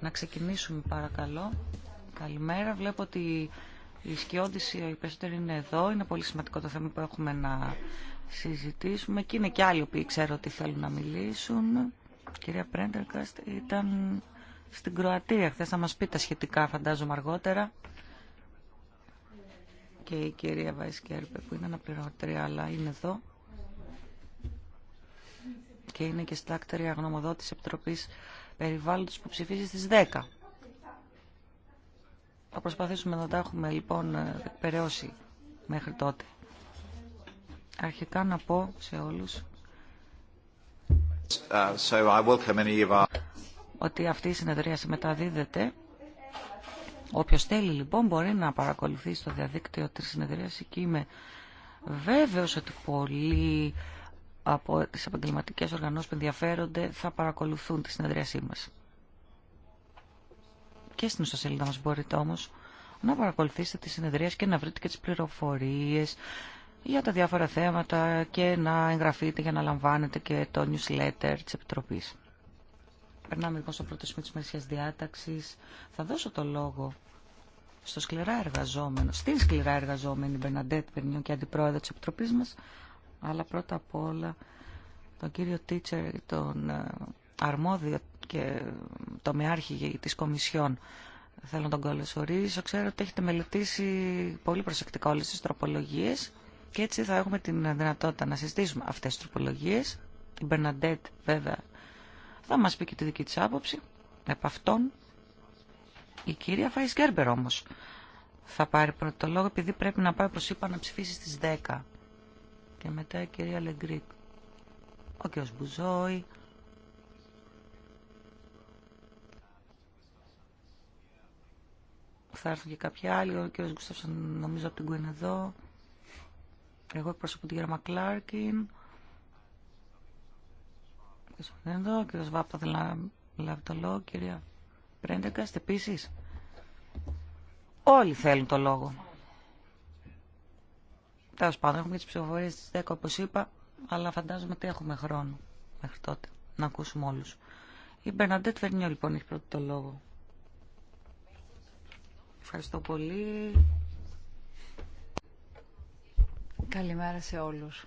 Να ξεκινήσουμε παρακαλώ. Καλημέρα. Βλέπω ότι η σκιώδηση οι περισσότεροι είναι εδώ. Είναι πολύ σημαντικό το θέμα που έχουμε να συζητήσουμε και είναι και άλλοι που ξέρω ότι θέλουν να μιλήσουν. κυρία Πρέντερκαστ ήταν στην Κροατία χθε θα μα πει τα σχετικά φαντάζομαι αργότερα. Και η κυρία Βαϊσκέρπε που είναι αναπληρωτρία αλλά είναι εδώ και είναι και στάκτερη αγνωμοδότης Επιτροπής Περιβάλλοντος που ψηφίζει στις 10. Θα προσπαθήσουμε να τα έχουμε λοιπόν ε, περαιώσει μέχρι τότε. Αρχικά να πω σε όλους uh, ότι αυτή η συνεδρίαση μεταδίδεται. Όποιος θέλει λοιπόν μπορεί να παρακολουθεί στο διαδίκτυο τη συνεδρίαση και είμαι βέβαιος ότι πολλοί από τις επαγγελματικέ οργανώσεις που ενδιαφέρονται θα παρακολουθούν τη συνεδρίασή μας. Και στην ιστοσελίδα μας μπορείτε όμως να παρακολουθήσετε τη συνεδρία και να βρείτε και τις πληροφορίες για τα διάφορα θέματα και να εγγραφείτε για να λαμβάνετε και το newsletter της Επιτροπής. Περνάμε λοιπόν στο πρώτο σημείο της μερικής διάταξης. Θα δώσω το λόγο στο σκληρά εργαζόμενο, στην σκληρά εργαζόμενη Μπερναντέτ Περνιού και αντιπρόεδρο της Επιτροπής μας, αλλά πρώτα απ' όλα τον κύριο Τίτσερ, τον ε, αρμόδιο και τομεάρχη της Κομισιόν. Θέλω να τον καλωσορίσω. Ξέρω ότι έχετε μελετήσει πολύ προσεκτικά όλες τις τροπολογίες και έτσι θα έχουμε την δυνατότητα να συζητήσουμε αυτές τις τροπολογίες. Η Μπερναντέτ βέβαια θα μας πει και τη δική της άποψη επ' αυτόν. Η κυρία Φάις Γκέρμπερ όμως θα πάρει πρώτο λόγο επειδή πρέπει να πάει προς είπα να ψηφίσει στις 10 και μετά η κυρία Λεγκρίκ. Ο κ. Μπουζόη. Θα έρθουν και κάποιοι άλλοι. Ο κ. Γκουστάφσον νομίζω από την Κουίν εδώ. Εγώ εκπροσωπώ την κυρία Μακλάρκιν. ο κύριος Βάπτα θέλει να λάβει το λόγο, κυρία Πρέντεγκαστ επίσης. Όλοι θέλουν το λόγο. Τέλο πάντων, έχουμε και τι ψηφοφορίε στι 10 όπω είπα, αλλά φαντάζομαι ότι έχουμε χρόνο μέχρι τότε να ακούσουμε όλου. Η Μπερναντέτ Φερνιό λοιπόν έχει πρώτο το λόγο. Ευχαριστώ πολύ. Καλημέρα σε όλους.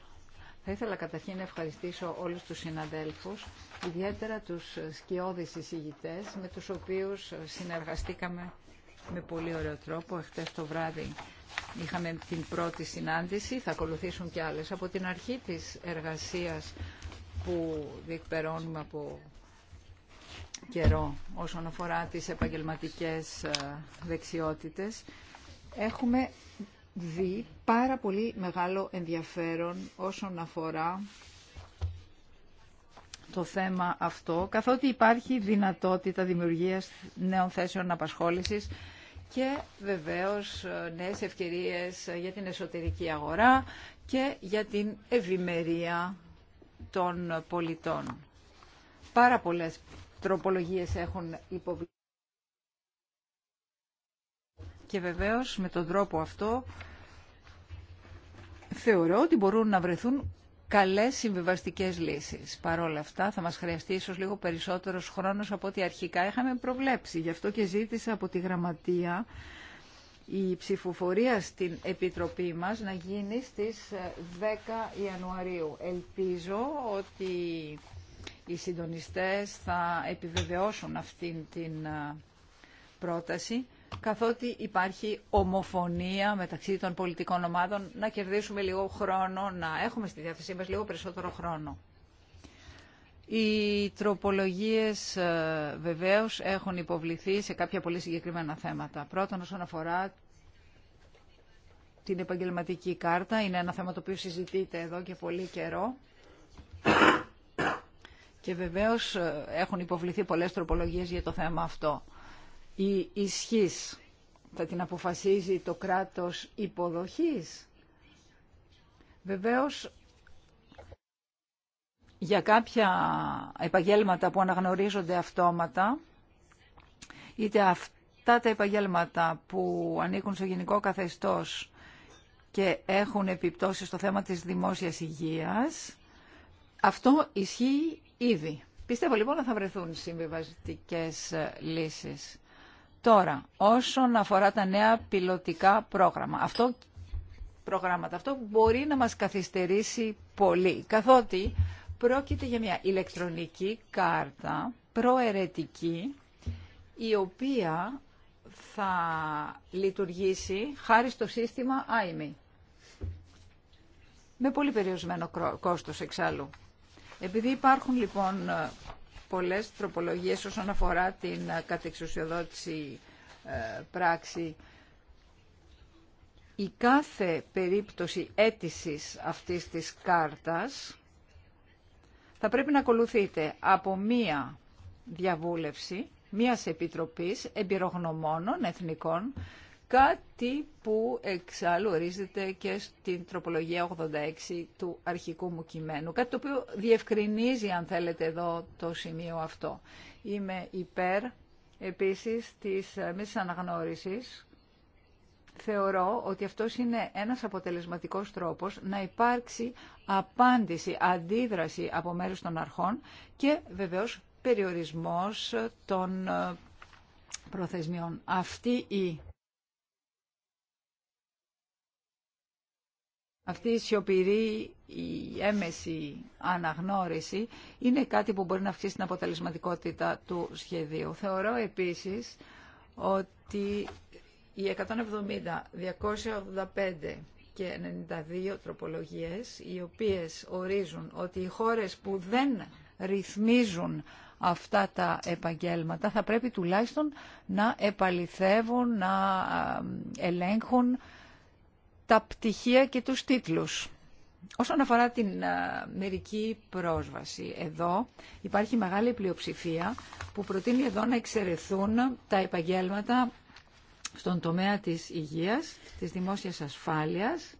Θα ήθελα καταρχήν να ευχαριστήσω όλους τους συναδέλφους, ιδιαίτερα τους σκιώδεις εισηγητές, με τους οποίους συνεργαστήκαμε με πολύ ωραίο τρόπο. Εχθές το βράδυ Είχαμε την πρώτη συνάντηση, θα ακολουθήσουν και άλλες. Από την αρχή της εργασίας που διεκπερώνουμε από καιρό όσον αφορά τις επαγγελματικές ε, δεξιότητες, έχουμε δει πάρα πολύ μεγάλο ενδιαφέρον όσον αφορά το θέμα αυτό, καθότι υπάρχει δυνατότητα δημιουργίας νέων θέσεων απασχόλησης και βεβαίως ε, νέες ευκαιρίες ε, για την εσωτερική αγορά και για την ευημερία των πολιτών. Πάρα πολλές τροπολογίες έχουν υποβληθεί. Και βεβαίως με τον τρόπο αυτό θεωρώ ότι μπορούν να βρεθούν καλές συμβιβαστικές λύσεις. Παρ' όλα αυτά θα μας χρειαστεί ίσως λίγο περισσότερος χρόνος από ό,τι αρχικά είχαμε προβλέψει. Γι' αυτό και ζήτησα από τη Γραμματεία η ψηφοφορία στην Επιτροπή μας να γίνει στις 10 ε, Ιανουαρίου. Ελπίζω ότι οι συντονιστές θα επιβεβαιώσουν αυτήν την ε, πρόταση καθότι υπάρχει ομοφωνία μεταξύ των πολιτικών ομάδων, να κερδίσουμε λίγο χρόνο, να έχουμε στη διάθεσή μας λίγο περισσότερο χρόνο. Οι τροπολογίες ε, βεβαίως έχουν υποβληθεί σε κάποια πολύ συγκεκριμένα θέματα. Πρώτον, όσον αφορά την επαγγελματική κάρτα, είναι ένα θέμα το οποίο συζητείται εδώ και πολύ καιρό. Και βεβαίως ε, έχουν υποβληθεί πολλές τροπολογίες για το θέμα αυτό η ισχύς θα την αποφασίζει το κράτος υποδοχής. Βεβαίως, για κάποια επαγγέλματα που αναγνωρίζονται αυτόματα, είτε αυτά τα επαγγέλματα που ανήκουν στο γενικό καθεστώς και έχουν επιπτώσεις στο θέμα της δημόσιας υγείας, αυτό ισχύει ήδη. Πιστεύω λοιπόν ότι θα βρεθούν συμβιβαστικές λύσεις. Τώρα, όσον αφορά τα νέα πιλωτικά πρόγραμμα, αυτό, προγράμματα, αυτό μπορεί να μας καθυστερήσει πολύ, καθότι πρόκειται για μια ηλεκτρονική κάρτα προαιρετική, η οποία θα λειτουργήσει χάρη στο σύστημα IME. Με πολύ περιορισμένο κόστος εξάλλου. Επειδή υπάρχουν λοιπόν πολλές τροπολογίες όσον αφορά την ε, κατεξουσιοδότηση ε, πράξη. Η κάθε περίπτωση αίτησης αυτής της κάρτας θα πρέπει να ακολουθείται από μία διαβούλευση μίας επιτροπής εμπειρογνωμόνων εθνικών κάτι που εξάλλου ορίζεται και στην τροπολογία 86 του αρχικού μου κειμένου. Κάτι το οποίο διευκρινίζει, αν θέλετε, εδώ το σημείο αυτό. Είμαι υπέρ, επίσης, της ε, μη αναγνώρισης. Θεωρώ ότι αυτό είναι ένας αποτελεσματικός τρόπος να υπάρξει απάντηση, αντίδραση από μέρους των αρχών και βεβαίως περιορισμός των ε, προθεσμιών. Αυτή η Αυτή η σιωπηρή, η έμεση αναγνώριση είναι κάτι που μπορεί να αυξήσει την αποτελεσματικότητα του σχεδίου. Θεωρώ επίσης ότι οι 170, 285 και 92 τροπολογίες, οι οποίες ορίζουν ότι οι χώρες που δεν ρυθμίζουν αυτά τα επαγγέλματα θα πρέπει τουλάχιστον να επαληθεύουν, να ελέγχουν τα πτυχία και τους τίτλους. Όσον αφορά την μερική πρόσβαση, εδώ υπάρχει μεγάλη πλειοψηφία που προτείνει εδώ να εξαιρεθούν τα επαγγέλματα στον τομέα της υγείας, της δημόσιας ασφάλειας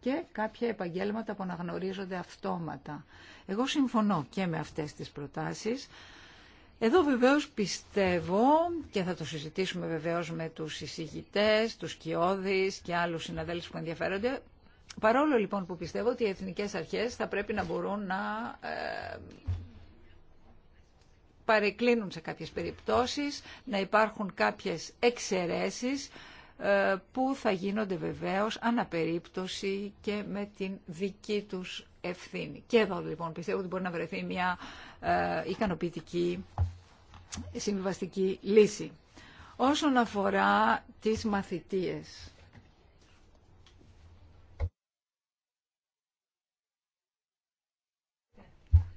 και κάποια επαγγέλματα που αναγνωρίζονται αυτόματα. Εγώ συμφωνώ και με αυτές τις προτάσεις, εδώ βεβαίως πιστεύω και θα το συζητήσουμε βεβαίως με τους εισηγητές, τους κοιόδης και άλλους συναδέλφους που ενδιαφέρονται. Παρόλο λοιπόν που πιστεύω ότι οι εθνικές αρχές θα πρέπει να μπορούν να ε, παρεκκλίνουν σε κάποιες περιπτώσεις, να υπάρχουν κάποιες εξαιρέσεις ε, που θα γίνονται βεβαίως αναπερίπτωση και με την δική τους ευθύνη. Και εδώ λοιπόν πιστεύω ότι μπορεί να βρεθεί μια ε, ικανοποιητική συμβιβαστική λύση. Όσον αφορά τις μαθητείες,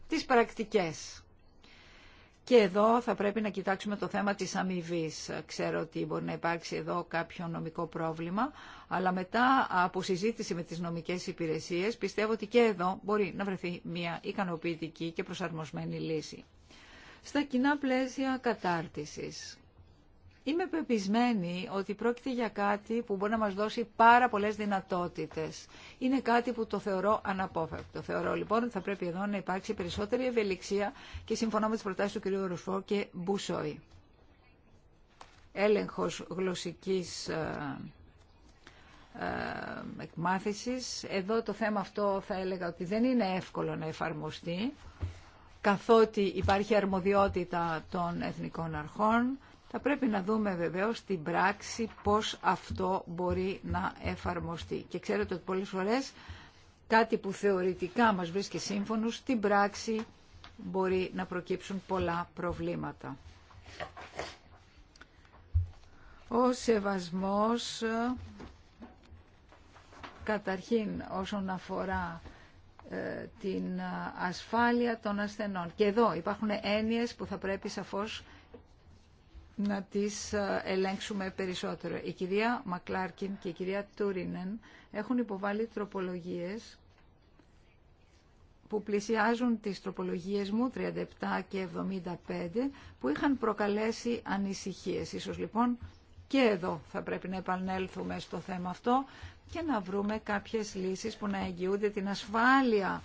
τις πρακτικές. Και εδώ θα πρέπει να κοιτάξουμε το θέμα της αμοιβή. Ξέρω ότι μπορεί να υπάρξει εδώ κάποιο νομικό πρόβλημα, αλλά μετά από συζήτηση με τις νομικές υπηρεσίες πιστεύω ότι και εδώ μπορεί να βρεθεί μια ικανοποιητική και προσαρμοσμένη λύση. Στα κοινά πλαίσια κατάρτισης. Είμαι πεπισμένη ότι πρόκειται για κάτι που μπορεί να μας δώσει πάρα πολλές δυνατότητες. Είναι κάτι που το θεωρώ αναπόφευκτο. Θεωρώ λοιπόν ότι θα πρέπει εδώ να υπάρξει περισσότερη ευελιξία και συμφωνώ με τις προτάσεις του κ. Ρουφό και Μπουσόη. Έλεγχος γλωσσικής ε, ε, εκμάθησης. Εδώ το θέμα αυτό θα έλεγα ότι δεν είναι εύκολο να εφαρμοστεί καθότι υπάρχει αρμοδιότητα των εθνικών αρχών θα πρέπει να δούμε βεβαίως στην πράξη πώς αυτό μπορεί να εφαρμοστεί. Και ξέρετε ότι πολλές φορές κάτι που θεωρητικά μας βρίσκει σύμφωνους στην πράξη μπορεί να προκύψουν πολλά προβλήματα. Ο σεβασμός καταρχήν όσον αφορά ε, την ασφάλεια των ασθενών. Και εδώ υπάρχουν έννοιες που θα πρέπει σαφώς να τις ε, ελέγξουμε περισσότερο. Η κυρία Μακλάρκιν και η κυρία Τούρινεν έχουν υποβάλει τροπολογίες που πλησιάζουν τις τροπολογίες μου 37 και 75 που είχαν προκαλέσει ανησυχίες. Ίσως λοιπόν και εδώ θα πρέπει να επανέλθουμε στο θέμα αυτό και να βρούμε κάποιες λύσεις που να εγγυούνται την ασφάλεια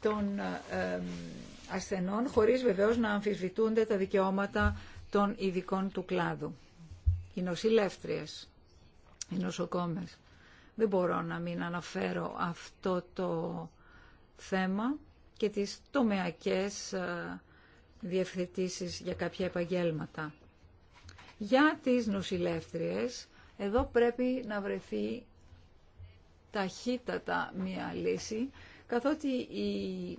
των ε, ε, ασθενών χωρίς βεβαίως να αμφισβητούνται τα δικαιώματα των ειδικών του κλάδου. Οι νοσηλεύτριες, οι νοσοκόμες. Δεν μπορώ να μην αναφέρω αυτό το θέμα και τις τομεακές ε, διευθετήσεις για κάποια επαγγέλματα. Για τις νοσηλεύτριες, εδώ πρέπει να βρεθεί ταχύτατα μία λύση, καθότι η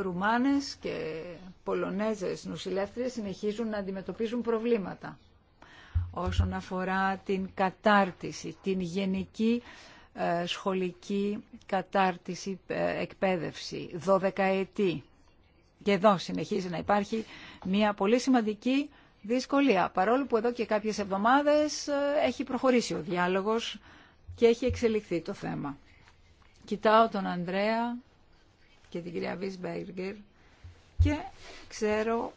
Ρουμάνες και Πολωνέζες νοσηλεύτριες συνεχίζουν να αντιμετωπίζουν προβλήματα όσον αφορά την κατάρτιση, την γενική ε, σχολική κατάρτιση, ε, εκπαίδευση, 12 ετή. Και εδώ συνεχίζει να υπάρχει μια πολύ σημαντική δυσκολία, παρόλο που εδώ και κάποιες εβδομάδες ε, έχει προχωρήσει ο διάλογος και έχει εξελιχθεί το θέμα. Κοιτάω τον Ανδρέα και την κυρία Βίσμπεργκερ και ξέρω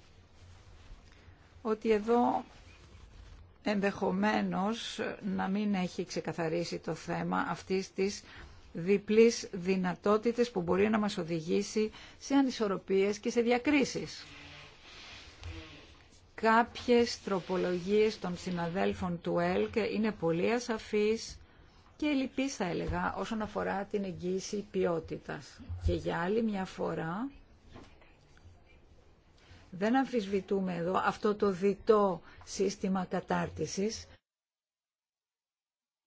ότι εδώ ενδεχομένως να μην έχει ξεκαθαρίσει το θέμα αυτής της διπλής δυνατότητες που μπορεί να μας οδηγήσει σε ανισορροπίες και σε διακρίσεις. Κάποιες τροπολογίες των συναδέλφων του ΕΛΚ είναι πολύ ασαφείς και ελλειπή θα έλεγα όσον αφορά την εγγύηση ποιότητας. Και για άλλη μια φορά δεν αμφισβητούμε εδώ αυτό το διτό σύστημα κατάρτισης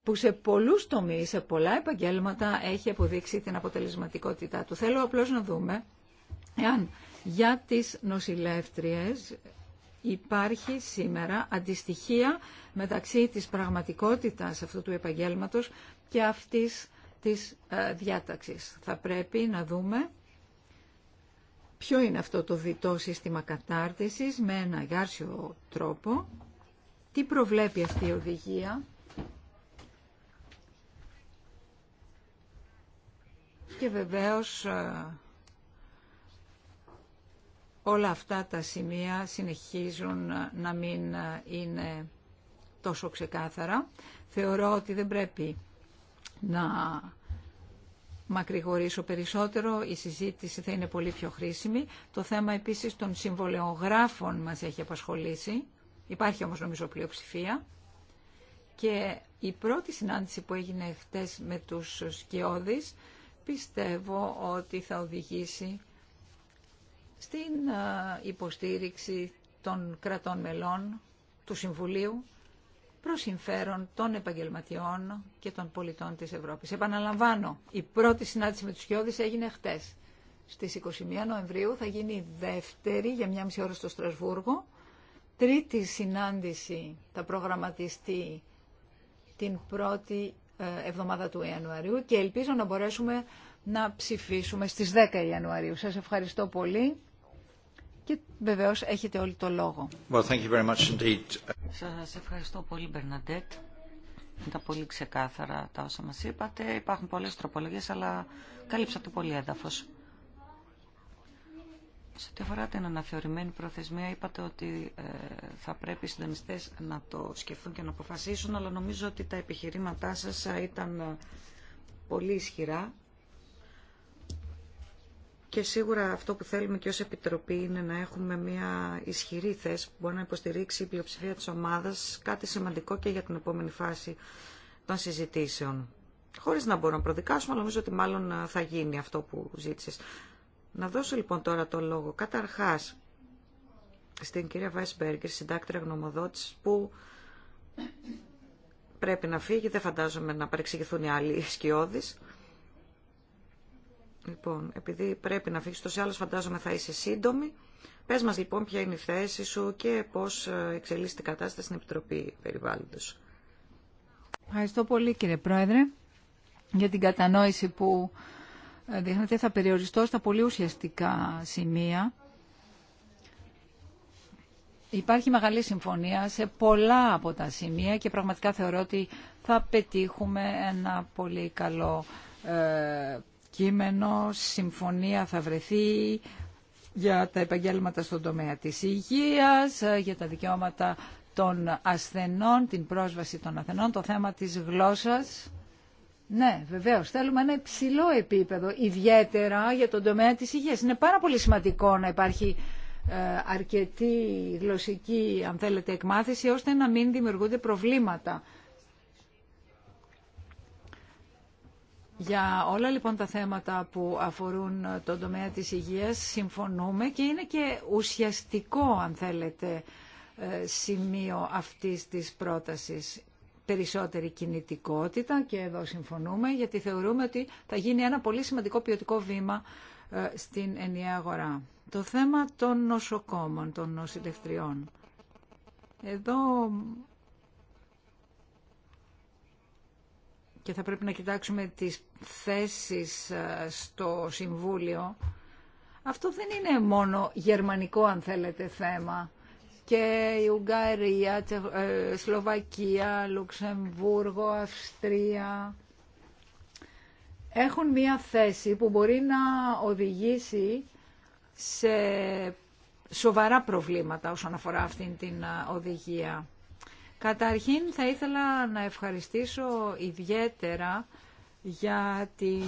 που σε πολλούς τομείς, σε πολλά επαγγέλματα έχει αποδείξει την αποτελεσματικότητά του. Θέλω απλώς να δούμε εάν για τις νοσηλεύτριες υπάρχει σήμερα αντιστοιχεία μεταξύ της πραγματικότητας αυτού του επαγγέλματος και αυτής της ε, διάταξης. Θα πρέπει να δούμε ποιο είναι αυτό το διτό σύστημα κατάρτισης με ένα γάρσιο τρόπο, τι προβλέπει αυτή η οδηγία και βεβαίως ε, όλα αυτά τα σημεία συνεχίζουν να μην είναι τόσο ξεκάθαρα. Θεωρώ ότι δεν πρέπει να μακρηγορήσω περισσότερο, η συζήτηση θα είναι πολύ πιο χρήσιμη. Το θέμα επίσης των συμβολεογράφων μας έχει απασχολήσει, υπάρχει όμως νομίζω πλειοψηφία. Και η πρώτη συνάντηση που έγινε χτες με τους Σκιώδης πιστεύω ότι θα οδηγήσει στην υποστήριξη των κρατών μελών του Συμβουλίου προς συμφέρον των επαγγελματιών και των πολιτών της Ευρώπης. Επαναλαμβάνω, η πρώτη συνάντηση με τους Κιώδης έγινε χτες. Στις 21 Νοεμβρίου θα γίνει η δεύτερη για μια μισή ώρα στο Στρασβούργο. Τρίτη συνάντηση θα προγραμματιστεί την πρώτη ε, εβδομάδα του Ιανουαρίου και ελπίζω να μπορέσουμε να ψηφίσουμε στις 10 Ιανουαρίου. Σας ευχαριστώ πολύ και βεβαίως έχετε όλοι το λόγο. Well, thank you very much Σας ευχαριστώ πολύ Μπερναντέτ. Ήταν πολύ ξεκάθαρα τα όσα μας είπατε. Υπάρχουν πολλές τροπολογίες, αλλά καλύψατε πολύ έδαφος. Σε ό,τι αφορά την αναθεωρημένη προθεσμία, είπατε ότι ε, θα πρέπει οι συντονιστέ να το σκεφτούν και να αποφασίσουν, αλλά νομίζω ότι τα επιχειρήματά σας ε, ήταν ε, πολύ ισχυρά και σίγουρα αυτό που θέλουμε και ως Επιτροπή είναι να έχουμε μια ισχυρή θέση που μπορεί να υποστηρίξει η πλειοψηφία της ομάδας, κάτι σημαντικό και για την επόμενη φάση των συζητήσεων. Χωρίς να μπορούμε να προδικάσουμε, αλλά νομίζω ότι μάλλον ε, θα γίνει αυτό που ζήτησες. Να δώσω λοιπόν τώρα το λόγο καταρχάς στην κυρία Βάισμπεργκερ, συντάκτρια γνωμοδότης, που πρέπει να φύγει, δεν φαντάζομαι να παρεξηγηθούν οι άλλοι σκιώδεις. Λοιπόν, επειδή πρέπει να φύγεις τόσο άλλος, φαντάζομαι θα είσαι σύντομη. Πες μας λοιπόν ποια είναι η θέση σου και πώς ε, εξελίσσεται η κατάσταση στην Επιτροπή Περιβάλλοντος. Ευχαριστώ πολύ κύριε Πρόεδρε για την κατανόηση που ε, δείχνετε. Θα περιοριστώ στα πολύ ουσιαστικά σημεία. Υπάρχει μεγάλη συμφωνία σε πολλά από τα σημεία και πραγματικά θεωρώ ότι θα πετύχουμε ένα πολύ καλό ε, κείμενο, συμφωνία θα βρεθεί για τα επαγγέλματα στον τομέα της υγείας, ε, για τα δικαιώματα των ασθενών, την πρόσβαση των ασθενών, το θέμα της γλώσσας. Ναι, βεβαίω. Θέλουμε ένα υψηλό επίπεδο, ιδιαίτερα για τον τομέα τη υγεία. Είναι πάρα πολύ σημαντικό να υπάρχει ε, αρκετή γλωσσική, αν θέλετε, εκμάθηση, ώστε να μην δημιουργούνται προβλήματα Για όλα λοιπόν τα θέματα που αφορούν τον τομέα της υγείας συμφωνούμε και είναι και ουσιαστικό αν θέλετε ε, σημείο αυτής της πρότασης. Περισσότερη κινητικότητα και εδώ συμφωνούμε γιατί θεωρούμε ότι θα γίνει ένα πολύ σημαντικό ποιοτικό βήμα ε, στην ενιαία αγορά. Το θέμα των νοσοκόμων, των νοσηλευτριών. Εδώ και θα πρέπει να κοιτάξουμε τις θέσεις ε, στο Συμβούλιο, αυτό δεν είναι μόνο γερμανικό αν θέλετε θέμα. Και η Ουγγαρία, ε, Σλοβακία, Λουξεμβούργο, Αυστρία έχουν μία θέση που μπορεί να οδηγήσει σε σοβαρά προβλήματα όσον αφορά αυτήν την ε, οδηγία. Καταρχήν θα ήθελα να ευχαριστήσω ιδιαίτερα για την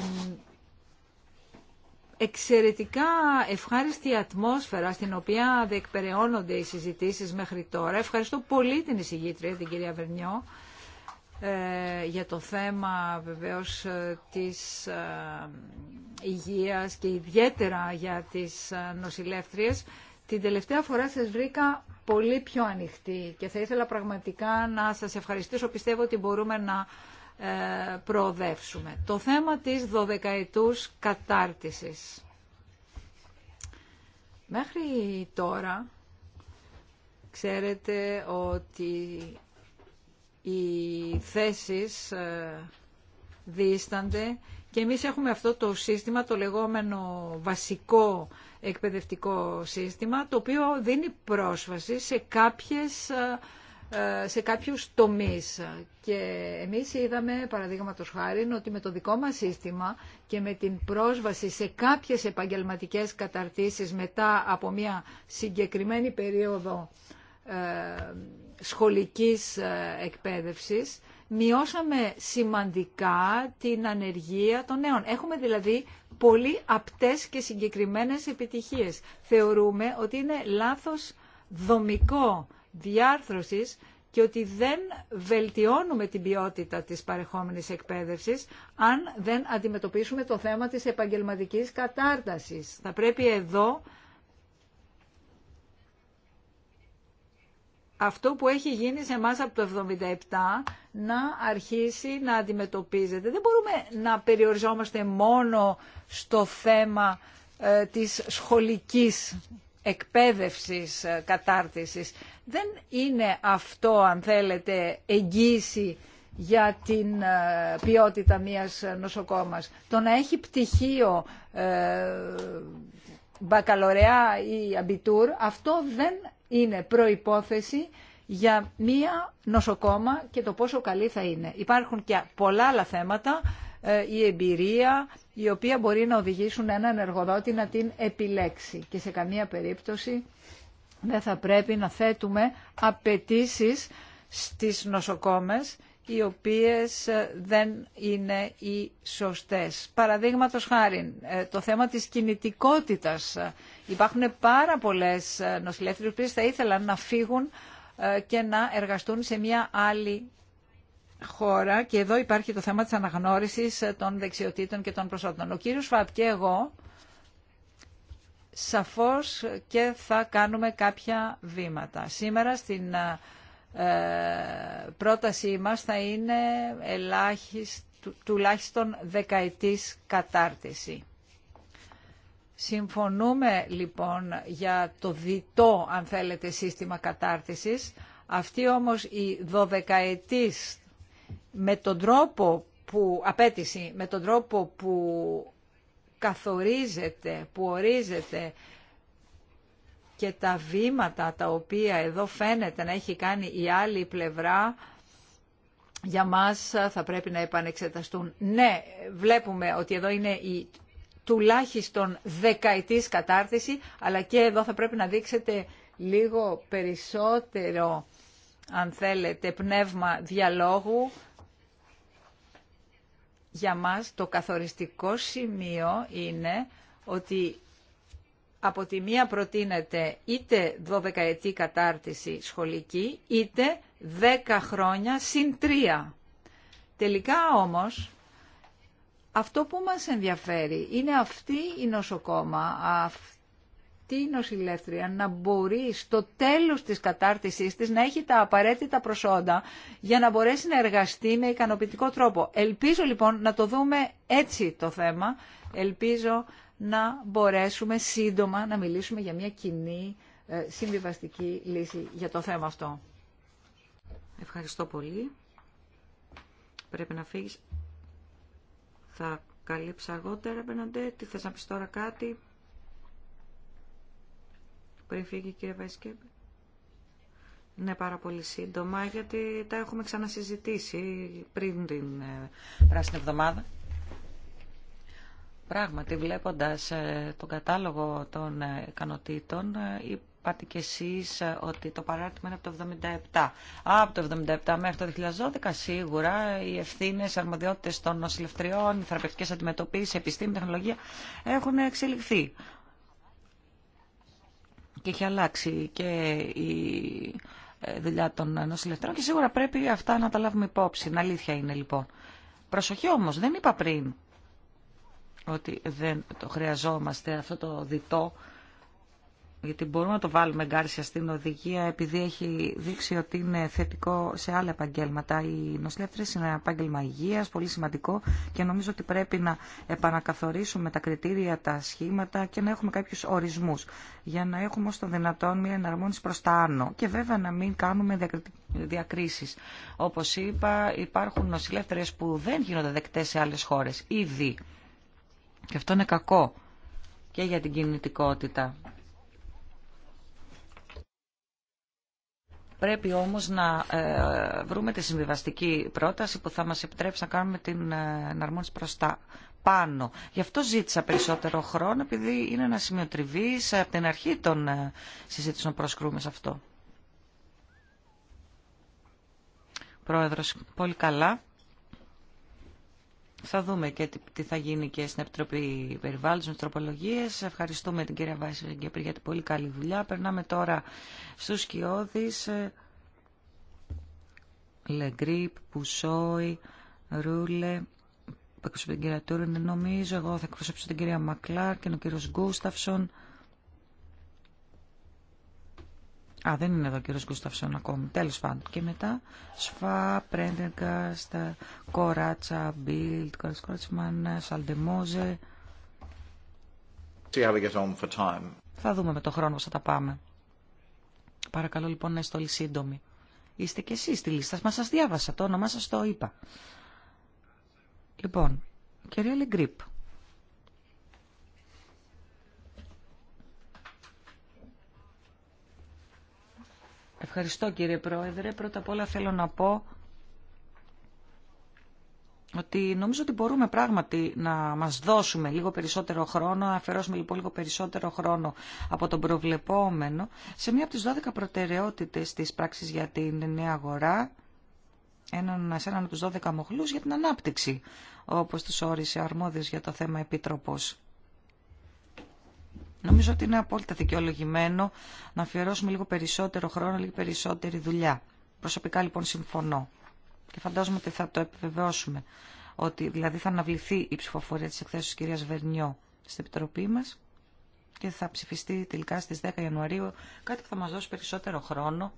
εξαιρετικά ευχάριστη ατμόσφαιρα στην οποία διεκπεραιώνονται οι συζητήσεις μέχρι τώρα. Ευχαριστώ πολύ την εισηγήτρια, την κυρία Βερνιό, ε, για το θέμα βεβαίως ε, της ε, υγείας και ιδιαίτερα για τις νοσηλεύτριες. Την τελευταία φορά σας βρήκα πολύ πιο ανοιχτή και θα ήθελα πραγματικά να σας ευχαριστήσω. Πιστεύω ότι μπορούμε να ε, προοδεύσουμε. Το θέμα της δωδεκαετούς κατάρτισης. Μέχρι τώρα ξέρετε ότι οι θέσεις ε, δίστανται και εμείς έχουμε αυτό το σύστημα, το λεγόμενο βασικό εκπαιδευτικό σύστημα, το οποίο δίνει πρόσβαση σε, κάποιες, ε, σε κάποιους τομείς. Και εμείς είδαμε, παραδείγματο χάρη, ότι με το δικό μας σύστημα και με την πρόσβαση σε κάποιες επαγγελματικές καταρτήσεις μετά από μια συγκεκριμένη περίοδο ε, σχολικής ε, εκπαίδευσης, μειώσαμε σημαντικά την ανεργία των νέων. Έχουμε δηλαδή πολύ απτές και συγκεκριμένες επιτυχίες. Θεωρούμε ότι είναι λάθος δομικό διάρθρωσης και ότι δεν βελτιώνουμε την ποιότητα της παρεχόμενης εκπαίδευσης αν δεν αντιμετωπίσουμε το θέμα της επαγγελματικής κατάρτασης. Θα πρέπει εδώ αυτό που έχει γίνει σε εμά από το 77 να αρχίσει να αντιμετωπίζεται. Δεν μπορούμε να περιοριζόμαστε μόνο στο θέμα ε, της σχολικής εκπαίδευσης, ε, κατάρτισης. Δεν είναι αυτό, αν θέλετε, εγγύηση για την ε, ποιότητα μιας νοσοκόμας. Το να έχει πτυχίο μπακαλωρεά ή αμπιτούρ, αυτό δεν είναι προϋπόθεση για μία νοσοκόμα και το πόσο καλή θα είναι. Υπάρχουν και πολλά άλλα θέματα, ε, η εμπειρία, η οποία μπορεί να οδηγήσουν έναν εργοδότη να την επιλέξει. Και σε καμία περίπτωση δεν θα πρέπει να θέτουμε απαιτήσει στις νοσοκόμες οι οποίες ε, δεν είναι οι σωστές. Παραδείγματος χάρη, ε, το θέμα της κινητικότητας. Ε, υπάρχουν πάρα πολλές νοσηλεύτερες που θα ήθελαν να φύγουν και να εργαστούν σε μια άλλη χώρα και εδώ υπάρχει το θέμα της αναγνώρισης των δεξιοτήτων και των προσώπων. Ο κύριος Φαπ και εγώ σαφώς και θα κάνουμε κάποια βήματα. Σήμερα στην ε, πρότασή μας θα είναι του, τουλάχιστον δεκαετής κατάρτιση. Συμφωνούμε λοιπόν για το διτό, αν θέλετε, σύστημα κατάρτισης. Αυτή όμως η δωδεκαετής με τον τρόπο που, απέτηση, με τον τρόπο που καθορίζεται, που ορίζεται και τα βήματα τα οποία εδώ φαίνεται να έχει κάνει η άλλη πλευρά για μας θα πρέπει να επανεξεταστούν. Ναι, βλέπουμε ότι εδώ είναι η τουλάχιστον δεκαετής κατάρτιση, αλλά και εδώ θα πρέπει να δείξετε λίγο περισσότερο, αν θέλετε, πνεύμα διαλόγου. Για μας το καθοριστικό σημείο είναι ότι από τη μία προτείνεται είτε 12 ετή κατάρτιση σχολική, είτε 10 χρόνια συν 3. Τελικά όμως, αυτό που μας ενδιαφέρει είναι αυτή η νοσοκόμα, αυτή η νοσηλεύτρια να μπορεί στο τέλος της κατάρτισής της να έχει τα απαραίτητα προσόντα για να μπορέσει να εργαστεί με ικανοποιητικό τρόπο. Ελπίζω λοιπόν να το δούμε έτσι το θέμα. Ελπίζω να μπορέσουμε σύντομα να μιλήσουμε για μια κοινή ε, συμβιβαστική λύση για το θέμα αυτό. Ευχαριστώ πολύ. Πρέπει να φύγεις. Θα καλύψω αργότερα, Μπεναντέ. Τι θες να πεις τώρα κάτι. Πριν φύγει η κυρία Βαϊσκέμπη. Ναι, πάρα πολύ σύντομα, γιατί τα έχουμε ξανασυζητήσει πριν την ε, πράσινη εβδομάδα. Πράγματι, βλέποντας ε, τον κατάλογο των ε, ικανοτήτων, ε, είπατε κι εσείς ότι το παράρτημα είναι από το 77. Από το 77 μέχρι το 2012 σίγουρα οι ευθύνες, αρμοδιότητες των νοσηλευτριών, οι θεραπευτικές η επιστήμη, τεχνολογία έχουν εξελιχθεί. Και έχει αλλάξει και η δουλειά των νοσηλευτριών. και σίγουρα πρέπει αυτά να τα λάβουμε υπόψη. αλήθεια είναι λοιπόν. Προσοχή όμως, δεν είπα πριν ότι δεν το χρειαζόμαστε αυτό το διτό, γιατί μπορούμε να το βάλουμε εγκάρσια στην οδηγία, επειδή έχει δείξει ότι είναι θετικό σε άλλα επαγγέλματα. Οι νοσηλεύτριε είναι ένα επάγγελμα υγεία, πολύ σημαντικό και νομίζω ότι πρέπει να επανακαθορίσουμε τα κριτήρια, τα σχήματα και να έχουμε κάποιου ορισμού για να έχουμε όσο το δυνατόν μια εναρμόνιση προ τα άνω. Και βέβαια να μην κάνουμε διακρίσει. Όπω είπα, υπάρχουν νοσηλεύτριε που δεν γίνονται δεκτέ σε άλλε χώρε ήδη. Και αυτό είναι κακό και για την κινητικότητα. Πρέπει όμως να ε, βρούμε τη συμβιβαστική πρόταση που θα μας επιτρέψει να κάνουμε την ε, εναρμόνιση προς τα πάνω. Γι' αυτό ζήτησα περισσότερο χρόνο, επειδή είναι ένα σημείο τριβής ε, από την αρχή των συζήτησεων προσκρούμε σε αυτό. Πρόεδρος, πολύ καλά. Θα δούμε και τι θα γίνει και στην Επιτροπή Περιβάλλοντος με Ευχαριστούμε την κυρία Βάση Γκέπρι για την πολύ καλή δουλειά. Περνάμε τώρα στους Σκιώδης. Λεγκρίπ, Πουσόη, Ρούλε, που την κυρία Τούρεν. Νομίζω εγώ θα εκπροσωπήσω την κυρία Μακλάρ και ο κύριος Γκούσταυσον. Α, δεν είναι εδώ ο κύριο Γκούσταυσον ακόμη. Τέλο πάντων. Και μετά Σφα, Πρέντεγκαστ, Κοράτσα, Μπίλτ, Κοράτσμαν, Σαλντεμόζε. Θα δούμε με το χρόνο πώ θα τα πάμε. Παρακαλώ λοιπόν να είστε όλοι σύντομοι. Είστε και εσεί στη λίστα. Μα σα διάβασα το όνομά σας το είπα. Λοιπόν, κυρία Λεγκρίπ. Ευχαριστώ κύριε Πρόεδρε. Πρώτα απ' όλα θέλω να πω ότι νομίζω ότι μπορούμε πράγματι να μας δώσουμε λίγο περισσότερο χρόνο, να αφαιρώσουμε λοιπόν λίγο περισσότερο χρόνο από τον προβλεπόμενο σε μία από τις 12 προτεραιότητες της πράξης για την νέα αγορά, έναν, σε έναν από τους 12 μοχλούς για την ανάπτυξη, όπως τους όρισε αρμόδιος για το θέμα επίτροπος. Νομίζω ότι είναι απόλυτα δικαιολογημένο να αφιερώσουμε λίγο περισσότερο χρόνο, λίγο περισσότερη δουλειά. Προσωπικά λοιπόν συμφωνώ και φαντάζομαι ότι θα το επιβεβαιώσουμε ότι δηλαδή θα αναβληθεί η ψηφοφορία της εκθέσεως της κυρίας Βερνιό στην Επιτροπή μας και θα ψηφιστεί τελικά στις 10 Ιανουαρίου κάτι που θα μας δώσει περισσότερο χρόνο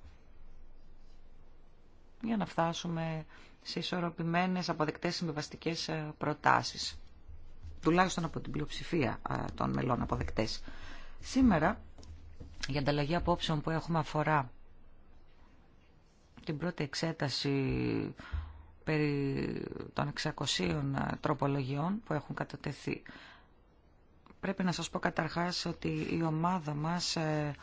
για να φτάσουμε σε ισορροπημένες αποδεκτές συμβιβαστικές ε, προτάσεις τουλάχιστον από την πλειοψηφία των μελών αποδεκτές. Σήμερα, η ανταλλαγή απόψεων που έχουμε αφορά την πρώτη εξέταση περί των 600 τροπολογιών που έχουν κατατεθεί. Πρέπει να σας πω καταρχάς ότι η ομάδα μας ε,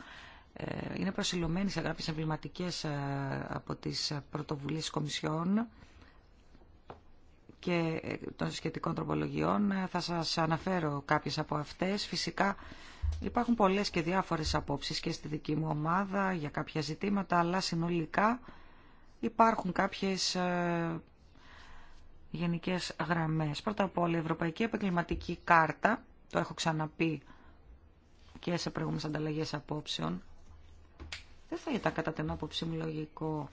ε, είναι προσιλωμένη σε κάποιες εμβληματικές ε, από τις πρωτοβουλίες κομισιών και ε, των σχετικών τροπολογιών. Ε, θα σας αναφέρω κάποιες από αυτές. Φυσικά υπάρχουν πολλές και διάφορες απόψεις και στη δική μου ομάδα για κάποια ζητήματα, αλλά συνολικά υπάρχουν κάποιες ε, γενικές γραμμές. Πρώτα απ' όλα η Ευρωπαϊκή Επαγγελματική Κάρτα, το έχω ξαναπεί και σε προηγούμενες ανταλλαγές απόψεων, δεν θα ήταν κατά την άποψή μου λογικό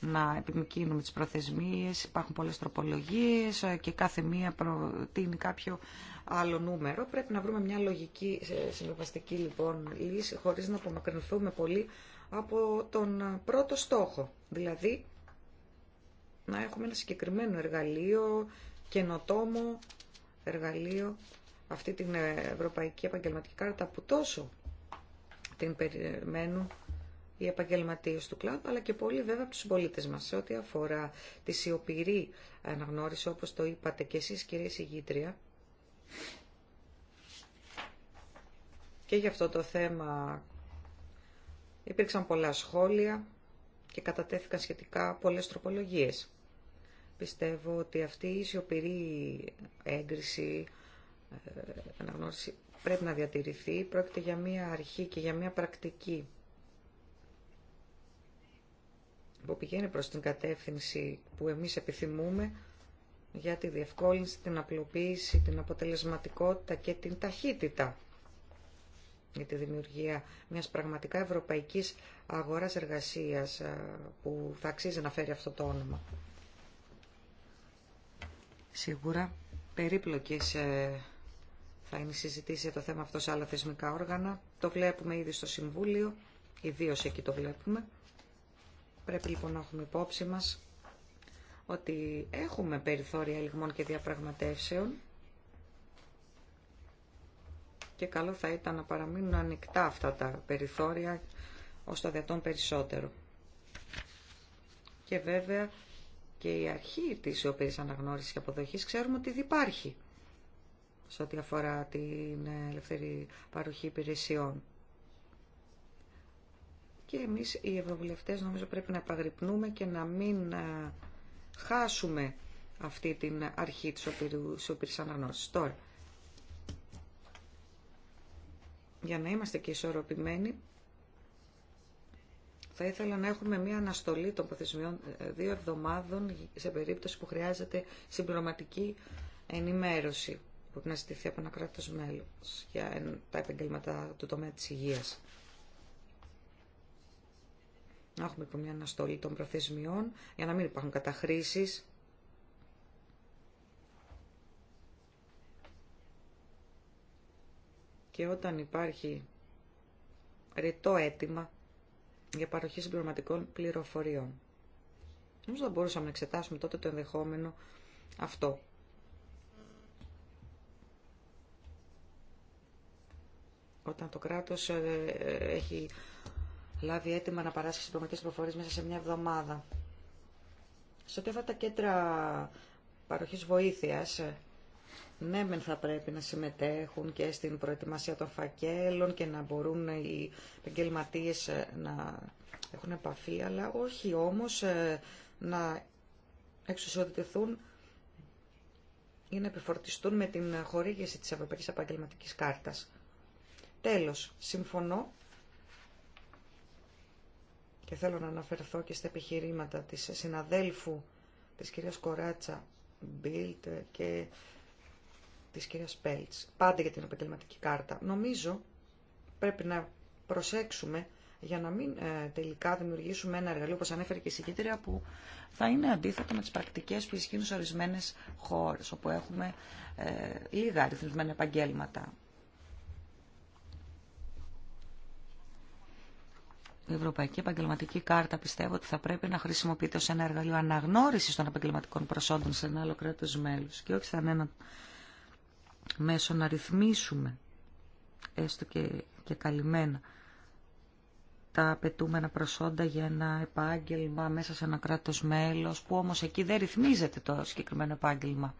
να επιμηκύνουμε τις προθεσμίες, υπάρχουν πολλές τροπολογίες ε, και κάθε μία προτείνει κάποιο άλλο νούμερο. Πρέπει να βρούμε μια λογική ε, συμβιβαστική λοιπόν λύση χωρίς να απομακρυνθούμε πολύ από τον ε, πρώτο στόχο, δηλαδή να έχουμε ένα συγκεκριμένο εργαλείο, καινοτόμο εργαλείο, αυτή την Ευρωπαϊκή Επαγγελματική Κάρτα που τόσο την περιμένουν οι επαγγελματίε του κλάδου, αλλά και πολλοί βέβαια από του συμπολίτε μα. Σε ό,τι αφορά τη σιωπηρή αναγνώριση, όπω το είπατε και εσεί, κυρία Συγήτρια, και για αυτό το θέμα υπήρξαν πολλά σχόλια και κατατέθηκαν σχετικά πολλές τροπολογίες. Πιστεύω ότι αυτή η σιωπηρή έγκριση, ε, αναγνώριση πρέπει να διατηρηθεί. Πρόκειται για μια αρχή και για μια πρακτική που πηγαίνει προς την κατεύθυνση που εμείς επιθυμούμε για τη διευκόλυνση, την απλοποίηση, την αποτελεσματικότητα και την ταχύτητα για τη δημιουργία μιας πραγματικά ευρωπαϊκής αγοράς εργασίας ε, που θα αξίζει να φέρει αυτό το όνομα. Σίγουρα περίπλοκες ε, θα είναι συζητήσει για το θέμα αυτό σε άλλα θεσμικά όργανα. Το βλέπουμε ήδη στο Συμβούλιο, ιδίω εκεί το βλέπουμε. Πρέπει λοιπόν να έχουμε υπόψη μας ότι έχουμε περιθώρια λιγμών και διαπραγματεύσεων και καλό θα ήταν να παραμείνουν ανοιχτά αυτά τα περιθώρια ως το δυνατόν περισσότερο. Και βέβαια και η αρχή της οποία αναγνώρισης και αποδοχής ξέρουμε ότι υπάρχει σε ό,τι αφορά την ελευθερή παροχή υπηρεσιών. Και εμείς οι ευρωβουλευτές νομίζω πρέπει να επαγρυπνούμε και να μην ε, χάσουμε αυτή την αρχή της οπήρης αναγνώσης. Τώρα, για να είμαστε και ισορροπημένοι, θα ήθελα να έχουμε μία αναστολή των προθεσμιών ε, δύο εβδομάδων σε περίπτωση που χρειάζεται συμπληρωματική ενημέρωση που να ζητηθεί από ένα κράτος μέλος για τα επαγγέλματα του τομέα της υγείας να έχουμε μια αναστολή των προθεσμιών για να μην υπάρχουν καταχρήσεις. Και όταν υπάρχει ρητό αίτημα για παροχή συμπληρωματικών πληροφοριών. Νομίζω θα μπορούσαμε να εξετάσουμε τότε το ενδεχόμενο αυτό. Όταν το κράτος ε, ε, έχει λάβει έτοιμα να παράσχει συμπληρωματικέ προφορίε μέσα σε μια εβδομάδα. Σε ό,τι αφορά τα κέντρα παροχή βοήθεια, ναι, μεν θα πρέπει να συμμετέχουν και στην προετοιμασία των φακέλων και να μπορούν οι επαγγελματίε ε, να έχουν επαφή, αλλά όχι όμως ε, να εξουσιοδοτηθούν ή να επιφορτιστούν με την χορήγηση της Ευρωπαϊκής Επαγγελματικής Κάρτας. Τέλος, συμφωνώ και θέλω να αναφερθώ και στα επιχειρήματα της συναδέλφου της κυρίας Κοράτσα Μπίλτ και της κυρίας Πέλτς, πάντα για την επαγγελματική κάρτα. Νομίζω πρέπει να προσέξουμε για να μην ε, τελικά δημιουργήσουμε ένα εργαλείο, όπως ανέφερε και η συγκήτρια, που θα είναι αντίθετο με τις πρακτικές που ισχύουν σε ορισμένες χώρες, όπου έχουμε ε, λίγα αριθμισμένα επαγγέλματα. Η Ευρωπαϊκή Επαγγελματική Κάρτα πιστεύω ότι θα πρέπει να χρησιμοποιείται ως ένα εργαλείο αναγνώρισης των επαγγελματικών προσόντων σε ένα άλλο κράτος μέλο. και όχι σαν ένα μέσο να ρυθμίσουμε έστω και, και καλυμμένα τα απαιτούμενα προσόντα για ένα επάγγελμα μέσα σε ένα κράτος μέλος που όμως εκεί δεν ρυθμίζεται το συγκεκριμένο επάγγελμα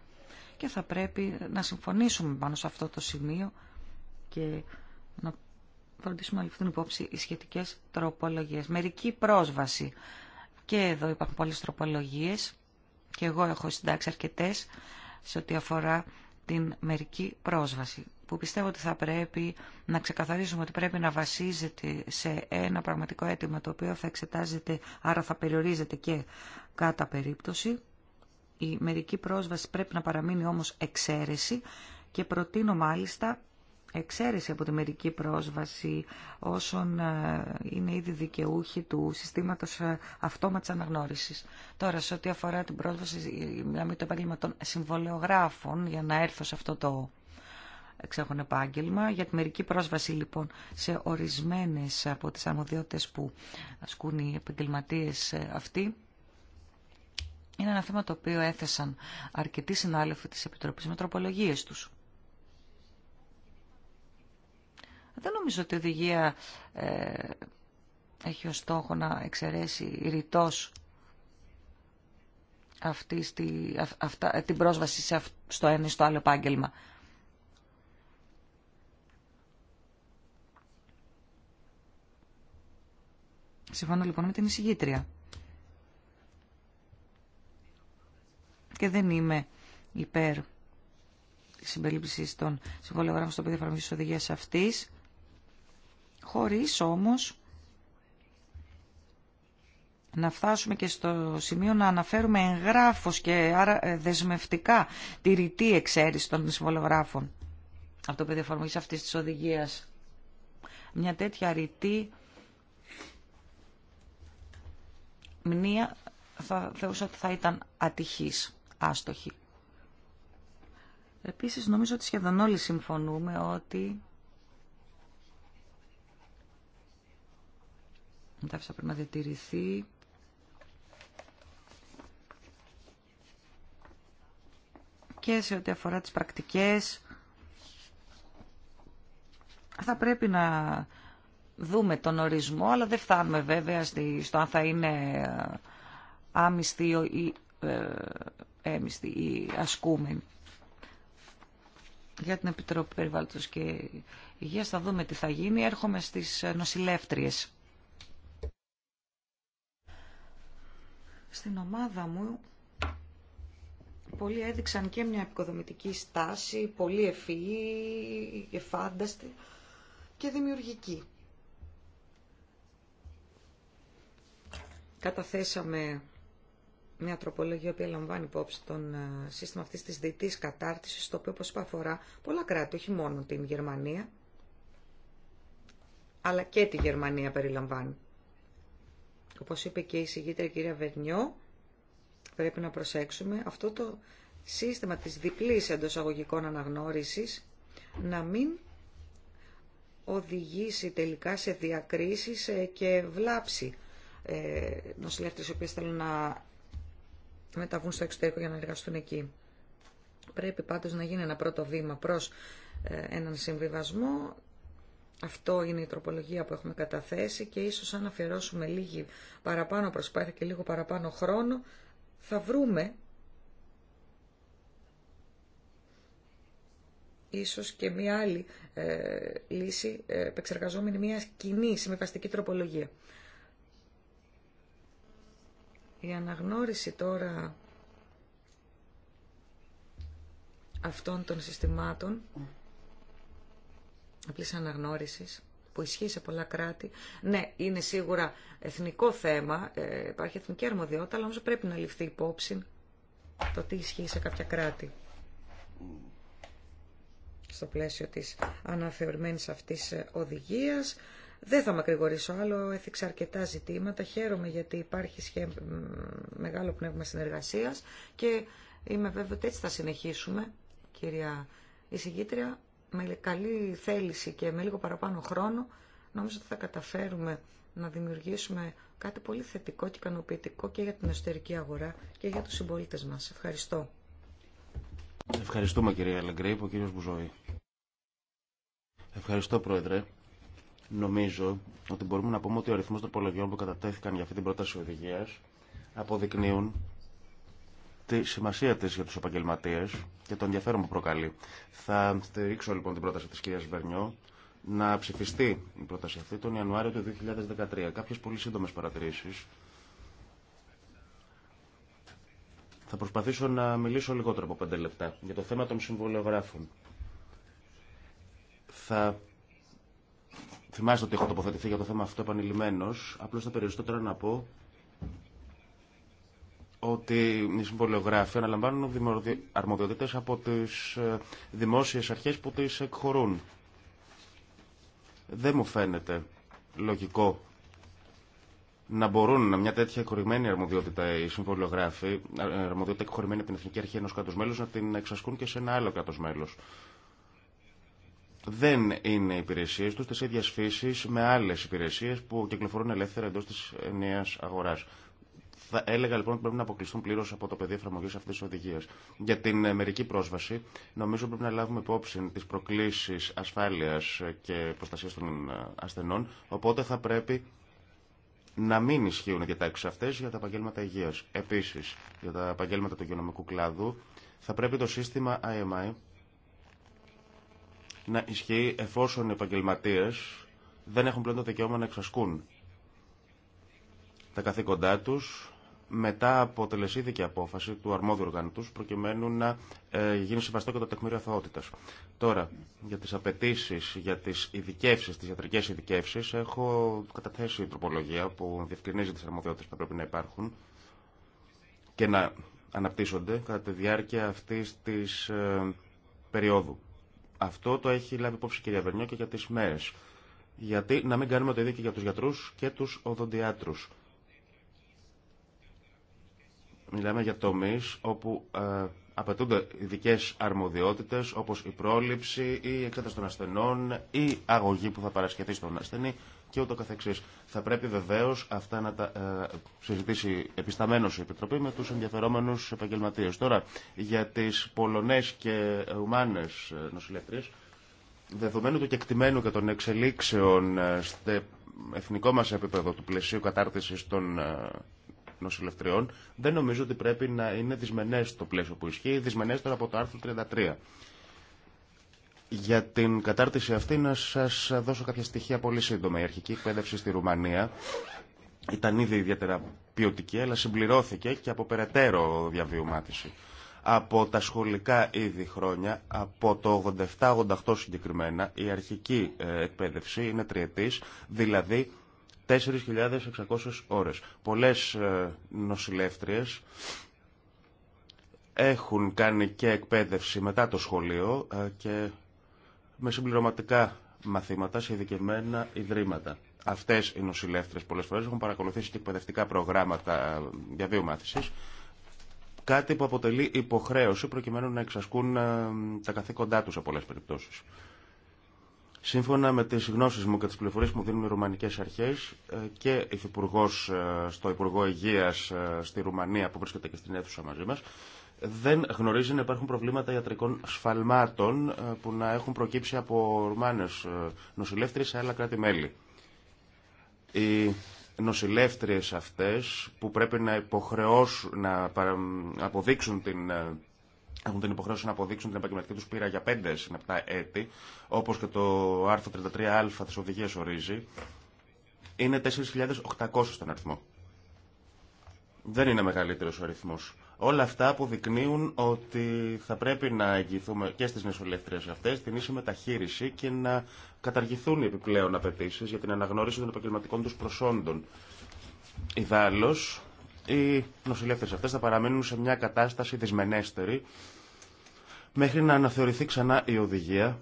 και θα πρέπει να συμφωνήσουμε πάνω σε αυτό το σημείο και να φροντίσουμε να ληφθούν υπόψη οι σχετικέ τροπολογίε. Μερική πρόσβαση. Και εδώ υπάρχουν πολλέ τροπολογίε και εγώ έχω συντάξει αρκετέ σε ό,τι αφορά την μερική πρόσβαση που πιστεύω ότι θα πρέπει να ξεκαθαρίσουμε ότι πρέπει να βασίζεται σε ένα πραγματικό αίτημα το οποίο θα εξετάζεται, άρα θα περιορίζεται και κατά περίπτωση. Η μερική πρόσβαση πρέπει να παραμείνει όμως εξαίρεση και προτείνω μάλιστα εξαίρεση από τη μερική πρόσβαση όσων ε, είναι ήδη δικαιούχοι του συστήματος ε, αυτόματης αναγνώρισης. Τώρα, σε ό,τι αφορά την πρόσβαση, μιλάμε το επάγγελμα των συμβολεογράφων, για να έρθω σε αυτό το εξέχον επάγγελμα. Για τη μερική πρόσβαση, λοιπόν, σε ορισμένες από τις αρμοδιότητες που ασκούν οι επαγγελματίες ε, αυτοί, είναι ένα θέμα το οποίο έθεσαν αρκετοί συνάλλευοι της Επιτροπής με τους. Δεν νομίζω ότι η οδηγία ε, έχει ως στόχο να εξαιρέσει ρητός αυτή στη, αυτά, την πρόσβαση σε, στο ένα ή στο άλλο επάγγελμα. Συμφωνώ λοιπόν με την εισηγήτρια. Και δεν είμαι υπέρ τη συμπερίληψη των συμβολιογράφων στο πεδίο εφαρμογή τη οδηγία αυτή χωρίς όμως να φτάσουμε και στο σημείο να αναφέρουμε εγγράφος και άρα ε, δεσμευτικά τη ρητή εξαίρεση των συμβολογράφων από το πεδίο εφαρμογή αυτής της οδηγίας. Μια τέτοια ρητή μνήα θα ότι θα ήταν ατυχής, άστοχη. Επίσης νομίζω ότι σχεδόν όλοι συμφωνούμε ότι θα πρέπει να διατηρηθεί. Και σε ό,τι αφορά τις πρακτικές, θα πρέπει να δούμε τον ορισμό, αλλά δεν φτάνουμε βέβαια στο αν θα είναι ε, άμυστη ή ε, έμυστη ή ασκούμενη. Για την Επιτροπή Περιβάλλοντος και Υγείας θα δούμε τι θα γίνει. Έρχομαι στις νοσηλεύτριες. Στην ομάδα μου πολλοί έδειξαν και μια επικοδομητική στάση, πολύ ευφυή, εφάνταστη και δημιουργική. Καταθέσαμε μια τροπολογία που λαμβάνει υπόψη τον ε, σύστημα αυτής της διετής κατάρτισης, το οποίο όπως είπα αφορά πολλά κράτη, όχι μόνο την Γερμανία, αλλά και τη Γερμανία περιλαμβάνει. Όπως είπε και η συγγήτρια κυρία Βερνιό, πρέπει να προσέξουμε αυτό το σύστημα της διπλής εντοσαγωγικών αγωγικών αναγνώρισης να μην οδηγήσει τελικά σε διακρίσεις ε, και βλάψει ε, νοσηλεύτες οι οποίες θέλουν να μεταβούν στο εξωτερικό για να εργαστούν εκεί. Πρέπει πάντως να γίνει ένα πρώτο βήμα προς ε, έναν συμβιβασμό αυτό είναι η τροπολογία που έχουμε καταθέσει και ίσως αν αφιερώσουμε λίγη παραπάνω προσπάθεια και λίγο παραπάνω χρόνο θα βρούμε ίσως και μία άλλη ε, λύση ε, επεξεργαζόμενη μία κοινή συμμεβαστική τροπολογία. Η αναγνώριση τώρα αυτών των συστημάτων απλής αναγνώρισης που ισχύει σε πολλά κράτη. Ναι, είναι σίγουρα εθνικό θέμα, ε, υπάρχει εθνική αρμοδιότητα, αλλά όμως πρέπει να ληφθεί υπόψη το τι ισχύει σε κάποια κράτη. Στο πλαίσιο της αναθεωρημένης αυτής οδηγίας, δεν θα μακρηγορήσω άλλο, έθιξα αρκετά ζητήματα, χαίρομαι γιατί υπάρχει σχέ... μεγάλο πνεύμα συνεργασίας και είμαι βέβαιο ότι έτσι θα συνεχίσουμε, κυρία εισηγήτρια, με καλή θέληση και με λίγο παραπάνω χρόνο, νομίζω ότι θα καταφέρουμε να δημιουργήσουμε κάτι πολύ θετικό και ικανοποιητικό και για την εσωτερική αγορά και για τους συμπολίτες μας. Ευχαριστώ. Ευχαριστούμε κυρία Λεγκρέιπ, ο κύριος Μπουζόη. Ευχαριστώ πρόεδρε. Νομίζω ότι μπορούμε να πούμε ότι ο αριθμό των πολεμιών που κατατέθηκαν για αυτή την πρόταση οδηγία αποδεικνύουν τη σημασία της για τους επαγγελματίε και το ενδιαφέρον που προκαλεί. Θα στηρίξω λοιπόν την πρόταση της κυρίας Βερνιό να ψηφιστεί η πρόταση αυτή τον Ιανουάριο του 2013. Κάποιες πολύ σύντομες παρατηρήσεις. Θα προσπαθήσω να μιλήσω λιγότερο από πέντε λεπτά για το θέμα των συμβολιογράφων. Θα θυμάστε ότι έχω τοποθετηθεί για το θέμα αυτό επανειλημμένος. Απλώς θα περιοριστώ τώρα να πω ότι οι συμβολιογράφοι αναλαμβάνουν αρμοδιότητες από τις ε, δημόσιες αρχές που τις εκχωρούν. Δεν μου φαίνεται λογικό να μπορούν μια τέτοια εκχωρημένη αρμοδιότητα οι συμβολιογράφοι, ε, αρμοδιότητα εκχωρημένη από την Εθνική Αρχή ενός κράτους μέλους, να την εξασκούν και σε ένα άλλο κράτος μέλος. Δεν είναι οι υπηρεσίες τους της ίδιας φύσης με άλλες υπηρεσίες που κυκλοφορούν ελεύθερα εντός της νέας αγοράς. Θα έλεγα λοιπόν ότι πρέπει να αποκλειστούν πλήρω από το πεδίο εφαρμογή αυτή τη οδηγία. Για την ε, μερική πρόσβαση, νομίζω πρέπει να λάβουμε υπόψη τι προκλήσει ασφάλεια και προστασία των ε, ασθενών, οπότε θα πρέπει να μην ισχύουν οι διατάξει αυτέ για τα επαγγέλματα υγεία. Επίση, για τα επαγγέλματα του υγειονομικού κλάδου, θα πρέπει το σύστημα IMI να ισχύει εφόσον οι επαγγελματίε δεν έχουν πλέον το δικαίωμα να εξασκούν τα καθήκοντά τους μετά από τελεσίδικη απόφαση του αρμόδιου οργάνου προκειμένου να ε, γίνει συμβαστό και το τεκμήριο αθωότητα. Τώρα, για τι απαιτήσει, για τι ειδικεύσει, τι ιατρικέ ειδικεύσει, έχω καταθέσει τροπολογία που διευκρινίζει τι αρμοδιότητε που πρέπει να υπάρχουν και να αναπτύσσονται κατά τη διάρκεια αυτή τη ε, περίοδου. Αυτό το έχει λάβει υπόψη η κυρία Βερνιό και για τι μέρε. Γιατί να μην κάνουμε το ίδιο και για του γιατρού και του οδοντιάτρου. Μιλάμε για τομείς όπου ε, απαιτούνται ειδικέ αρμοδιότητες όπως η πρόληψη, η εξέταση των ασθενών, η αγωγή που θα παρασχεθεί στον ασθενή και ούτω καθεξής. Θα πρέπει βεβαίως αυτά να τα ε, συζητήσει επισταμένως η Επιτροπή με τους ενδιαφερόμενους επαγγελματίες. Τώρα, για τις Πολωνές και Ουμάνες ε, νοσηλευτρίες, δεδομένου του κεκτημένου και των εξελίξεων στο εθνικό μας επίπεδο του πλαισίου κατάρτισης των νοσηλευτριών, δεν νομίζω ότι πρέπει να είναι δυσμενέ το πλαίσιο που ισχύει, δυσμενέ τώρα από το άρθρο 33. Για την κατάρτιση αυτή να σας δώσω κάποια στοιχεία πολύ σύντομα. Η αρχική εκπαίδευση στη Ρουμανία ήταν ήδη ιδιαίτερα ποιοτική, αλλά συμπληρώθηκε και από περαιτέρω διαβιωμάτιση. Από τα σχολικά ήδη χρόνια, από το 87-88 συγκεκριμένα, η αρχική ε, εκπαίδευση είναι τριετής, δηλαδή 4.600 ώρες. Πολλές ε, νοσηλεύτριες έχουν κάνει και εκπαίδευση μετά το σχολείο ε, και με συμπληρωματικά μαθήματα σε ειδικευμένα ιδρύματα. Αυτές οι νοσηλεύτριες πολλές φορές έχουν παρακολουθήσει και εκπαιδευτικά προγράμματα ε, για κάτι που αποτελεί υποχρέωση προκειμένου να εξασκούν τα καθήκοντά τους σε πολλές περιπτώσεις. Σύμφωνα με τις γνώσεις μου και τις πληροφορίες που μου δίνουν οι ρουμανικές αρχές ε, και υφυπουργό ε, στο Υπουργό Υγείας ε, στη Ρουμανία που βρίσκεται και στην αίθουσα μαζί μας, δεν γνωρίζει να υπάρχουν προβλήματα ιατρικών σφαλμάτων που να έχουν προκύψει από Ρουμάνες νοσηλεύτριες σε άλλα κράτη-μέλη. Οι νοσηλεύτριες αυτές που πρέπει να υποχρεώσουν να αποδείξουν την έχουν την υποχρέωση να αποδείξουν την επαγγελματική του πείρα για 5 συν 7 έτη, όπω και το άρθρο 33α τη οδηγία ορίζει, είναι 4.800 στον αριθμό. Δεν είναι μεγαλύτερο ο αριθμό. Όλα αυτά αποδεικνύουν ότι θα πρέπει να εγγυηθούμε και στι νεσολεύτριε αυτέ την ίση μεταχείριση και να καταργηθούν οι επιπλέον απαιτήσει για την αναγνώριση των επαγγελματικών του προσόντων. Ιδάλω, οι νοσηλεύθερε αυτέ θα παραμείνουν σε μια κατάσταση δυσμενέστερη μέχρι να αναθεωρηθεί ξανά η οδηγία,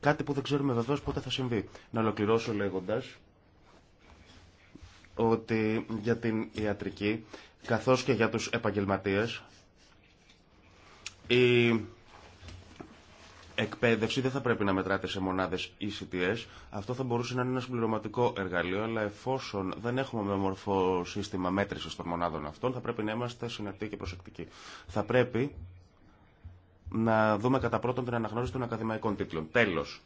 κάτι που δεν ξέρουμε βεβαίως πότε θα συμβεί. Να ολοκληρώσω λέγοντας ότι για την ιατρική, καθώς και για τους επαγγελματίες, η εκπαίδευση δεν θα πρέπει να μετράται σε μονάδες ECTS. Αυτό θα μπορούσε να είναι ένα συμπληρωματικό εργαλείο, αλλά εφόσον δεν έχουμε μεμορφό σύστημα μέτρησης των μονάδων αυτών, θα πρέπει να είμαστε συναρτοί και προσεκτικοί. Θα πρέπει να δούμε κατά πρώτον την αναγνώριση των ακαδημαϊκών τίτλων. Τέλος,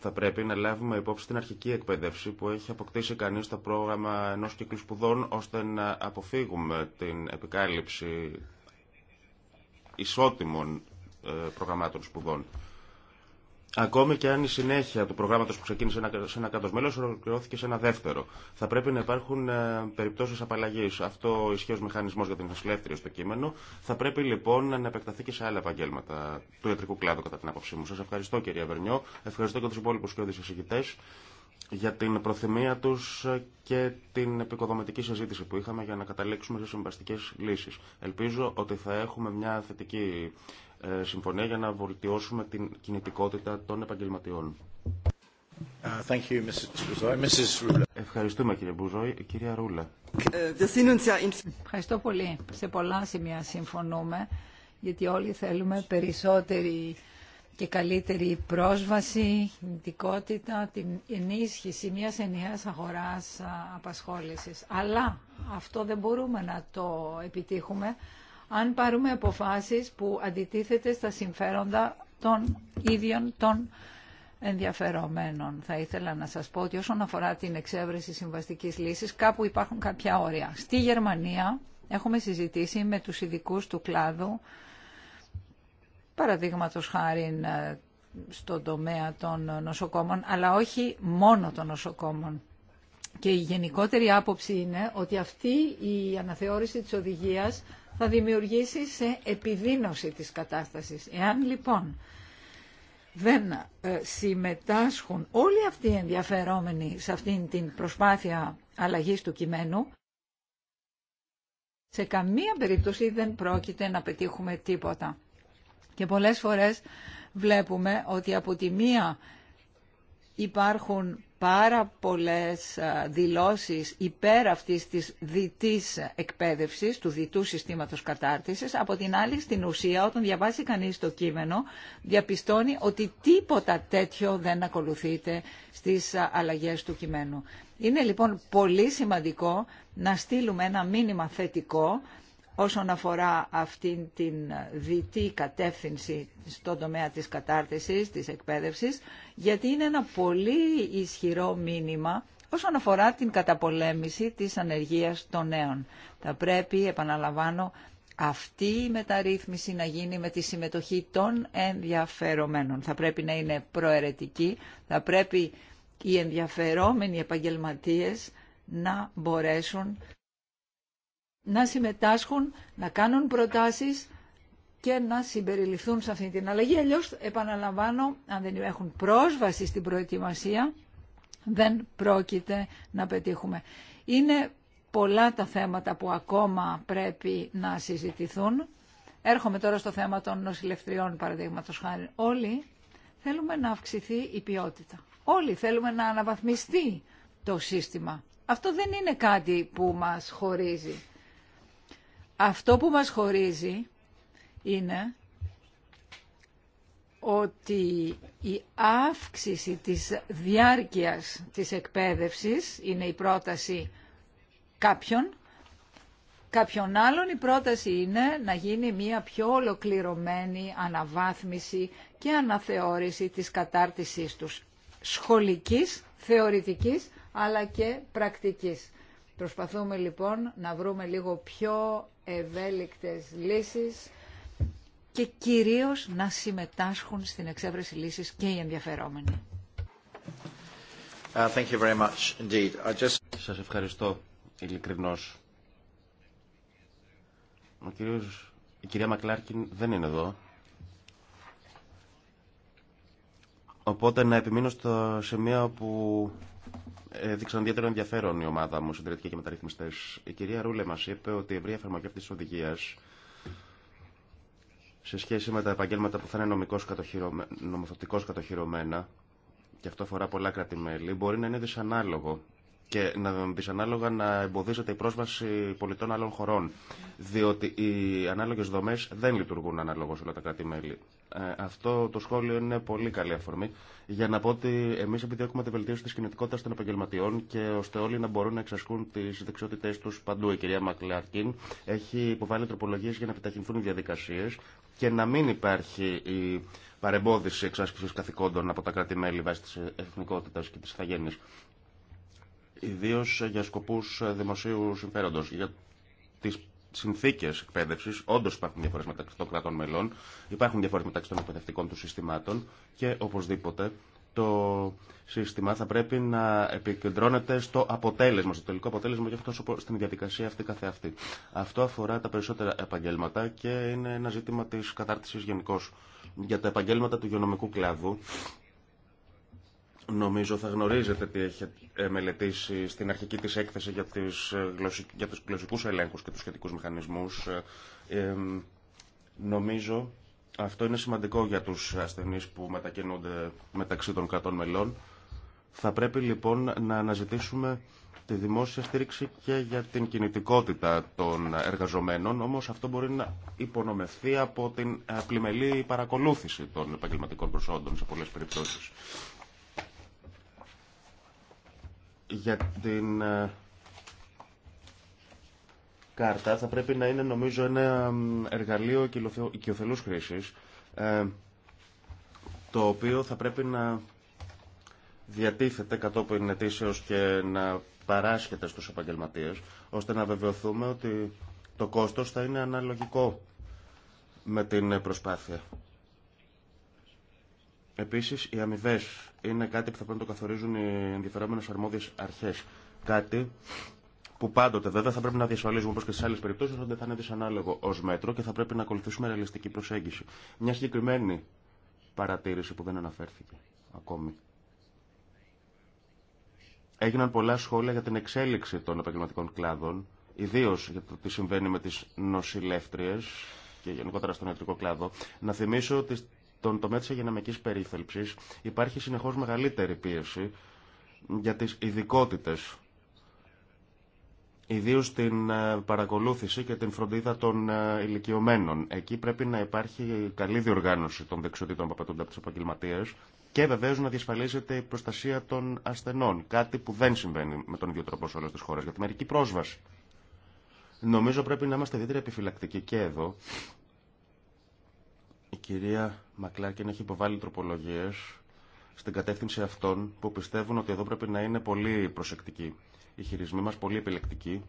θα πρέπει να λάβουμε υπόψη την αρχική εκπαίδευση που έχει αποκτήσει κανείς το πρόγραμμα ενό κύκλου σπουδών ώστε να αποφύγουμε την επικάλυψη ισότιμων ε, προγραμμάτων σπουδών. Ακόμη και αν η συνέχεια του προγράμματος που ξεκίνησε σε ένα κάτω μέλος ολοκληρώθηκε σε ένα δεύτερο. Θα πρέπει να υπάρχουν ε, περιπτώσεις απαλλαγής. Αυτό ισχύει ως μηχανισμός για την ασυλεύτρια στο κείμενο. Θα πρέπει λοιπόν να επεκταθεί και σε άλλα επαγγέλματα του ιατρικού κλάδου κατά την άποψή μου. Σας ευχαριστώ κυρία Βερνιό. Ευχαριστώ και τους υπόλοιπους και όλους για την προθυμία τους και την επικοδομητική συζήτηση που είχαμε για να καταλήξουμε σε συμβαστικές λύσεις. Ελπίζω ότι θα έχουμε μια θετική ε, συμφωνία για να βελτιώσουμε την κινητικότητα των επαγγελματιών. Uh, thank you, Mrs. Ευχαριστούμε κύριε Μπουζόη. Κυρία Ρούλα. Ευχαριστώ πολύ. Σε πολλά σημεία συμφωνούμε γιατί όλοι θέλουμε περισσότερη και καλύτερη πρόσβαση, κινητικότητα, την ενίσχυση μιας ενιαίας αγοράς απασχόλησης. Αλλά αυτό δεν μπορούμε να το επιτύχουμε αν πάρουμε αποφάσεις που αντιτίθεται στα συμφέροντα των ίδιων των ενδιαφερομένων. Θα ήθελα να σας πω ότι όσον αφορά την εξέβρεση συμβαστικής λύσης, κάπου υπάρχουν κάποια όρια. Στη Γερμανία έχουμε συζητήσει με τους ειδικού του κλάδου, παραδείγματο χάρη ε, στον τομέα των νοσοκόμων, αλλά όχι μόνο των νοσοκόμων. Και η γενικότερη άποψη είναι ότι αυτή η αναθεώρηση της οδηγίας θα δημιουργήσει σε επιδείνωση της κατάστασης. Εάν λοιπόν δεν ε, συμμετάσχουν όλοι αυτοί οι ενδιαφερόμενοι σε αυτήν την προσπάθεια αλλαγής του κειμένου, σε καμία περίπτωση δεν πρόκειται να πετύχουμε τίποτα. Και πολλές φορές βλέπουμε ότι από τη μία υπάρχουν πάρα πολλές δηλώσεις υπέρ αυτής της διτής εκπαίδευσης, του διτού συστήματος κατάρτισης. Από την άλλη, στην ουσία, όταν διαβάζει κανείς το κείμενο, διαπιστώνει ότι τίποτα τέτοιο δεν ακολουθείται στις αλλαγές του κειμένου. Είναι λοιπόν πολύ σημαντικό να στείλουμε ένα μήνυμα θετικό όσον αφορά αυτήν την διτή κατεύθυνση στον τομέα της κατάρτισης, της εκπαίδευσης, γιατί είναι ένα πολύ ισχυρό μήνυμα όσον αφορά την καταπολέμηση της ανεργίας των νέων. Θα πρέπει, επαναλαμβάνω, αυτή η μεταρρύθμιση να γίνει με τη συμμετοχή των ενδιαφερομένων. Θα πρέπει να είναι προαιρετική, θα πρέπει οι ενδιαφερόμενοι επαγγελματίες να μπορέσουν να συμμετάσχουν, να κάνουν προτάσεις και να συμπεριληφθούν σε αυτή την αλλαγή. Αλλιώ, επαναλαμβάνω, αν δεν έχουν πρόσβαση στην προετοιμασία, δεν πρόκειται να πετύχουμε. Είναι πολλά τα θέματα που ακόμα πρέπει να συζητηθούν. Έρχομαι τώρα στο θέμα των νοσηλευτριών, παραδείγματος χάρη. Όλοι θέλουμε να αυξηθεί η ποιότητα. Όλοι θέλουμε να αναβαθμιστεί το σύστημα. Αυτό δεν είναι κάτι που μας χωρίζει. Αυτό που μας χωρίζει είναι ότι η αύξηση της διάρκειας της εκπαίδευσης είναι η πρόταση κάποιων. Κάποιον άλλον η πρόταση είναι να γίνει μια πιο ολοκληρωμένη αναβάθμιση και αναθεώρηση της κατάρτισής τους. Σχολικής, θεωρητικής αλλά και πρακτικής. Προσπαθούμε λοιπόν να βρούμε λίγο πιο ευέλικτες λύσεις και κυρίως να συμμετάσχουν στην εξέβρεση λύσης και οι ενδιαφερόμενοι. Uh, thank you very much indeed. I just... Σας ευχαριστώ ειλικρινώς. Ο η κυρία Μακλάρκιν δεν είναι εδώ. Οπότε να επιμείνω στο σημείο που Δείξαν ιδιαίτερο ενδιαφέρον η ομάδα μου, συντηρητικοί και μεταρρυθμιστέ. Η κυρία Ρούλε μα είπε ότι η ευρεία εφαρμογή αυτή τη οδηγία σε σχέση με τα επαγγέλματα που θα είναι νομοθετικώ κατοχυρωμένα, και αυτό αφορά πολλά κράτη-μέλη, μπορεί να είναι δυσανάλογο και να δυσανάλογα να εμποδίζεται η πρόσβαση πολιτών άλλων χωρών. Διότι οι ανάλογε δομέ δεν λειτουργούν ανάλογα σε όλα τα κράτη-μέλη. Ε, αυτό το σχόλιο είναι πολύ καλή αφορμή για να πω ότι εμεί επιδιώκουμε τη βελτίωση τη κινητικότητα των επαγγελματιών και ώστε όλοι να μπορούν να εξασκούν τι δεξιότητέ του παντού. Η κυρία Μακλάρκιν έχει υποβάλει τροπολογίε για να επιταχυνθούν οι διαδικασίε και να μην υπάρχει η παρεμπόδιση εξάσκηση καθηκόντων από τα κράτη-μέλη βάσει τη εθνικότητα και τη ηθαγένεια. Ιδίω για σκοπού δημοσίου συμφέροντο συνθήκε εκπαίδευση. Όντω υπάρχουν διαφορέ μεταξύ των κρατών μελών, υπάρχουν διαφορέ μεταξύ των εκπαιδευτικών του συστημάτων και οπωσδήποτε το σύστημα θα πρέπει να επικεντρώνεται στο αποτέλεσμα, στο τελικό αποτέλεσμα και αυτό στην διαδικασία αυτή καθεαυτή. Αυτό αφορά τα περισσότερα επαγγέλματα και είναι ένα ζήτημα τη κατάρτιση γενικώ. Για τα επαγγέλματα του υγειονομικού κλάδου Νομίζω θα γνωρίζετε τι έχει ε, μελετήσει στην αρχική της έκθεση για, τις, ε, για τους γλωσσικούς ελέγχους και τους σχετικούς μηχανισμούς. Ε, νομίζω αυτό είναι σημαντικό για τους ασθενείς που μετακινούνται μεταξύ των κρατών μελών. Θα πρέπει λοιπόν να αναζητήσουμε τη δημόσια στήριξη και για την κινητικότητα των εργαζομένων, όμως αυτό μπορεί να υπονομευθεί από την πλημελή παρακολούθηση των επαγγελματικών προσόντων σε πολλές περιπτώσεις για την ε, κάρτα θα πρέπει να είναι νομίζω ένα εργαλείο οικειοθελούς χρήσης ε, το οποίο θα πρέπει να διατίθεται κατόπιν ετήσεως και να παράσχεται στους επαγγελματίες ώστε να βεβαιωθούμε ότι το κόστος θα είναι αναλογικό με την προσπάθεια. Επίση, οι αμοιβέ είναι κάτι που θα πρέπει να το καθορίζουν οι ενδιαφέρομένε αρμόδιε αρχέ. Κάτι που πάντοτε βέβαια θα πρέπει να διασφαλίζουμε όπω και στι άλλε περιπτώσει ότι θα είναι δυσανάλογο ω μέτρο και θα πρέπει να ακολουθήσουμε ρεαλιστική προσέγγιση. Μια συγκεκριμένη παρατήρηση που δεν αναφέρθηκε ακόμη. Έγιναν πολλά σχόλια για την εξέλιξη των επαγγελματικών κλάδων, ιδίω για το τι συμβαίνει με τι νοσηλεύτριε και γενικότερα στον ιατρικό κλάδο. Να θυμίσω ότι τον τομέα τη υγειονομικής περίθαλψη υπάρχει συνεχώ μεγαλύτερη πίεση για τι ειδικότητε. Ιδίω την ε, παρακολούθηση και την φροντίδα των ε, ηλικιωμένων. Εκεί πρέπει να υπάρχει καλή διοργάνωση των δεξιοτήτων που απαιτούνται από του επαγγελματίε και βεβαίω να διασφαλίζεται η προστασία των ασθενών. Κάτι που δεν συμβαίνει με τον ίδιο τρόπο σε όλε τι χώρε για τη μερική πρόσβαση. Νομίζω πρέπει να είμαστε ιδιαίτερα επιφυλακτικοί και εδώ η κυρία Μακλάκιν έχει υποβάλει τροπολογίε στην κατεύθυνση αυτών που πιστεύουν ότι εδώ πρέπει να είναι πολύ προσεκτικοί. Οι χειρισμοί μα πολύ επιλεκτικοί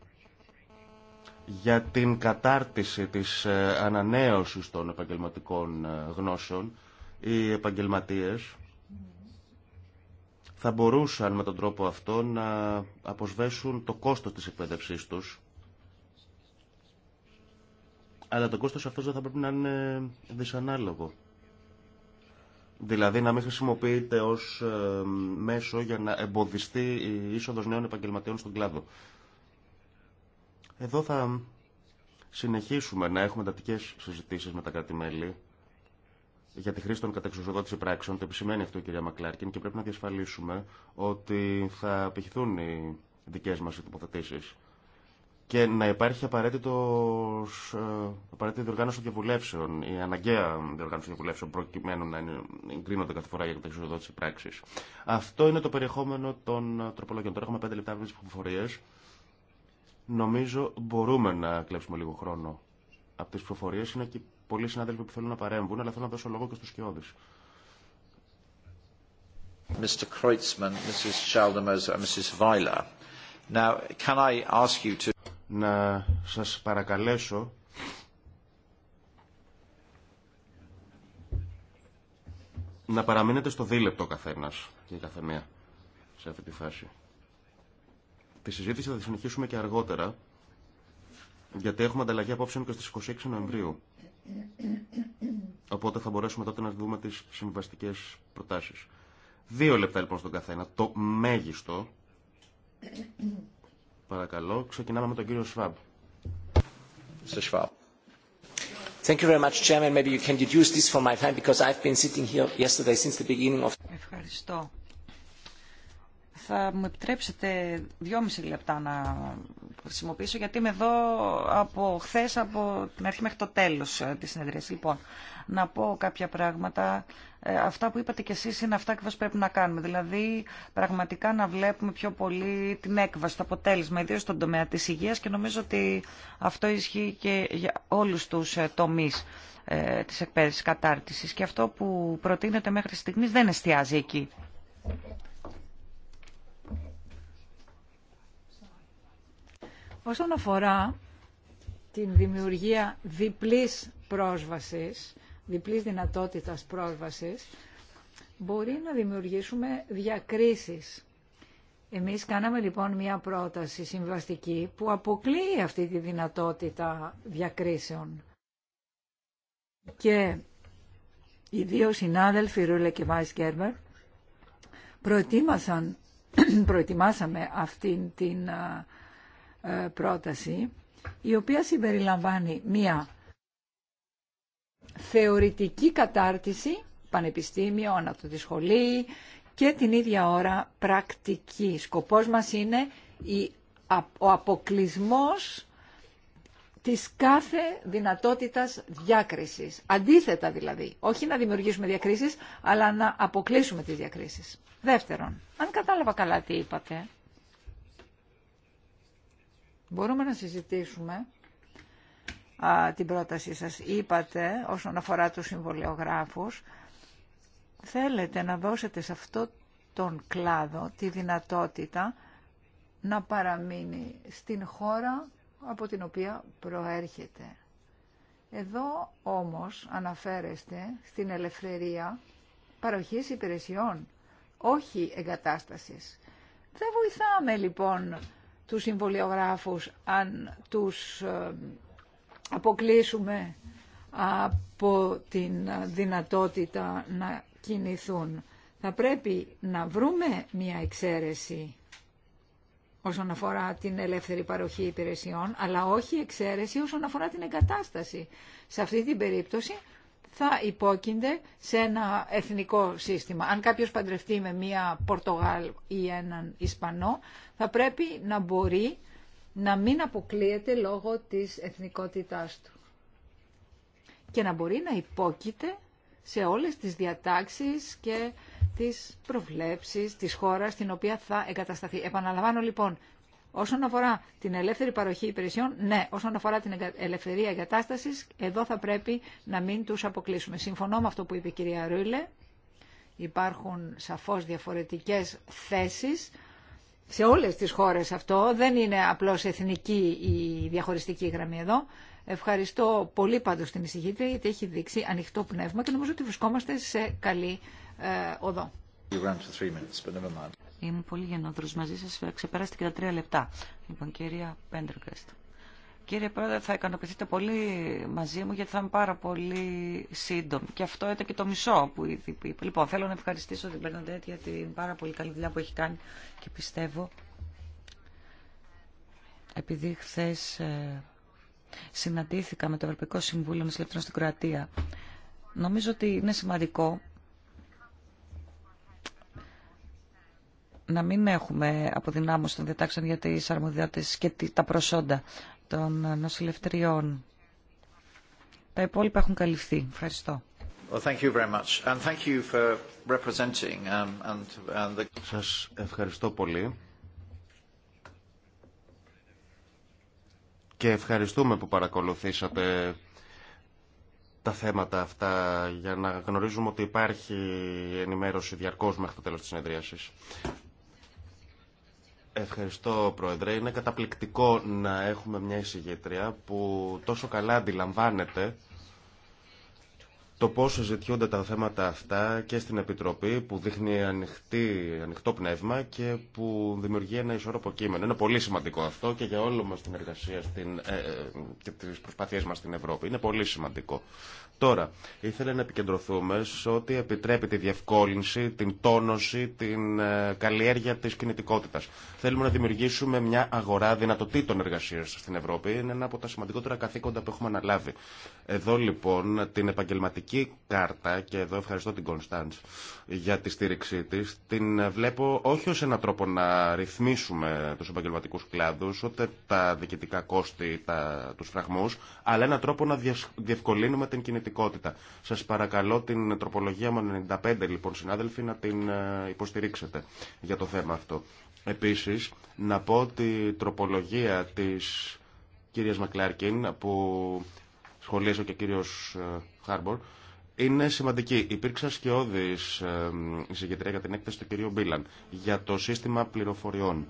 για την κατάρτιση της ε, ανανέωσης των επαγγελματικών ε, γνώσεων. Οι επαγγελματίες θα μπορούσαν με τον τρόπο αυτό να αποσβέσουν το κόστος της εκπαίδευσής τους αλλά το κόστος αυτός δεν θα πρέπει να είναι δυσανάλογο. Δηλαδή να μην χρησιμοποιείται ως ε, μέσο για να εμποδιστεί η είσοδος νέων επαγγελματιών στον κλάδο. Εδώ θα συνεχίσουμε να έχουμε εντατικές συζητήσεις με τα κράτη-μέλη για τη χρήση των κατεξουσιοδότηση πράξεων. Το επισημαίνει αυτό η κυρία Μακλάρκιν και πρέπει να διασφαλίσουμε ότι θα απηχηθούν οι δικές μας υποθετήσεις και να υπάρχει απαραίτητος, ε, απαραίτητη διοργάνωση διαβουλεύσεων, η αναγκαία διοργάνωση διαβουλεύσεων προκειμένου να εγκρίνονται κάθε φορά για την εξοδότηση πράξη. Αυτό είναι το περιεχόμενο των τροπολογιών. Τώρα έχουμε πέντε λεπτά από τι προφορίε. Νομίζω μπορούμε να κλέψουμε λίγο χρόνο από τι προφορίε Είναι και πολλοί συνάδελφοι που θέλουν να παρέμβουν, αλλά θέλω να δώσω λόγο και στου κοιόδη. Mr. Kreutzmann, Mrs. Mrs. Now, can I ask you να σας παρακαλέσω να παραμείνετε στο δίλεπτο καθένας και η καθεμία σε αυτή τη φάση. Τη συζήτηση θα τη συνεχίσουμε και αργότερα, γιατί έχουμε ανταλλαγή απόψεων και στις 26 Νοεμβρίου. Οπότε θα μπορέσουμε τότε να δούμε τις συμβαστικές προτάσεις. Δύο λεπτά λοιπόν στον καθένα, το μέγιστο, Παρακαλώ, ξεκινάμε με τον κύριο Σφάμπ. Mr. Schwab. Thank you very much, Chairman. Maybe you can deduce this from my time because I've been sitting here yesterday since the beginning of... Ευχαριστώ θα μου επιτρέψετε δυόμιση λεπτά να χρησιμοποιήσω, γιατί είμαι εδώ από χθε, από την αρχή μέχρι το τέλο ε, τη συνέδρια. Λοιπόν, να πω κάποια πράγματα. Ε, αυτά που είπατε κι εσείς είναι αυτά που πρέπει να κάνουμε. Δηλαδή, πραγματικά να βλέπουμε πιο πολύ την έκβαση, το αποτέλεσμα, ιδίω στον τομέα τη υγεία και νομίζω ότι αυτό ισχύει και για όλου του ε, τομεί ε, της εκπαίδευσης κατάρτισης. Και αυτό που προτείνεται μέχρι στιγμή δεν εστιάζει εκεί. Όσον αφορά την δημιουργία διπλής πρόσβασης, διπλής δυνατότητας πρόσβασης, μπορεί να δημιουργήσουμε διακρίσεις. Εμείς κάναμε λοιπόν μια πρόταση συμβαστική που αποκλείει αυτή τη δυνατότητα διακρίσεων. Και οι δύο συνάδελφοι Ρούλε και Βάις προετοιμάσαν προετοιμάσαμε αυτήν την ε, πρόταση η οποία συμπεριλαμβάνει μία θεωρητική κατάρτιση, πανεπιστήμιο, το και την ίδια ώρα πρακτική. Σκοπός μας είναι η, ο αποκλισμός της κάθε δυνατότητας διάκρισης. Αντίθετα δηλαδή, όχι να δημιουργήσουμε διακρίσεις, αλλά να αποκλείσουμε τις διακρίσεις. Δεύτερον, αν κατάλαβα καλά τι είπατε, Μπορούμε να συζητήσουμε α, την πρότασή σας. Είπατε όσον αφορά τους συμβολιογράφους, θέλετε να δώσετε σε αυτό τον κλάδο τη δυνατότητα να παραμείνει στην χώρα από την οποία προέρχεται. Εδώ όμως αναφέρεστε στην ελευθερία παροχής υπηρεσιών, όχι εγκατάστασης. Δεν βοηθάμε λοιπόν τους συμβολιογράφους αν τους ε, αποκλείσουμε από την δυνατότητα να κινηθούν. Θα πρέπει να βρούμε μια εξαίρεση όσον αφορά την ελεύθερη παροχή υπηρεσιών, αλλά όχι εξαίρεση όσον αφορά την εγκατάσταση. Σε αυτή την περίπτωση θα υπόκεινται σε ένα εθνικό σύστημα. Αν κάποιος παντρευτεί με μία Πορτογάλ ή έναν Ισπανό, θα πρέπει να μπορεί να μην αποκλείεται λόγω της εθνικότητάς του. Και να μπορεί να υπόκειται σε όλες τις διατάξεις και τις προβλέψεις της χώρας στην οποία θα εγκατασταθεί. Επαναλαμβάνω λοιπόν, Όσον αφορά την ελεύθερη παροχή υπηρεσιών, ναι. Όσον αφορά την ελευθερία εγκατάσταση, εδώ θα πρέπει να μην του αποκλείσουμε. Συμφωνώ με αυτό που είπε η κυρία Ρούλε. Υπάρχουν σαφώ διαφορετικέ θέσει. Σε όλες τις χώρες αυτό δεν είναι απλώς εθνική η διαχωριστική γραμμή εδώ. Ευχαριστώ πολύ πάντως την εισηγήτρια γιατί έχει δείξει ανοιχτό πνεύμα και νομίζω ότι βρισκόμαστε σε καλή ε, οδό. Είμαι πολύ γενναιόδρο μαζί σα, ε, Ξεπεράστηκε και τα τρία λεπτά. Λοιπόν, κυρία Πέντρεγκαστ. Κύριε Πρόεδρε, θα ικανοποιηθείτε πολύ μαζί μου γιατί θα είμαι πάρα πολύ σύντομη. Και αυτό ήταν και το μισό που ήδη είπε. Λοιπόν, θέλω να ευχαριστήσω την Περναντέτ για την πάρα πολύ καλή δουλειά που έχει κάνει και πιστεύω επειδή χθε ε, συναντήθηκα με το Ευρωπαϊκό Συμβούλιο Νησιλεπτών στην Κροατία, νομίζω ότι είναι σημαντικό να μην έχουμε αποδυνάμωση των διατάξεων για τις αρμοδιότητες και τα προσόντα των νοσηλευτεριών. Τα υπόλοιπα έχουν καλυφθεί. Ευχαριστώ. Um, uh, Σας ευχαριστώ πολύ. Και ευχαριστούμε που παρακολουθήσατε τα θέματα αυτά για να γνωρίζουμε ότι υπάρχει ενημέρωση διαρκώς μέχρι το τέλος της συνεδρίασης. Ευχαριστώ, Πρόεδρε. Είναι καταπληκτικό να έχουμε μια εισηγήτρια που τόσο καλά αντιλαμβάνεται το πόσο ζητιούνται τα θέματα αυτά και στην Επιτροπή που δείχνει ανοιχτή, ανοιχτό πνεύμα και που δημιουργεί ένα ισορροπό κείμενο. Είναι πολύ σημαντικό αυτό και για όλο μας την εργασία στην, ε, ε, και τις προσπάθειές μας στην Ευρώπη. Είναι πολύ σημαντικό. Τώρα, ήθελα να επικεντρωθούμε σε ό,τι επιτρέπει τη διευκόλυνση, την τόνωση, την ε, καλλιέργεια της κινητικότητας. Θέλουμε να δημιουργήσουμε μια αγορά δυνατοτήτων εργασίας στην Ευρώπη. Είναι ένα από τα σημαντικότερα καθήκοντα που έχουμε αναλάβει. Εδώ λοιπόν την επαγγελματική κάρτα, και εδώ ευχαριστώ την Κωνσταντς για τη στήριξή της, την βλέπω όχι ως έναν τρόπο να ρυθμίσουμε τους επαγγελματικού κλάδους, ούτε τα διοικητικά κόστη, τα, τους φραγμούς, αλλά έναν τρόπο να διευκολύνουμε την κινητικότητα. Σας παρακαλώ την τροπολογία μου 95, λοιπόν, συνάδελφοι, να την ε, υποστηρίξετε για το θέμα αυτό. Επίσης, να πω ότι η τροπολογία της κυρίας Μακλάρκιν που σχολίασε και ο κύριος ε, Χάρμπορ, είναι σημαντική. Υπήρξα σκιώδης ε, εισηγητρία για την έκθεση του κυρίου Μπίλαν για το σύστημα πληροφοριών.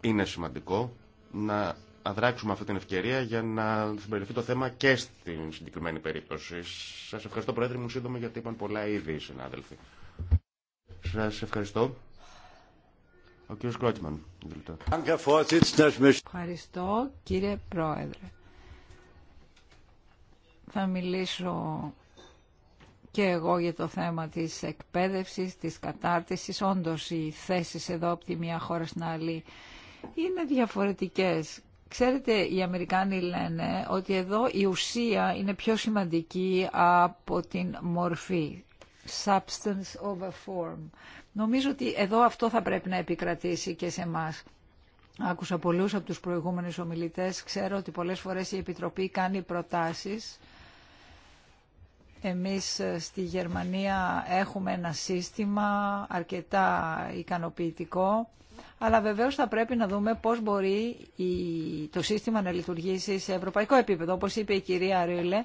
Είναι σημαντικό να αδράξουμε αυτή την ευκαιρία για να συμπεριληφθεί το θέμα και στην συγκεκριμένη περίπτωση. Σας ευχαριστώ Πρόεδρε μου σύντομα γιατί είπαν πολλά ήδη οι συνάδελφοι. Σας ευχαριστώ. Ο κύριος Κρότσμαν. Ευχαριστώ κύριε Πρόεδρε θα μιλήσω και εγώ για το θέμα της εκπαίδευσης, της κατάρτισης. Όντως οι θέσεις εδώ από τη μία χώρα στην άλλη είναι διαφορετικές. Ξέρετε, οι Αμερικάνοι λένε ότι εδώ η ουσία είναι πιο σημαντική από την μορφή. Substance over form. Νομίζω ότι εδώ αυτό θα πρέπει να επικρατήσει και σε εμά. Άκουσα πολλούς από τους προηγούμενους ομιλητές. Ξέρω ότι πολλές φορές η Επιτροπή κάνει προτάσεις εμείς ε, στη Γερμανία έχουμε ένα σύστημα αρκετά ικανοποιητικό, αλλά βεβαίως θα πρέπει να δούμε πώς μπορεί το σύστημα να λειτουργήσει σε ευρωπαϊκό επίπεδο. Όπως είπε η κυρία Ρίλε,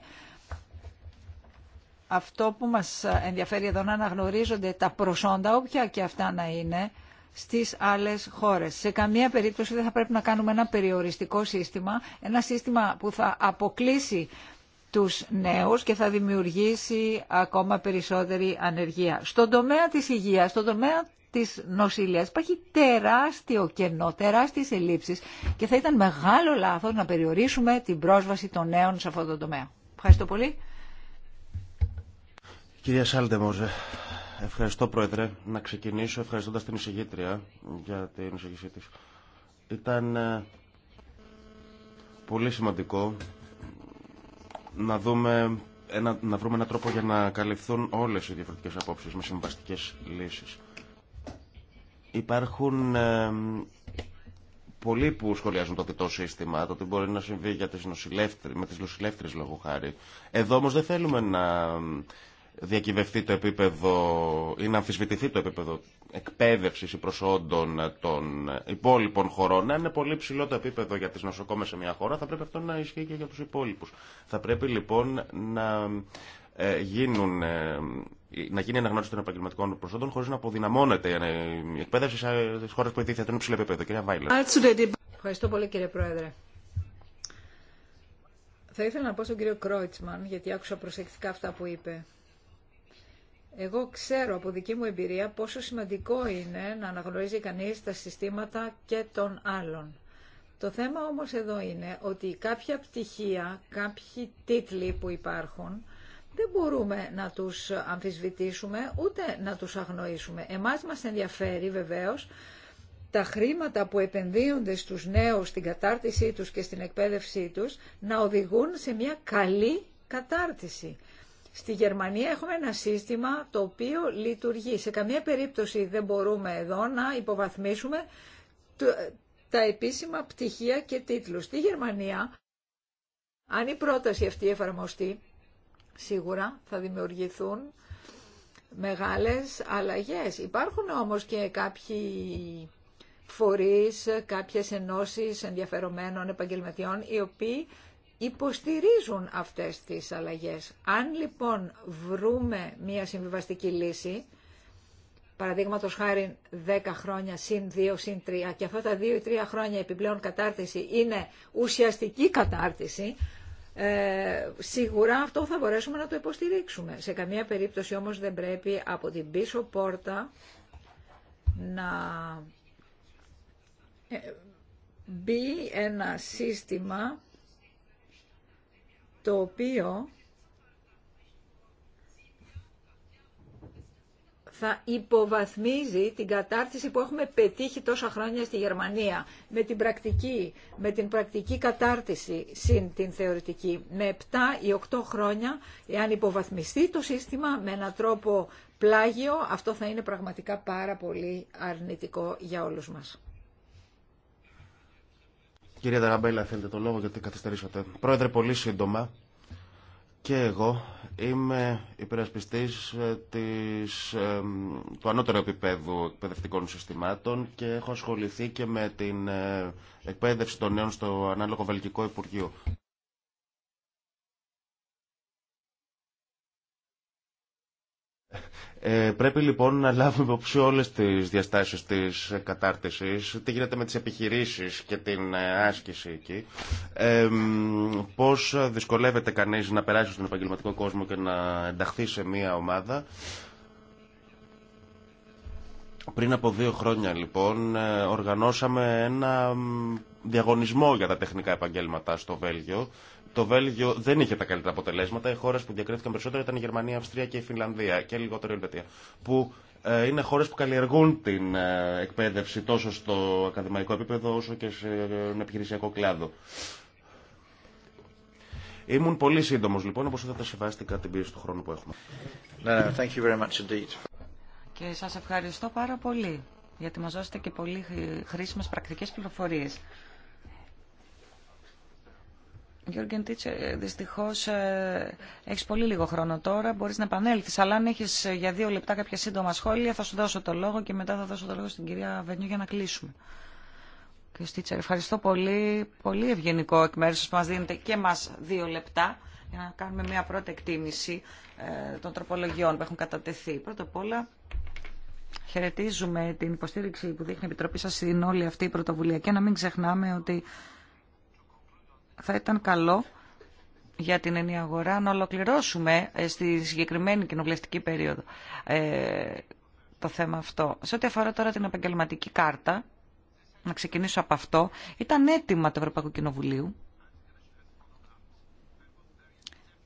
αυτό που μας ενδιαφέρει εδώ να αναγνωρίζονται τα προσόντα, όποια και αυτά να είναι, στις άλλες χώρες. Σε καμία περίπτωση δεν θα πρέπει να κάνουμε ένα περιοριστικό σύστημα, ένα σύστημα που θα αποκλείσει τους νέους και θα δημιουργήσει ακόμα περισσότερη ανεργία. Στον τομέα της υγείας, στον τομέα της νοσηλείας υπάρχει τεράστιο κενό, τεράστιες ελλείψεις και θα ήταν μεγάλο λάθος να περιορίσουμε την πρόσβαση των νέων σε αυτό το τομέα. Ευχαριστώ πολύ. Κυρία Σάλτεμοζε, ευχαριστώ Πρόεδρε. Να ξεκινήσω ευχαριστώντα την εισηγήτρια για την εισηγήσή της. Ήταν ε, πολύ σημαντικό να, δούμε ένα, να βρούμε έναν τρόπο για να καλυφθούν όλες οι διαφορετικές απόψεις με συμβαστικές λύσεις. Υπάρχουν πολλοί που σχολιάζουν το διτό σύστημα, το τι μπορεί να συμβεί για τις με τις νοσηλεύτριε λόγω χάρη. Εδώ όμως δεν θέλουμε να διακυβευτεί το επίπεδο ή να αμφισβητηθεί το επίπεδο εκπαίδευση ή προσόντων των υπόλοιπων χωρών. Αν είναι πολύ ψηλό το επίπεδο για τι νοσοκόμε σε μια χώρα, θα πρέπει αυτό να ισχύει και για του υπόλοιπου. Θα πρέπει λοιπόν να, ε, γίνουν, ε, να γίνει αναγνώριση των επαγγελματικών προσόντων χωρί να αποδυναμώνεται ε, η εκπαίδευση στι χώρε που ειδήθηκαν τον υψηλό επίπεδο. Κυρία Βάιλερ. Ευχαριστώ πολύ κύριε Πρόεδρε. Θα ήθελα να πω στον κύριο Κρόιτσμαν, γιατί άκουσα προσεκτικά αυτά που είπε, εγώ ξέρω από δική μου εμπειρία πόσο σημαντικό είναι να αναγνωρίζει κανείς τα συστήματα και των άλλων. Το θέμα όμως εδώ είναι ότι κάποια πτυχία, κάποιοι τίτλοι που υπάρχουν, δεν μπορούμε να τους αμφισβητήσουμε ούτε να τους αγνοήσουμε. Εμάς μας ενδιαφέρει βεβαίως τα χρήματα που επενδύονται στους νέους στην κατάρτισή τους και στην εκπαίδευσή τους να οδηγούν σε μια καλή κατάρτιση. Στη Γερμανία έχουμε ένα σύστημα το οποίο λειτουργεί. Σε καμία περίπτωση δεν μπορούμε εδώ να υποβαθμίσουμε τα επίσημα πτυχία και τίτλους. Στη Γερμανία, αν η πρόταση αυτή εφαρμοστεί, σίγουρα θα δημιουργηθούν μεγάλες αλλαγές. Υπάρχουν όμως και κάποιοι φορείς, κάποιες ενώσεις ενδιαφερομένων επαγγελματιών, οι οποίοι υποστηρίζουν αυτές τις αλλαγές. Αν λοιπόν βρούμε μια συμβιβαστική λύση, παραδείγματο χάρη 10 χρόνια συν 2 συν 3 και αυτά τα 2 ή 3 χρόνια επιπλέον κατάρτιση είναι ουσιαστική κατάρτιση, ε, σίγουρα αυτό θα μπορέσουμε να το υποστηρίξουμε. Σε καμία περίπτωση όμως δεν πρέπει από την πίσω πόρτα να ε, μπει ένα σύστημα το οποίο θα υποβαθμίζει την κατάρτιση που έχουμε πετύχει τόσα χρόνια στη Γερμανία με την πρακτική, με την πρακτική κατάρτιση συν την θεωρητική. Με 7 ή 8 χρόνια, εάν υποβαθμιστεί το σύστημα με έναν τρόπο πλάγιο, αυτό θα είναι πραγματικά πάρα πολύ αρνητικό για όλους μας. Κυρία Δαραμπέλα, θέλετε το λόγο γιατί καθυστερήσατε. Πρόεδρε, πολύ σύντομα. Και εγώ είμαι υπερασπιστή ε, ε, του ανώτερου επίπεδου εκπαιδευτικών συστημάτων και έχω ασχοληθεί και με την ε, εκπαίδευση των νέων στο ανάλογο Βελγικό Υπουργείο. Ε, πρέπει λοιπόν να λάβουμε υπόψη όλες τις διαστάσεις της κατάρτισης, τι γίνεται με τις επιχειρήσεις και την ε, άσκηση εκεί, ε, πώς δυσκολεύεται κανείς να περάσει στον επαγγελματικό κόσμο και να ενταχθεί σε μία ομάδα. Πριν από δύο χρόνια λοιπόν ε, οργανώσαμε ένα διαγωνισμό για τα τεχνικά επαγγέλματα στο Βέλγιο το Βέλγιο δεν είχε τα καλύτερα αποτελέσματα. Οι χώρε που διακρίθηκαν περισσότερο ήταν η Γερμανία, η Αυστρία και η Φινλανδία και λιγότερο η Ελβετία. Που ε, είναι χώρε που καλλιεργούν την ε, εκπαίδευση τόσο στο ακαδημαϊκό επίπεδο όσο και σε ένα ε, επιχειρησιακό κλάδο. Ήμουν πολύ σύντομο λοιπόν, όπω θα τα σεβάστηκα την πίεση του χρόνου που έχουμε. thank Και σα ευχαριστώ πάρα πολύ, γιατί μα δώσετε και πολύ χρήσιμε πρακτικέ πληροφορίε. Γιώργεν Τίτσε, δυστυχώ ε, έχει πολύ λίγο χρόνο τώρα. Μπορεί να επανέλθει. Αλλά αν έχει ε, για δύο λεπτά κάποια σύντομα σχόλια, θα σου δώσω το λόγο και μετά θα δώσω το λόγο στην κυρία Βενιού για να κλείσουμε. Κύριε Στίτσερ, ευχαριστώ πολύ. Πολύ ευγενικό εκ μέρου σα που μα δίνετε και μα δύο λεπτά για να κάνουμε μια πρώτη εκτίμηση ε, των τροπολογιών που έχουν κατατεθεί. Πρώτα απ' όλα, χαιρετίζουμε την υποστήριξη που δείχνει η Επιτροπή σα στην όλη αυτή η πρωτοβουλία και να μην ξεχνάμε ότι θα ήταν καλό για την ενή αγορά να ολοκληρώσουμε ε, στη συγκεκριμένη κοινοβουλευτική περίοδο ε, το θέμα αυτό. Σε ό,τι αφορά τώρα την επαγγελματική κάρτα, να ξεκινήσω από αυτό, ήταν έτοιμα του Ευρωπαϊκού Κοινοβουλίου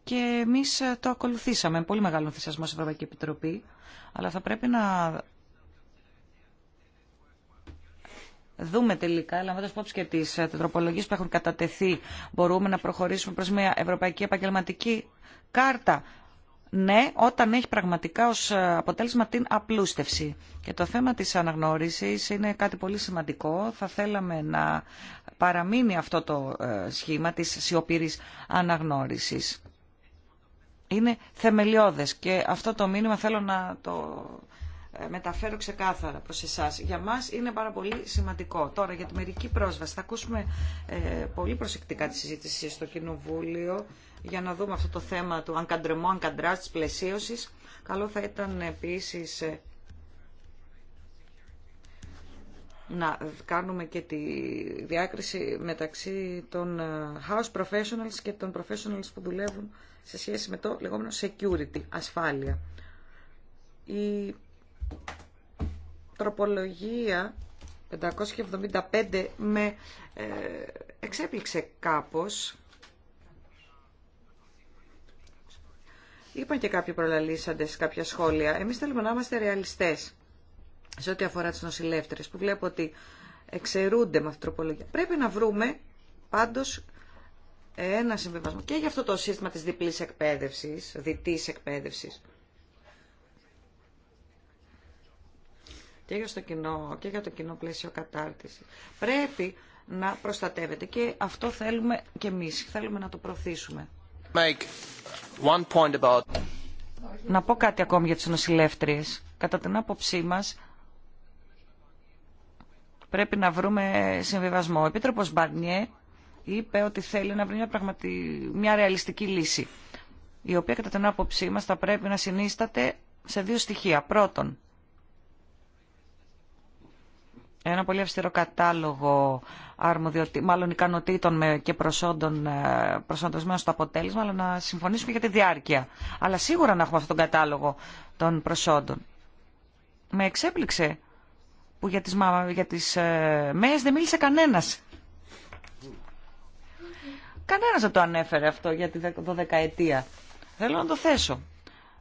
και εμείς το ακολουθήσαμε πολύ μεγάλο ενθουσιασμό στην Ευρωπαϊκή Επιτροπή, αλλά θα πρέπει να δούμε τελικά, λαμβάνοντα υπόψη και τι ε, τροπολογίε που έχουν κατατεθεί, μπορούμε να προχωρήσουμε προ μια Ευρωπαϊκή Επαγγελματική Κάρτα. Ναι, όταν έχει πραγματικά ως ε, αποτέλεσμα την απλούστευση. Και το θέμα της αναγνώρισης είναι κάτι πολύ σημαντικό. Θα θέλαμε να παραμείνει αυτό το ε, σχήμα της σιωπηρής αναγνώρισης. Είναι θεμελιώδες και αυτό το μήνυμα θέλω να το μεταφέρω ξεκάθαρα προς εσάς. Για μας είναι πάρα πολύ σημαντικό. Τώρα για τη μερική πρόσβαση. Θα ακούσουμε ε, πολύ προσεκτικά τη συζήτηση στο Κοινοβούλιο για να δούμε αυτό το θέμα του αγκαντρεμό, καντράς της πλαισίωσης. Καλό θα ήταν επίσης ε, να κάνουμε και τη διάκριση μεταξύ των ε, house professionals και των professionals που δουλεύουν σε σχέση με το λεγόμενο security, ασφάλεια. Η τροπολογία 575 με ε, εξέπληξε κάπως. Είπαν και κάποιοι προλαλήσαντες κάποια σχόλια. Εμείς θέλουμε να είμαστε ρεαλιστές σε ό,τι αφορά τις νοσηλεύτερες που βλέπω ότι εξαιρούνται με αυτή τροπολογία. Πρέπει να βρούμε πάντως ένα συμβεβασμό και για αυτό το σύστημα της διπλής εκπαίδευσης, διτής εκπαίδευσης. και για, κοινό, και για το κοινό πλαίσιο κατάρτιση. Πρέπει να προστατεύεται και αυτό θέλουμε και εμείς, θέλουμε να το προωθήσουμε. about... Να πω κάτι ακόμη για τις νοσηλεύτριες. Κατά την άποψή μας πρέπει να βρούμε συμβιβασμό. Ο Επίτροπος Μπαρνιέ είπε ότι θέλει να βρει μια, πραγματι... μια ρεαλιστική λύση, η οποία κατά την άποψή μας θα πρέπει να συνίσταται σε δύο στοιχεία. Πρώτον, ένα πολύ αυστηρό κατάλογο αρμοδιοτή, μάλλον ικανοτήτων και προσόντων ε, προσανατολισμένων στο αποτέλεσμα, αλλά να συμφωνήσουμε για τη διάρκεια. Αλλά σίγουρα να έχουμε αυτόν τον κατάλογο των προσόντων. Με εξέπληξε που για τις, για τις ε, ΜΕΕΣ δεν μίλησε κανένας. Κανένας δεν το ανέφερε αυτό για τη δωδεκαετία. Θέλω να το θέσω.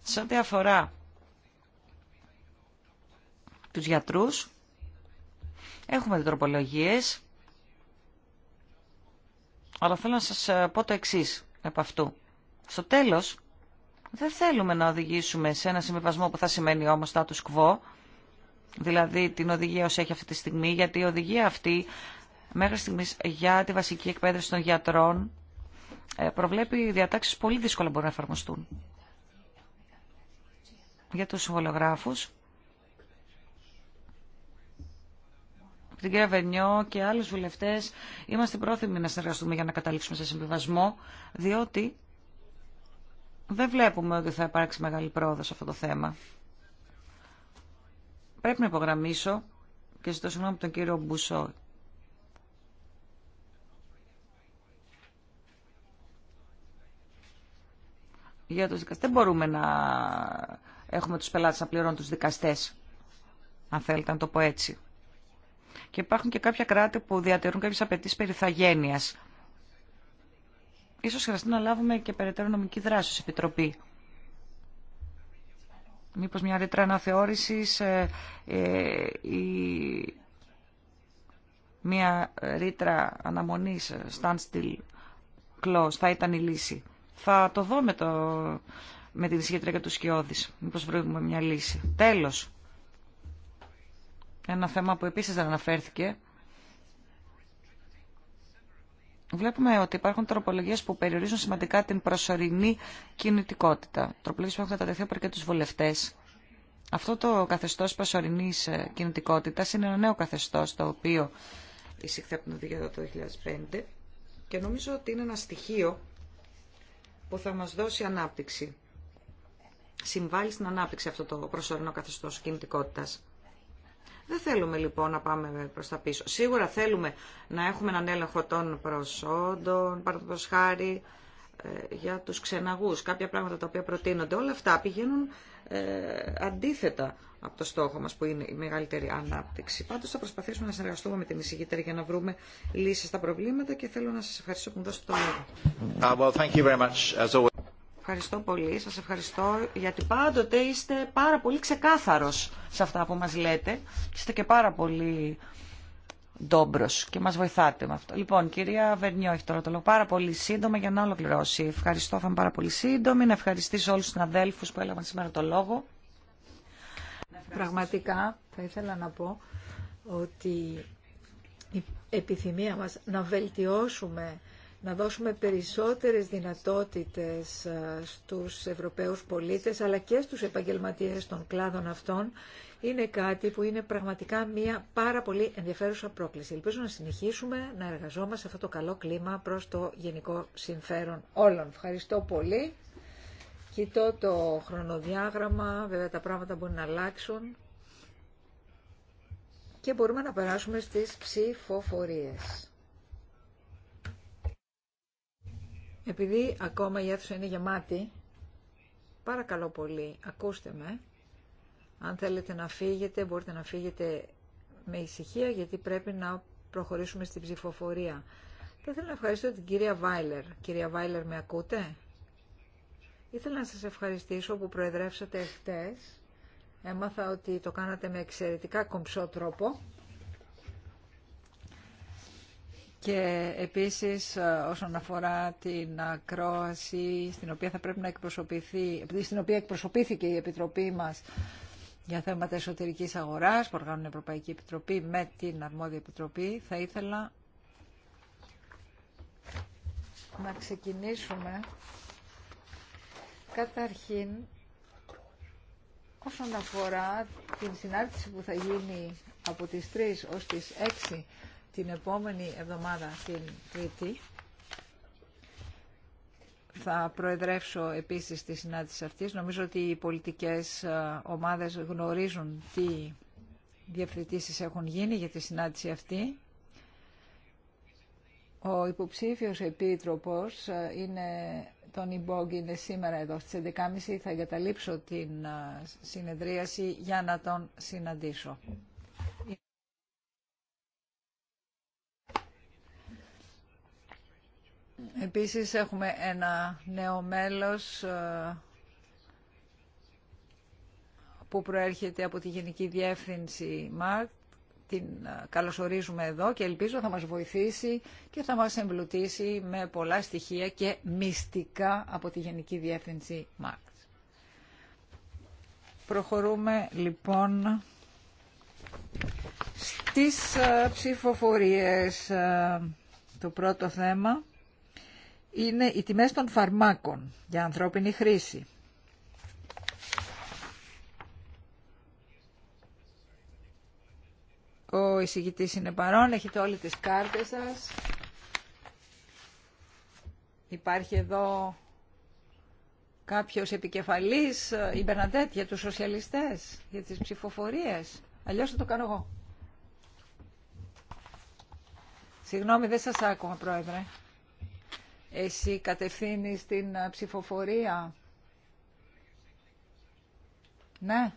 Σε ό,τι αφορά τους γιατρούς, Έχουμε τροπολογίες, αλλά θέλω να σας ε, πω το εξής από αυτού. Στο τέλος, δεν θέλουμε να οδηγήσουμε σε ένα συμβιβασμό που θα σημαίνει όμως status quo, δηλαδή την οδηγία όσο έχει αυτή τη στιγμή, γιατί η οδηγία αυτή μέχρι στιγμής για τη βασική εκπαίδευση των γιατρών ε, προβλέπει διατάξεις πολύ δύσκολα μπορούν να εφαρμοστούν. Για τους συμβολογράφους την κυρία Βενιό και άλλους βουλευτές είμαστε πρόθυμοι να συνεργαστούμε για να καταλήξουμε σε συμβιβασμό, διότι δεν βλέπουμε ότι θα υπάρξει μεγάλη πρόοδο σε αυτό το θέμα. Πρέπει να υπογραμμίσω και ζητώ συγγνώμη από τον κύριο Μπουσό. Για τους δικαστές δεν μπορούμε να έχουμε τους πελάτες να πληρώνουν τους δικαστές, αν θέλετε να το πω έτσι. Και υπάρχουν και κάποια κράτη που διατηρούν κάποιε απαιτήσει περιθαγένεια. Ίσως χρειαστεί να λάβουμε και περαιτέρω νομική δράση ως Επιτροπή. Μήπως μια ρήτρα αναθεώρησης ή ε, ε, μια ρήτρα αναμονής, ε, standstill clause, θα ήταν η λύση. Θα το δω με, το, με την ισχύτρια και του Σκιώδης, μήπως βρούμε μια λύση. Τέλος, ένα θέμα που επίσης δεν αναφέρθηκε. Βλέπουμε ότι υπάρχουν τροπολογίες που περιορίζουν σημαντικά την προσωρινή κινητικότητα. Τροπολογίες που έχουν κατατεθεί από και τους βουλευτές. Αυτό το καθεστώς προσωρινής ε, κινητικότητας είναι ένα νέο καθεστώς το οποίο εισήχθη από την το 2005 και νομίζω ότι είναι ένα στοιχείο που θα μας δώσει ανάπτυξη. Συμβάλλει στην ανάπτυξη αυτό το προσωρινό καθεστώς κινητικότητας. Δεν θέλουμε λοιπόν να πάμε προς τα πίσω. Σίγουρα θέλουμε να έχουμε έναν έλεγχο των προσόντων, παραδείγματος χάρη, ε, για τους ξεναγούς, κάποια πράγματα τα οποία προτείνονται. Όλα αυτά πηγαίνουν ε, αντίθετα από το στόχο μας που είναι η μεγαλύτερη ανάπτυξη. Πάντως θα προσπαθήσουμε να συνεργαστούμε με την εισηγήτρια για να βρούμε λύσεις στα προβλήματα και θέλω να σας ευχαριστήσω που μου δώσετε το λόγο. Uh, ευχαριστώ πολύ. Σας ευχαριστώ γιατί πάντοτε είστε πάρα πολύ ξεκάθαρος σε αυτά που μας λέτε. Είστε και πάρα πολύ ντόμπρο και μας βοηθάτε με αυτό. Λοιπόν, κυρία Βερνιό έχει τώρα το λόγο πάρα πολύ σύντομα για να ολοκληρώσει. Ευχαριστώ, θα είμαι πάρα πολύ σύντομη. Να ευχαριστήσω όλους τους αδέλφους που έλαβαν σήμερα το λόγο. Πραγματικά θα ήθελα να πω ότι η επιθυμία μας να βελτιώσουμε να δώσουμε περισσότερες δυνατότητες ε, στους Ευρωπαίους πολίτες αλλά και στους επαγγελματίες των κλάδων αυτών είναι κάτι που είναι πραγματικά μια πάρα πολύ ενδιαφέρουσα πρόκληση. Ελπίζω να συνεχίσουμε να εργαζόμαστε σε αυτό το καλό κλίμα προς το γενικό συμφέρον όλων. Ευχαριστώ πολύ. Κοιτώ το χρονοδιάγραμμα, βέβαια τα πράγματα μπορεί να αλλάξουν και μπορούμε να περάσουμε στις ψηφοφορίες. Επειδή ακόμα η αίθουσα είναι γεμάτη, παρακαλώ πολύ, ακούστε με. Αν θέλετε να φύγετε, μπορείτε να φύγετε με ησυχία, γιατί πρέπει να προχωρήσουμε στην ψηφοφορία. Και θέλω να ευχαριστώ την κυρία Βάιλερ. Κυρία Βάιλερ, με ακούτε? Ήθελα να σας ευχαριστήσω που προεδρεύσατε χτες. Έμαθα ότι το κάνατε με εξαιρετικά κομψό τρόπο. Και επίσης ε, όσον αφορά την ακρόαση στην οποία θα πρέπει να εκπροσωπηθεί, στην οποία εκπροσωπήθηκε η Επιτροπή μας για θέματα εσωτερικής αγοράς που οργάνουν η Ευρωπαϊκή Επιτροπή με την Αρμόδια Επιτροπή, θα ήθελα να ξεκινήσουμε καταρχήν όσον αφορά την συνάρτηση που θα γίνει από τις 3 ως τις 6 την επόμενη εβδομάδα, την Τρίτη, θα προεδρεύσω επίσης τη συνάντηση αυτής. Νομίζω ότι οι πολιτικές ε, ομάδες γνωρίζουν τι διευθετήσεις έχουν γίνει για τη συνάντηση αυτή. Ο υποψήφιος επίτροπος ε, είναι τον Ιμπόγκ είναι σήμερα εδώ στις 11.30 θα εγκαταλείψω την ε, συνεδρίαση για να τον συναντήσω. Επίσης έχουμε ένα νέο μέλος ε, που προέρχεται από τη Γενική Διεύθυνση ΜΑΡΤ. Την ε, καλωσορίζουμε εδώ και ελπίζω θα μας βοηθήσει και θα μας εμπλουτίσει με πολλά στοιχεία και μυστικά από τη Γενική Διεύθυνση ΜΑΡΤ. Προχωρούμε λοιπόν στις ε, ψηφοφορίες. Το πρώτο θέμα είναι οι τιμές των φαρμάκων για ανθρώπινη χρήση. Ο εισηγητής είναι παρόν, έχετε όλες τις κάρτες σας. Υπάρχει εδώ κάποιος επικεφαλής, η Μπερναντέτ, για τους σοσιαλιστές, για τις ψηφοφορίες. Αλλιώς θα το κάνω εγώ. Συγγνώμη, δεν σας άκουγα, Πρόεδρε εσύ κατευθύνεις την ε, ψηφοφορία. Ναι.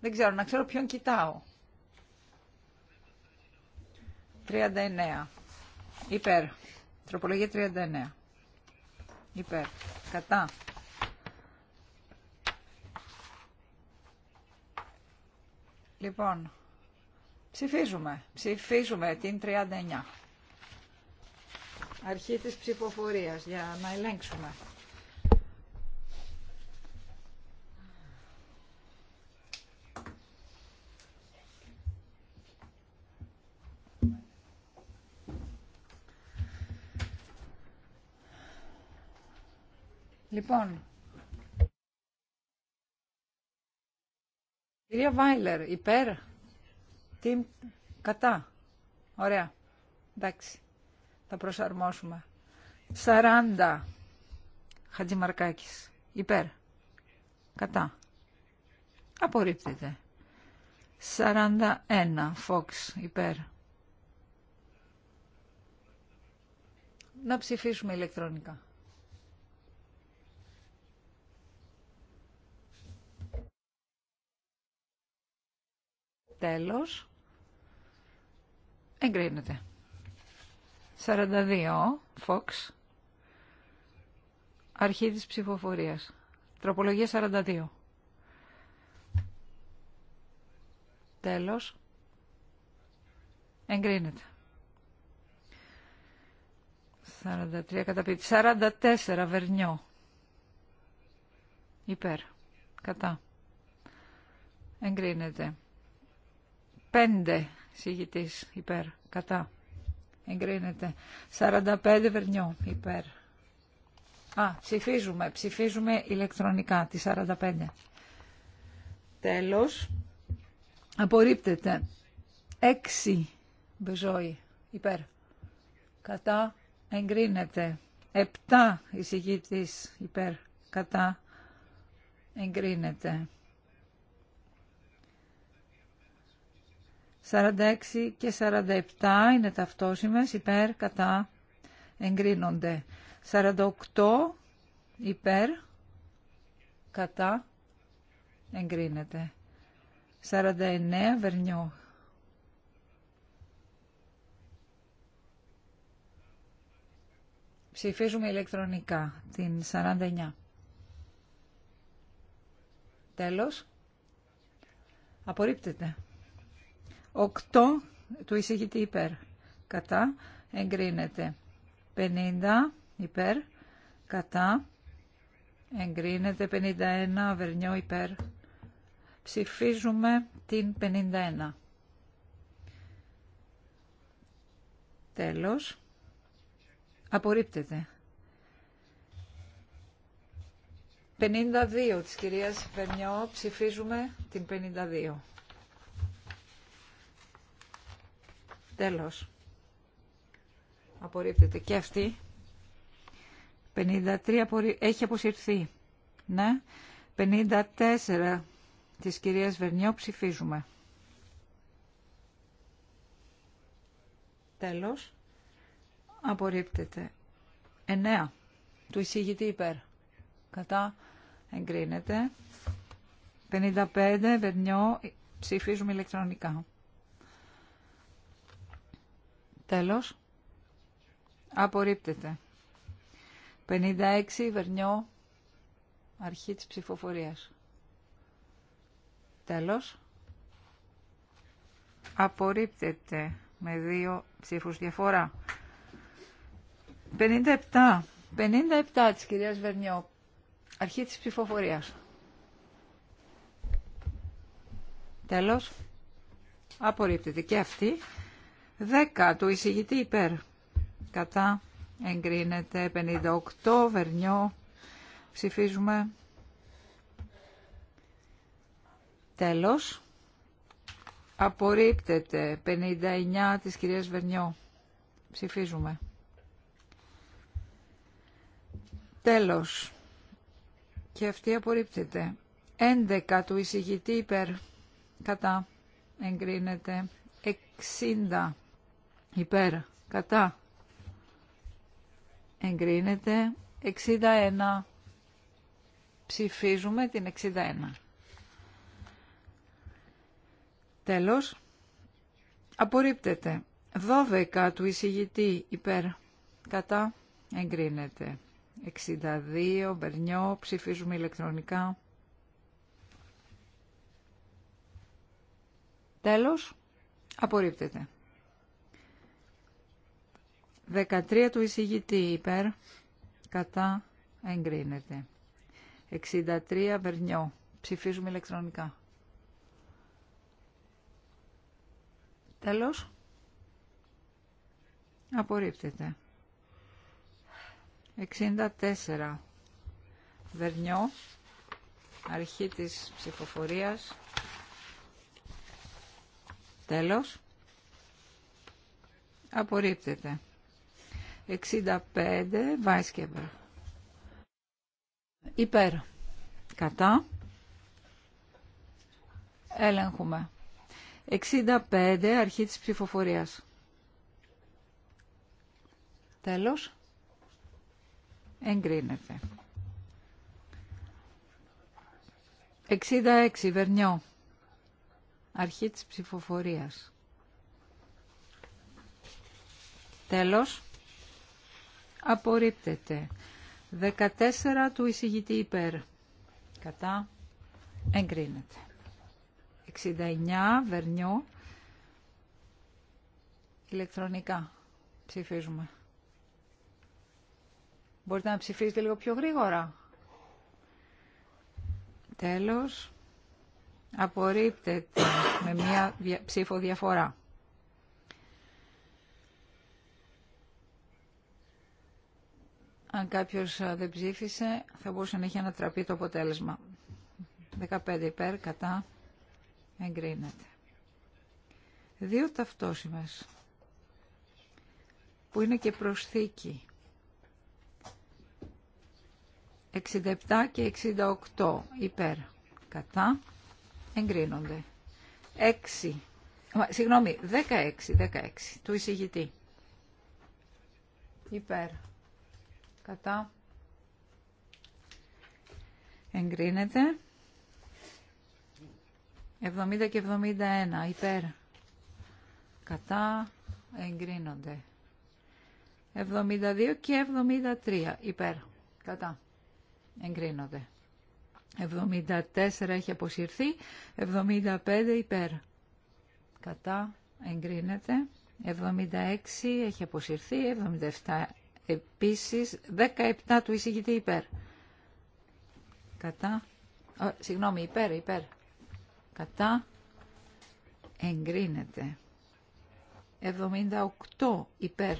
Δεν ξέρω, να ξέρω ποιον κοιτάω. 39. Υπέρ. Τροπολογία 39. Υπέρ. Κατά. Λοιπόν, ψηφίζουμε. Ψηφίζουμε την 39 αρχή της ψηφοφορίας για να ελέγξουμε. Λοιπόν, κυρία Βάιλερ, υπέρ, Τιμ κατά. Ωραία, εντάξει θα προσαρμόσουμε. 40 Χατζημαρκάκης. Υπέρ. Κατά. Απορρίπτεται. 41 Φόξ. Υπέρ. Να ψηφίσουμε ηλεκτρονικά. Τέλος. Εγκρίνεται. 42, Fox, αρχή της ψηφοφορίας. Τροπολογία 42. Τέλος. Εγκρίνεται. 43 καταπίτη. 44 βερνιό. Υπέρ. Κατά. Εγκρίνεται. 5 συγητής. Υπέρ. Κατά εγκρίνεται. 45 Βερνιό υπέρ. Α, ψηφίζουμε, ψηφίζουμε ηλεκτρονικά τη 45. Τέλος, απορρίπτεται. 6 Μπεζόη υπέρ. Κατά εγκρίνεται. 7 εισηγήτης υπέρ. Κατά εγκρίνεται. 46 και 47 είναι ταυτόσημες, υπέρ, κατά, εγκρίνονται. 48 υπέρ, κατά, εγκρίνεται. 49 βερνιό. Ψηφίζουμε ηλεκτρονικά την 49. Τέλος. Απορρίπτεται. 8 του εισηγητή υπέρ. Κατά. Εγκρίνεται. 50 υπέρ. Κατά. Εγκρίνεται. 51 βερνιό υπέρ. Ψηφίζουμε την 51. Τέλος. Απορρίπτεται. 52 της κυρίας Βερνιό. Ψηφίζουμε την 52. Τέλος. Απορρίπτεται και αυτή. 53 έχει αποσυρθεί. Ναι. 54 της κυρίας Βερνιό ψηφίζουμε. Τέλος. Απορρίπτεται. 9. Του εισηγητή υπέρ. Κατά. Εγκρίνεται. 55. Βερνιό. Ψηφίζουμε ηλεκτρονικά. Τέλος. Απορρίπτεται. 56 Βερνιό. Αρχή της ψηφοφορίας. Τέλος. Απορρίπτεται με δύο ψήφους διαφορά. 57. 57 της κυρίας Βερνιό. Αρχή της ψηφοφορίας. Τέλος. Απορρίπτεται και αυτή. 10 του εισηγητή υπέρ. Κατά εγκρίνεται 58 βερνιό. Ψηφίζουμε. Τέλος. Απορρίπτεται 59 της κυρίας Βερνιό. Ψηφίζουμε. Τέλος. Και αυτή απορρίπτεται. 11 του εισηγητή υπέρ. Κατά. Εγκρίνεται. 60 υπέρ κατά εγκρίνεται 61 ψηφίζουμε την 61 τέλος απορρίπτεται 12 του εισηγητή υπέρ κατά εγκρίνεται 62 Μπερνιό ψηφίζουμε ηλεκτρονικά τέλος απορρίπτεται 13 του εισηγητή υπέρ κατά εγκρίνεται. 63 Βερνιό. Ψηφίζουμε ηλεκτρονικά. Τέλος. Απορρίπτεται. 64 Βερνιό. Αρχή της ψηφοφορίας. Τέλος. Απορρίπτεται. 65 Βάισκεβερ. Υπέρ. Κατά. Έλεγχουμε. 65 αρχή της ψηφοφορίας. Τέλος. Εγκρίνεται. 66 Βερνιό. Αρχή της ψηφοφορίας. Τέλος. Απορρίπτεται. 14 του εισηγητή υπέρ. Κατά. Εγκρίνεται. 69 Βερνιό. Ηλεκτρονικά ψηφίζουμε. Μπορείτε να ψηφίσετε λίγο πιο γρήγορα. Τέλος. Απορρίπτεται με μία ψήφο διαφορά. Αν κάποιο δεν ψήφισε, θα μπορούσε να έχει ανατραπεί το αποτέλεσμα. 15 υπέρ, κατά, εγκρίνεται. Δύο ταυτόσημες, που είναι και προσθήκη. 67 και 68 υπέρ, κατά, εγκρίνονται. 6, συγγνώμη, 16, 16, του εισηγητή. Υπέρ κατά εγκρίνεται 70 και 71 υπέρ κατά εγκρίνονται 72 και 73 υπέρ κατά εγκρίνονται 74 έχει αποσυρθεί 75 υπέρ κατά εγκρίνεται 76 έχει αποσυρθεί 77 Επίσης 17 του εισηγητή υπέρ. Κατά. συγγνώμη, υπέρ, υπέρ. Κατά. Εγκρίνεται. 78 υπέρ.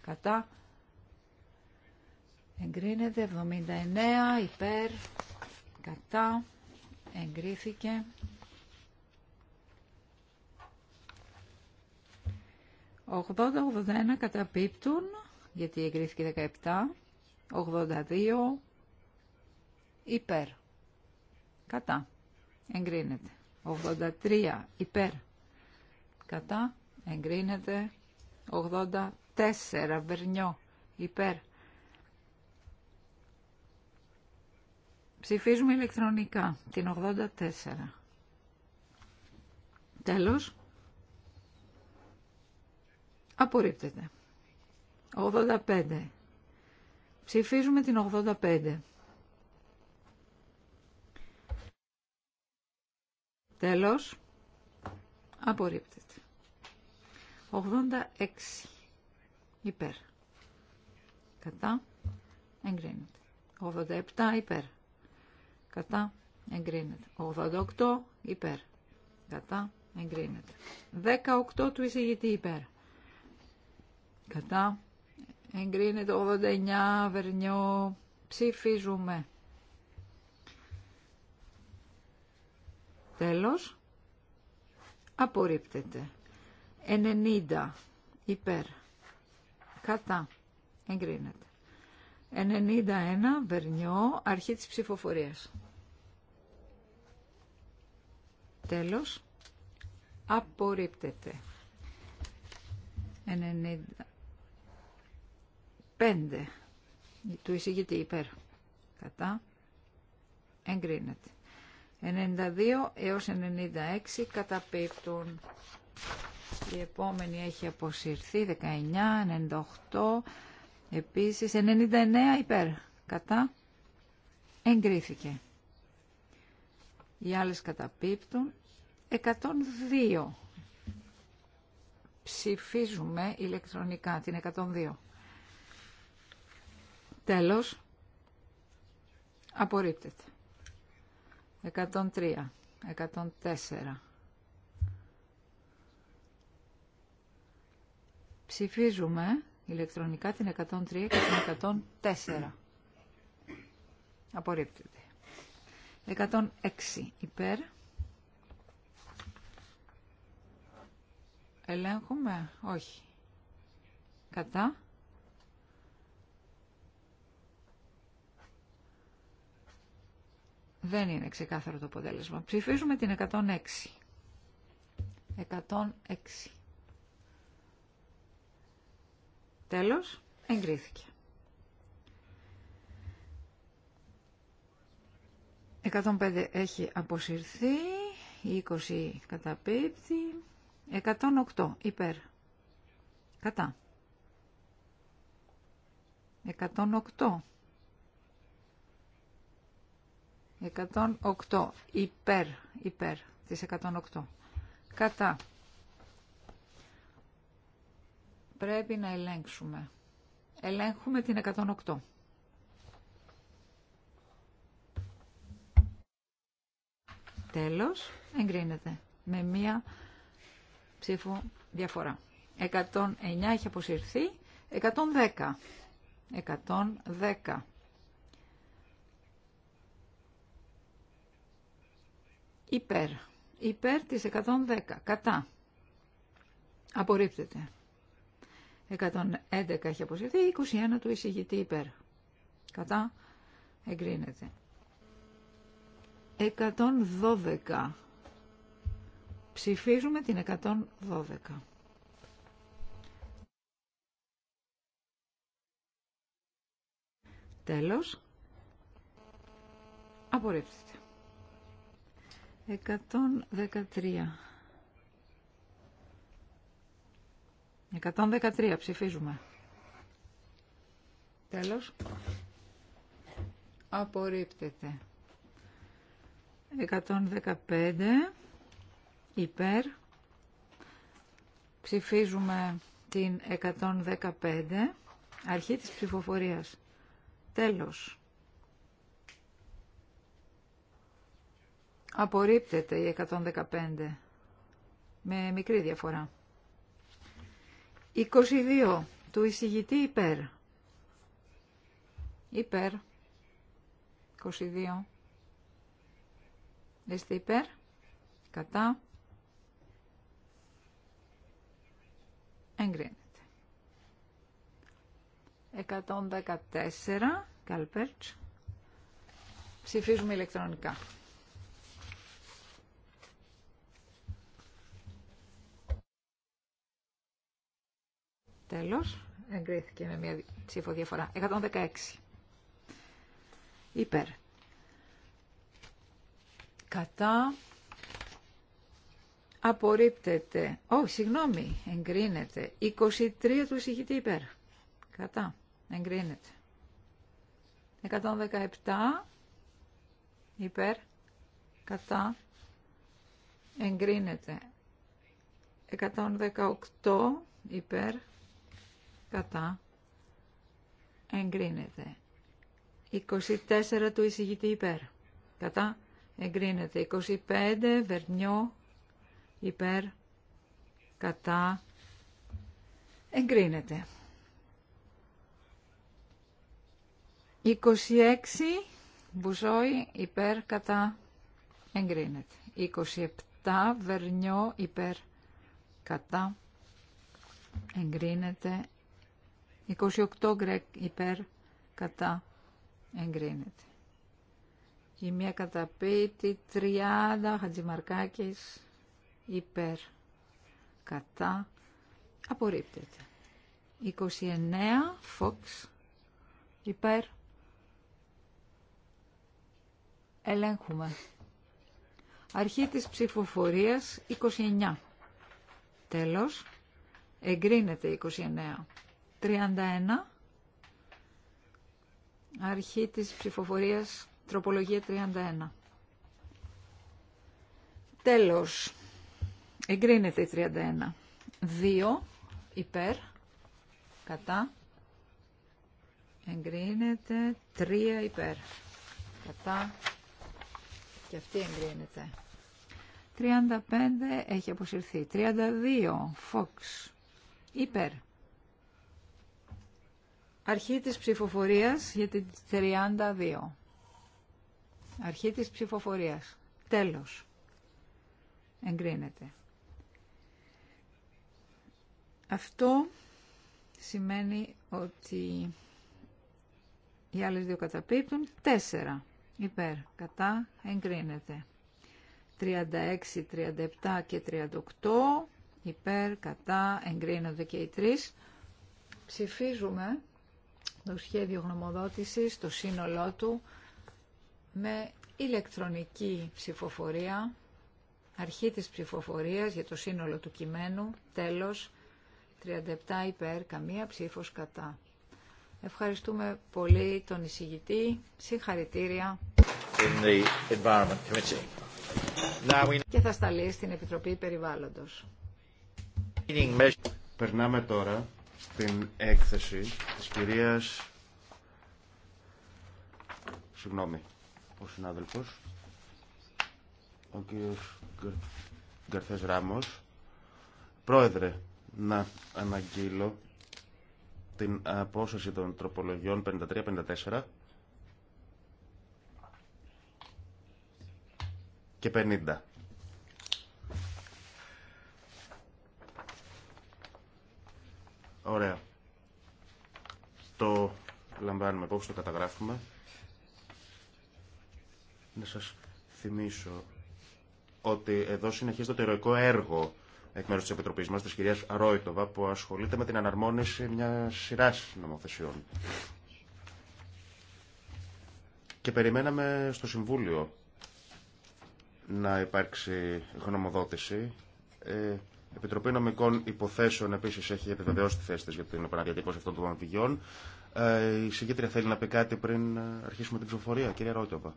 Κατά. Εγκρίνεται. 79 υπέρ. Κατά. Εγκρίθηκε. 80-81 καταπίπτουν γιατί εγκρίθηκε 17, 82 υπέρ, κατά, εγκρίνεται, 83 υπέρ, κατά, εγκρίνεται, 84 βερνιό υπέρ. Ψηφίζουμε ηλεκτρονικά την 84. Τέλος. Απορρίπτεται. 85. Ψηφίζουμε την 85. Τέλος. Απορρίπτεται. 86. Υπέρ. Κατά. Εγκρίνεται. 87. Υπέρ. Κατά. Εγκρίνεται. 88. Υπέρ. Κατά. Εγκρίνεται. 18 του εισηγητή υπέρ. Κατά. Εγκρίνεται 89, Βερνιό. Ψηφίζουμε. Τέλος. Απορρίπτεται. 90 υπέρ. Κατά. Εγκρίνεται. 91 Βερνιό. Αρχή της ψηφοφορίας. Τέλος. Απορρίπτεται. 90 95 του εισηγητή υπέρ. Κατά. Εγκρίνεται. 92 έως 96 καταπίπτουν. Η επόμενη έχει αποσυρθεί. 19, 98. Επίσης 99 υπέρ. Κατά. Εγκρίθηκε. Οι άλλες καταπίπτουν. 102. Ψηφίζουμε ηλεκτρονικά την 102. Τέλος. Απορρίπτεται. 103. 104. Ψηφίζουμε ηλεκτρονικά την 103 και την 104. Απορρίπτεται. 106 υπέρ. Ελέγχουμε. Όχι. Κατά. Δεν είναι ξεκάθαρο το αποτέλεσμα. Ψηφίζουμε την 106. 106. Τέλος, εγκρίθηκε. 105 έχει αποσυρθεί, 20 καταπίπτει, 108 υπέρ, κατά. 108 108 υπέρ, υπέρ της 108. Κατά. Πρέπει να ελέγξουμε. Ελέγχουμε την 108. Τέλος, εγκρίνεται με μία ψήφο διαφορά. 109 έχει αποσυρθεί, 110. 110 Υπέρ. Υπέρ της 110. Κατά. Απορρίπτεται. 111 έχει αποσυρθεί. 21 του εισηγητή υπέρ. Κατά. Εγκρίνεται. 112. Ψηφίζουμε την 112. Τέλος. Απορρίπτεται. 113. 113 ψηφίζουμε. Τέλος. Απορρίπτεται. 115 υπέρ. Ψηφίζουμε την 115 αρχή της ψηφοφορίας. Τέλος. Απορρίπτεται η 115 με μικρή διαφορά. 22 του εισηγητή υπέρ. Υπέρ. 22. Είστε υπέρ. Κατά. Εγκρίνεται. 114. Καλπέρτς. Ψηφίζουμε ηλεκτρονικά. Τέλος, εγκρίθηκε με μία ψήφο διαφορά. 116. Υπέρ. Κατά. Απορρίπτεται. Ω, συγγνώμη, εγκρίνεται. 23 του εισηγητή υπέρ. Κατά. Εγκρίνεται. 117 υπέρ. Κατά. Εγκρίνεται. 118 υπέρ κατά εγκρίνεται. 24 του εισηγητή υπέρ. Κατά εγκρίνεται. 25 βερνιό υπέρ. Κατά εγκρίνεται. 26 μπουζόι υπέρ. Κατά εγκρίνεται. 27 βερνιό υπέρ. Κατά εγκρίνεται. 28 γκρεκ υπέρ κατά εγκρίνεται. Η μία καταπίτη 30 χατζημαρκάκης υπέρ κατά απορρίπτεται. 29 φόξ υπέρ ελέγχουμε. Αρχή της ψηφοφορίας 29. Τέλος. Εγκρίνεται 29. 31. Αρχή της ψηφοφορίας, τροπολογία 31. Τέλος. Εγκρίνεται η 31. 2. Υπέρ. Κατά. Εγκρίνεται. 3. Υπέρ. Κατά. Και αυτή εγκρίνεται. 35 έχει αποσυρθεί. 32. Φόξ. Υπέρ. Αρχή της ψηφοφορίας για την 32. Αρχή της ψηφοφορίας. Τέλος. Εγκρίνεται. Αυτό σημαίνει ότι οι άλλες δύο καταπίπτουν. Τέσσερα Υπέρ. Κατά. Εγκρίνεται. 36, 37 και 38. Υπέρ. Κατά. Εγκρίνονται και οι τρεις. Ψηφίζουμε το σχέδιο γνωμοδότησης, το σύνολό του, με ηλεκτρονική ψηφοφορία, αρχή της ψηφοφορίας για το σύνολο του κειμένου, τέλος, 37 υπέρ, καμία ψήφος κατά. Ευχαριστούμε πολύ τον εισηγητή. Συγχαρητήρια. Και θα σταλεί στην Επιτροπή Περιβάλλοντος. Περνάμε τώρα στην έκθεση της κυρίας συγγνώμη ο συνάδελφος ο κύριος Γκαρθές Ράμος πρόεδρε να αναγγείλω την απόσταση των τροπολογιών 53-54 και 50 Ωραία. Το λαμβάνουμε υπόψη, το καταγράφουμε. Να σας θυμίσω ότι εδώ συνεχίζεται το ηρωικό έργο εκ μέρους της Επιτροπής μας, της κυρίας Ρόιτοβα, που ασχολείται με την αναρμόνιση μια σειρά νομοθεσιών. Και περιμέναμε στο Συμβούλιο να υπάρξει γνωμοδότηση. Ε, Επιτροπή Νομικών Υποθέσεων επίση έχει επιβεβαιώσει τη θέση τη για την επαναδιατύπωση αυτών των οδηγιών. Ε, η συγκίτρια θέλει να πει κάτι πριν ε, αρχίσουμε την ψηφοφορία. Κύριε Ρότοβα.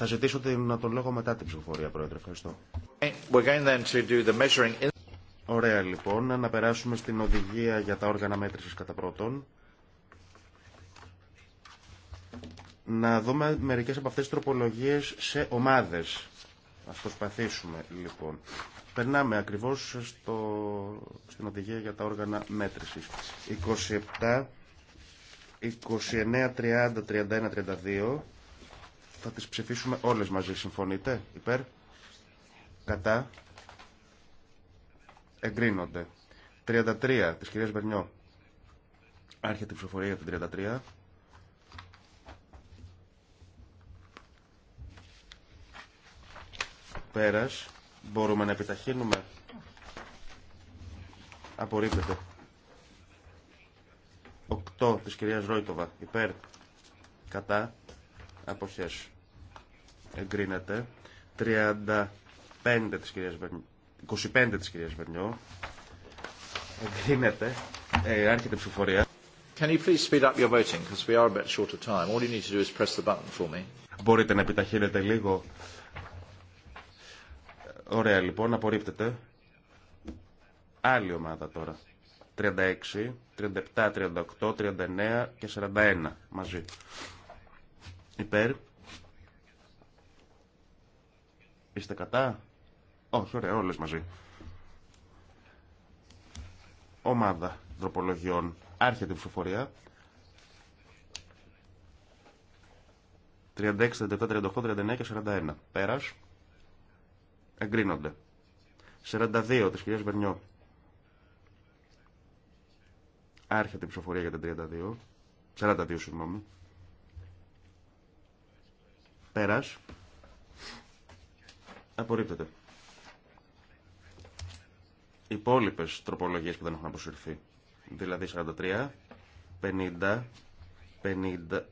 Θα ζητήσω να τον λόγο μετά την ψηφοφορία, Πρόεδρε. Ευχαριστώ. Ε, Ωραία, λοιπόν. Να περάσουμε στην οδηγία για τα όργανα μέτρησης κατά πρώτον. Να δούμε μερικές από αυτές τις τροπολογίες σε ομάδες. Ας προσπαθήσουμε λοιπόν. Περνάμε ακριβώς στο, στην οδηγία για τα όργανα μέτρησης. 27, 29, 30, 31, 32. Θα τις ψηφίσουμε όλες μαζί. Συμφωνείτε. Υπέρ. Κατά. Εγκρίνονται. 33 της κυρίας Βερνιό. Άρχεται η ψηφοφορία για την 33. Πέρας. Μπορούμε να επιταχύνουμε. Απορρίπτεται. 8 της κυρίας Ρόιτοβα. Υπέρ. Κατά. Αποχές. Εγκρίνεται. 35 της κυρίας Βερνιό. 25 της κυρίας Βερνιό. Εγκρίνεται. Ε, άρχεται ψηφορία. Can you please speed up your voting, because we are a bit short of time. All you need to do is press the button for me. Μπορείτε να επιταχύνετε λίγο Ωραία λοιπόν, απορρίπτεται. Άλλη ομάδα τώρα. 36, 37, 38, 39 και 41 μαζί. Υπέρ. Είστε κατά. Όχι, ωραία, όλες μαζί. Ομάδα δροπολογιών. Άρχεται η ψηφοφορία. 36, 37, 38, 39 και 41. Πέρας εγκρίνονται. 42 της κυρίας Βερνιό. Άρχεται η ψηφοφορία για τα 32. 42, συγγνώμη. Πέρας. Απορρίπτεται. Οι υπόλοιπε τροπολογίες που δεν έχουν αποσυρθεί. Δηλαδή 43, 50, 50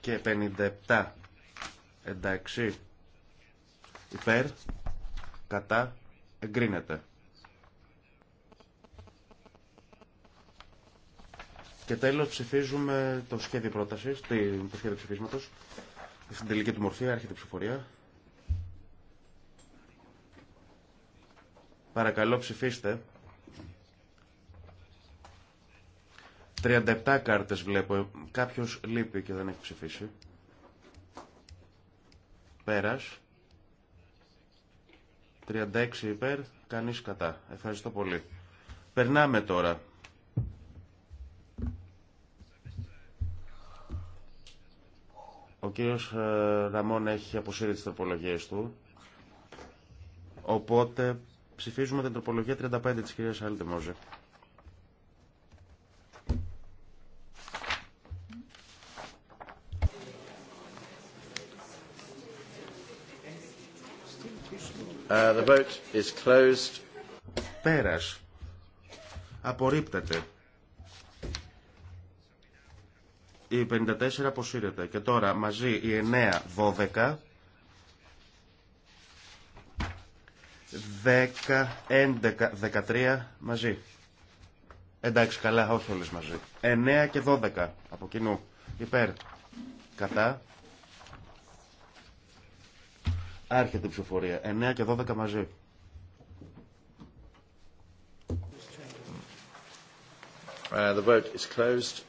και 57 Εντάξει. Υπέρ. Κατά. Εγκρίνεται. Και τέλος ψηφίζουμε το σχέδιο πρότασης, το σχέδιο ψηφίσματος. Στην τελική του μορφή άρχεται η ψηφορία. Παρακαλώ ψηφίστε. 37 κάρτες βλέπω. Κάποιος λείπει και δεν έχει ψηφίσει. Πέρας. 36 υπέρ, κανείς κατά. Ευχαριστώ πολύ. Περνάμε τώρα. Ο κύριος ε, Ραμόν έχει αποσύρει τις τροπολογίες του. Οπότε ψηφίζουμε την τροπολογία 35 της κυρίας Άλτε Μόζε. vote Πέρας. Απορρίπτεται. Η 54 αποσύρεται. Και τώρα μαζί η 9, 12, 10, 11, 13 μαζί. Εντάξει, καλά, όχι μαζί. 9 και 12 από κοινού. Υπέρ. Κατά. Άρχεται η ψηφοφορία. 9 και 12 μαζί. Uh, the vote is closed.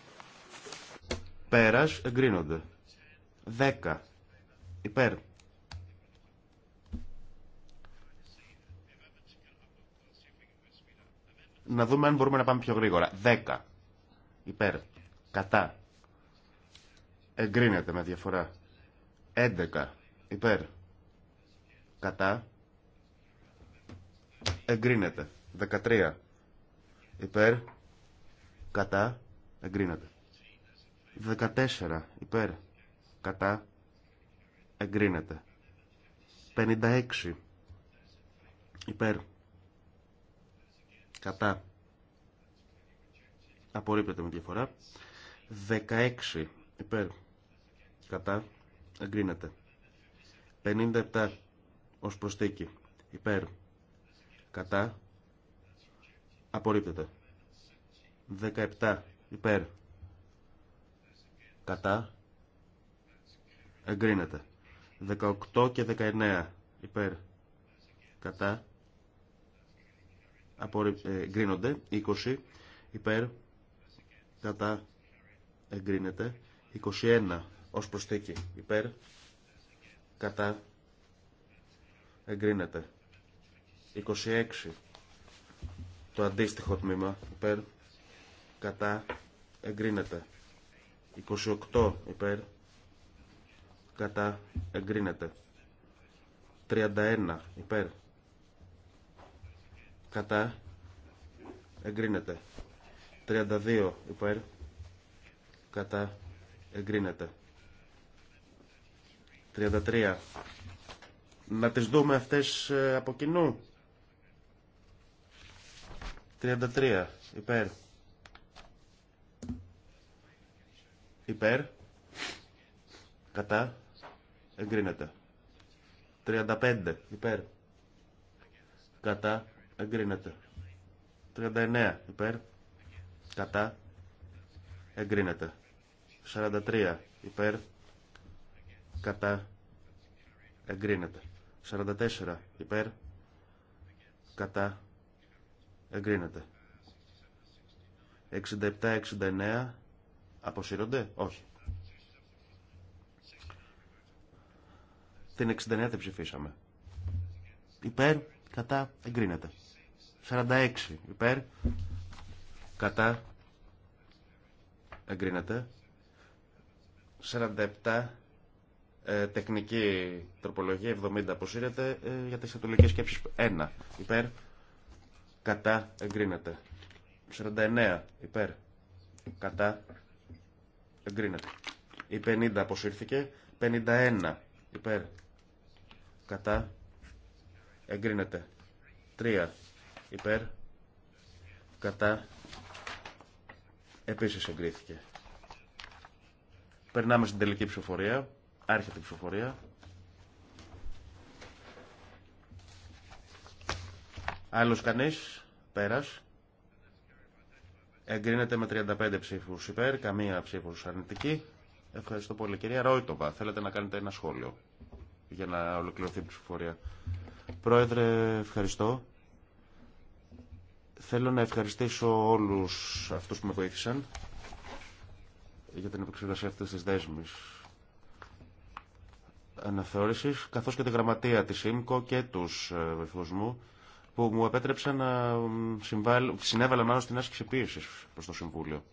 Πέρας εγκρίνονται. 10. Υπέρ. Να δούμε αν μπορούμε να πάμε πιο γρήγορα. 10. Υπέρ. Κατά. Εγκρίνεται με διαφορά. 11. Υπέρ. Κατά. Εγκρίνεται. 13. Υπέρ. Κατά. Εγκρίνεται. 14. Υπέρ. Κατά. Εγκρίνεται. 56. Υπέρ. Κατά. Απορρίπτεται με διαφορά. 16. Υπέρ. Κατά. Εγκρίνεται. 57 ως προστίκη. Υπέρ. Κατά. Απορρίπτεται. 17. Υπέρ. Κατά. Εγκρίνεται. 18 και 19. Υπέρ. Κατά. Εγκρίνονται. 20. Υπέρ. Κατά. Εγκρίνεται. 21. Ως προσθήκη. Υπέρ. Κατά εγκρίνεται. 26 το αντίστοιχο τμήμα υπέρ κατά εγκρίνεται. 28 υπέρ κατά εγκρίνεται. 31 υπέρ κατά εγκρίνεται. 32 υπέρ κατά εγκρίνεται. 33 να τις δούμε αυτές ε, από κοινού. 33. Υπέρ. Υπέρ. Κατά. Εγκρίνεται. 35. Υπέρ. Κατά. Εγκρίνεται. 39. Υπέρ. Κατά. Εγκρίνεται. 43. Υπέρ. Κατά. Εγκρίνεται. 44 υπέρ κατά εγκρίνεται 67-69 αποσύρονται όχι την 69 δεν ψηφίσαμε υπέρ κατά εγκρίνεται 46 υπέρ κατά εγκρίνεται 47 ε, τεχνική τροπολογία 70 αποσύρεται ε, για τις ατολικές σκέψεις 1 υπέρ κατά εγκρίνεται 49 υπέρ κατά εγκρίνεται η 50 αποσύρθηκε 51 υπέρ κατά εγκρίνεται 3 υπέρ κατά επίσης εγκρίθηκε περνάμε στην τελική ψηφοφορία Άρχεται η ψηφοφορία. Άλλος κανείς, πέρας. Εγκρίνεται με 35 ψήφους υπέρ, καμία ψήφους αρνητική. Ευχαριστώ πολύ. Κυρία Ρόιτοβα, θέλετε να κάνετε ένα σχόλιο για να ολοκληρωθεί η ψηφοφορία. Πρόεδρε, ευχαριστώ. Θέλω να ευχαριστήσω όλους αυτούς που με βοήθησαν για την επεξεργασία αυτής της δέσμης αναθεώρησης, καθώς και τη γραμματεία της ΣΥΜΚΟ και τους ε, βοηθού που μου επέτρεψαν να συνέβαλα μάλλον στην άσκηση πίεσης προς το Συμβούλιο.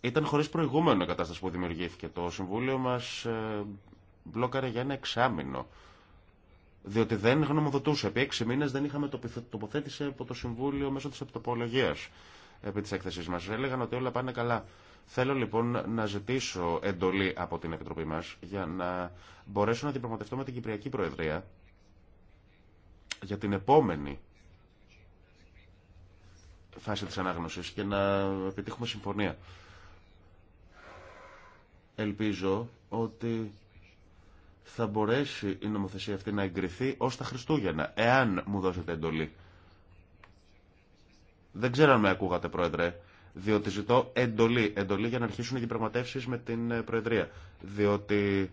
Ήταν χωρίς προηγούμενο η κατάσταση που δημιουργήθηκε. Το Συμβούλιο μας ε, μπλόκαρε για ένα εξάμεινο. Διότι δεν γνωμοδοτούσε. Επί έξι μήνε δεν είχαμε τοποθέτηση από το Συμβούλιο μέσω τη επιτοπολογία επί της έκθεσης μας. Έλεγαν ότι όλα πάνε καλά. Θέλω λοιπόν να ζητήσω εντολή από την Επιτροπή μας για να μπορέσω να την με την Κυπριακή Προεδρία για την επόμενη φάση της ανάγνωσης και να επιτύχουμε συμφωνία. Ελπίζω ότι θα μπορέσει η νομοθεσία αυτή να εγκριθεί ως τα Χριστούγεννα, εάν μου δώσετε εντολή. Δεν ξέρω αν με ακούγατε, Πρόεδρε, διότι ζητώ εντολή, εντολή για να αρχίσουν οι διαπραγματεύσει με την ε, Προεδρία. Διότι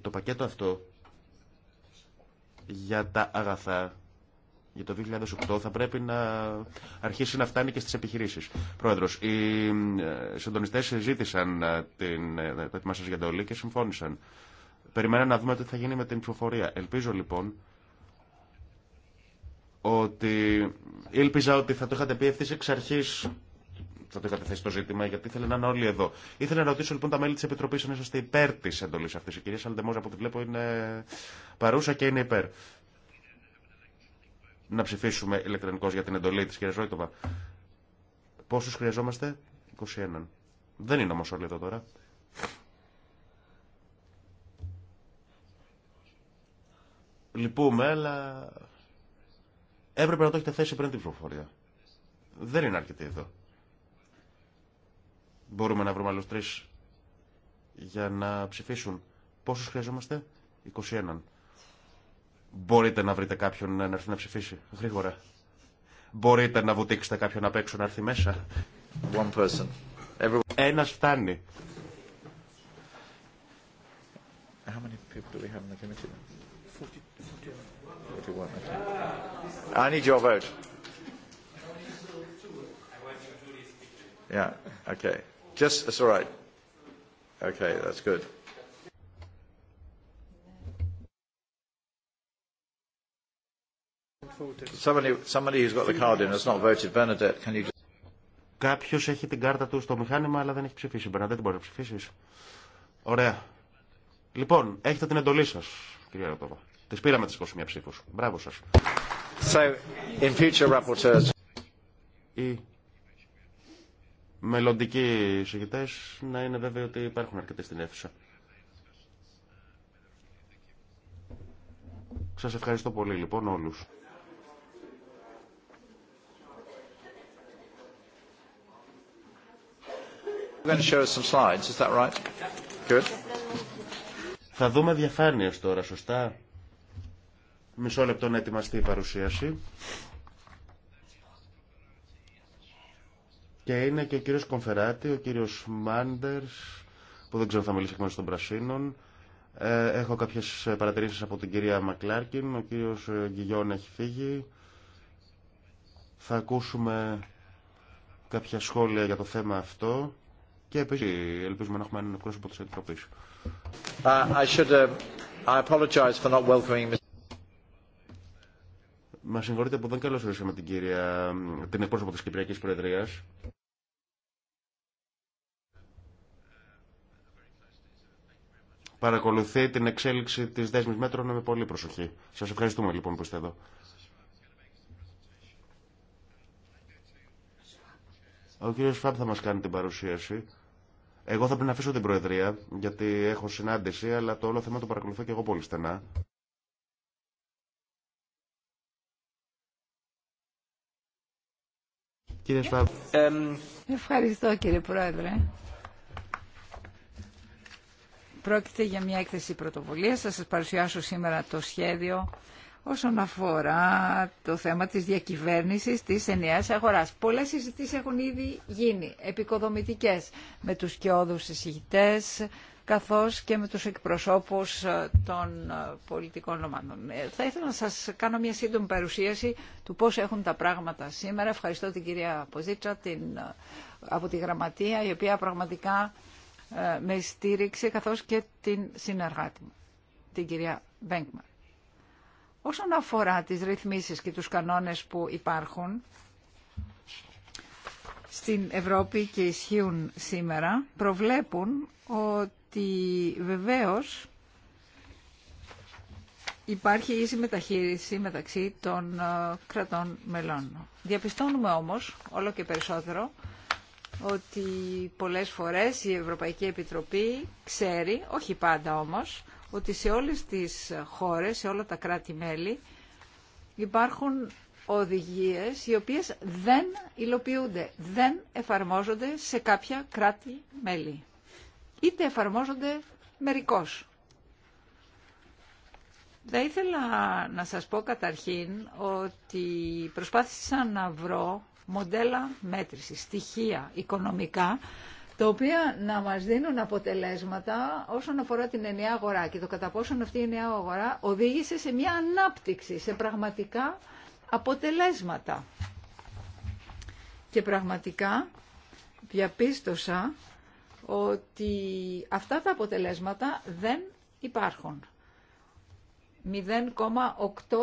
το πακέτο αυτό για τα αγαθά για το 2008 θα πρέπει να αρχίσει να φτάνει και στις επιχειρήσεις. Πρόεδρος, οι ε, συντονιστές συζήτησαν ε, την, το έτοιμά σας για εντολή και συμφώνησαν. Περιμένα να δούμε τι θα γίνει με την ψηφοφορία. Ελπίζω λοιπόν ότι ήλπιζα ότι θα το είχατε πει ευθύ εξ αρχή. Θα το είχατε θέσει το ζήτημα, γιατί ήθελε να είναι όλοι εδώ. Ήθελα να ρωτήσω λοιπόν τα μέλη τη Επιτροπή αν είσαστε υπέρ τη εντολή αυτή. Η κυρία Σαλντεμόζα, από ό,τι βλέπω, είναι παρούσα και είναι υπέρ. Να ψηφίσουμε ηλεκτρονικώ για την εντολή τη κυρία Ρόιτοβα. Πόσου χρειαζόμαστε, 21. Δεν είναι όμω όλοι εδώ τώρα. Λυπούμε, αλλά Έπρεπε να το έχετε θέσει πριν την ψηφοφορία. Δεν είναι αρκετή εδώ. Μπορούμε να βρούμε άλλου τρει για να ψηφίσουν. Πόσου χρειαζόμαστε, 21. Μπορείτε να βρείτε κάποιον να έρθει να ψηφίσει γρήγορα. Μπορείτε να βουτήξετε κάποιον απ' έξω να έρθει μέσα. One person. Everyone... Ένας φτάνει. How many people do we 40, 40 if you want. I need your vote. Yeah, okay. Just, that's all right. Okay, that's good. Somebody, somebody who's got the card in has not voted. Bernadette, can you just... Κάποιος έχει την κάρτα του στο μηχάνημα αλλά δεν έχει ψηφίσει. δεν μπορεί να ψηφίσεις. Ωραία. Λοιπόν, έχετε την εντολή σας, κυρία Ρωτόβα. Τη πήραμε τις 21 ψήφου. Μπράβο σα. So, Οι μελλοντικοί συγκεκριτές να είναι βέβαιοι ότι υπάρχουν αρκετοί στην αίθουσα. Σα ευχαριστώ πολύ λοιπόν όλους. Θα δούμε διαφάνειες τώρα, σωστά. Μισό λεπτό να ετοιμαστεί η παρουσίαση. Και είναι και ο κύριος Κομφεράτη, ο κύριος Μάντερς, που δεν ξέρω θα μιλήσει εκ μέρους των Πρασίνων. Ε, έχω κάποιες παρατηρήσεις από την κυρία Μακλάρκιν, ο κύριος ε, Γκυγιόν έχει φύγει. Θα ακούσουμε κάποια σχόλια για το θέμα αυτό και επίσης ελπίζουμε να έχουμε έναν εκπρόσωπο της Επιτροπής. Uh, I should, uh, Μα συγχωρείτε που δεν καλωσορίσαμε την κυρία, την εκπρόσωπο τη Κυπριακή Προεδρία. Παρακολουθεί την εξέλιξη τη δέσμη μέτρων με πολύ προσοχή. Σα ευχαριστούμε λοιπόν που είστε εδώ. Ο κύριο Φαμπ θα μα κάνει την παρουσίαση. Εγώ θα πρέπει να αφήσω την Προεδρία, γιατί έχω συνάντηση, αλλά το όλο θέμα το παρακολουθώ και εγώ πολύ στενά. Ευχαριστώ κύριε Πρόεδρε. Πρόκειται για μια έκθεση πρωτοβουλία. Θα σας παρουσιάσω σήμερα το σχέδιο όσον αφορά το θέμα της διακυβέρνησης της ενιαίας αγοράς. Πολλές συζητήσεις έχουν ήδη γίνει, επικοδομητικές, με τους κοιόδους συζητητές, καθώς και με τους εκπροσώπους ε, των ε, πολιτικών ομάδων. Ε, θα ήθελα να σας κάνω μια σύντομη παρουσίαση του πώς έχουν τα πράγματα σήμερα. Ευχαριστώ την κυρία Ποζίτσα την, από τη Γραμματεία, η οποία πραγματικά με στήριξε, καθώς και την συνεργάτη μου, την κυρία Μπέγκμαρ. Όσον αφορά τις ρυθμίσεις και τους κανόνες που υπάρχουν, στην Ευρώπη και ισχύουν σήμερα προβλέπουν ότι βεβαίως υπάρχει ίση μεταχείριση μεταξύ των ε, κρατών μελών. Διαπιστώνουμε όμως όλο και περισσότερο ότι πολλές φορές η Ευρωπαϊκή Επιτροπή ξέρει, όχι πάντα όμως, ότι σε όλες τις χώρες, σε όλα τα κράτη-μέλη υπάρχουν οδηγίες οι οποίες δεν υλοποιούνται, δεν εφαρμόζονται σε κάποια κράτη-μέλη. Είτε εφαρμόζονται μερικώς. Θα ήθελα να σας πω καταρχήν ότι προσπάθησα να βρω μοντέλα μέτρησης, στοιχεία οικονομικά, τα οποία να μας δίνουν αποτελέσματα όσον αφορά την ενιαία αγορά και το κατά πόσον αυτή η ενιαία αγορά οδήγησε σε μια ανάπτυξη, σε πραγματικά αποτελέσματα. Και πραγματικά διαπίστωσα ότι αυτά τα αποτελέσματα δεν υπάρχουν. 0,8%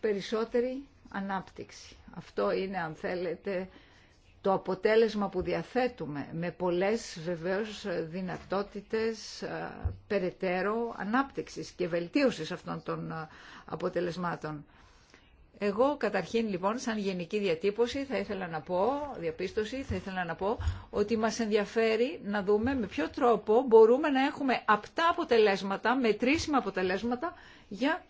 περισσότερη ανάπτυξη. Αυτό είναι, αν θέλετε, το αποτέλεσμα που διαθέτουμε με πολλές βεβαίως δυνατότητες περαιτέρω ανάπτυξης και βελτίωσης αυτών των αποτελεσμάτων. Εγώ καταρχήν λοιπόν σαν γενική διατύπωση θα ήθελα να πω, διαπίστωση, θα ήθελα να πω ότι μας ενδιαφέρει να δούμε με ποιο τρόπο μπορούμε να έχουμε απτά αποτελέσματα, μετρήσιμα αποτελέσματα για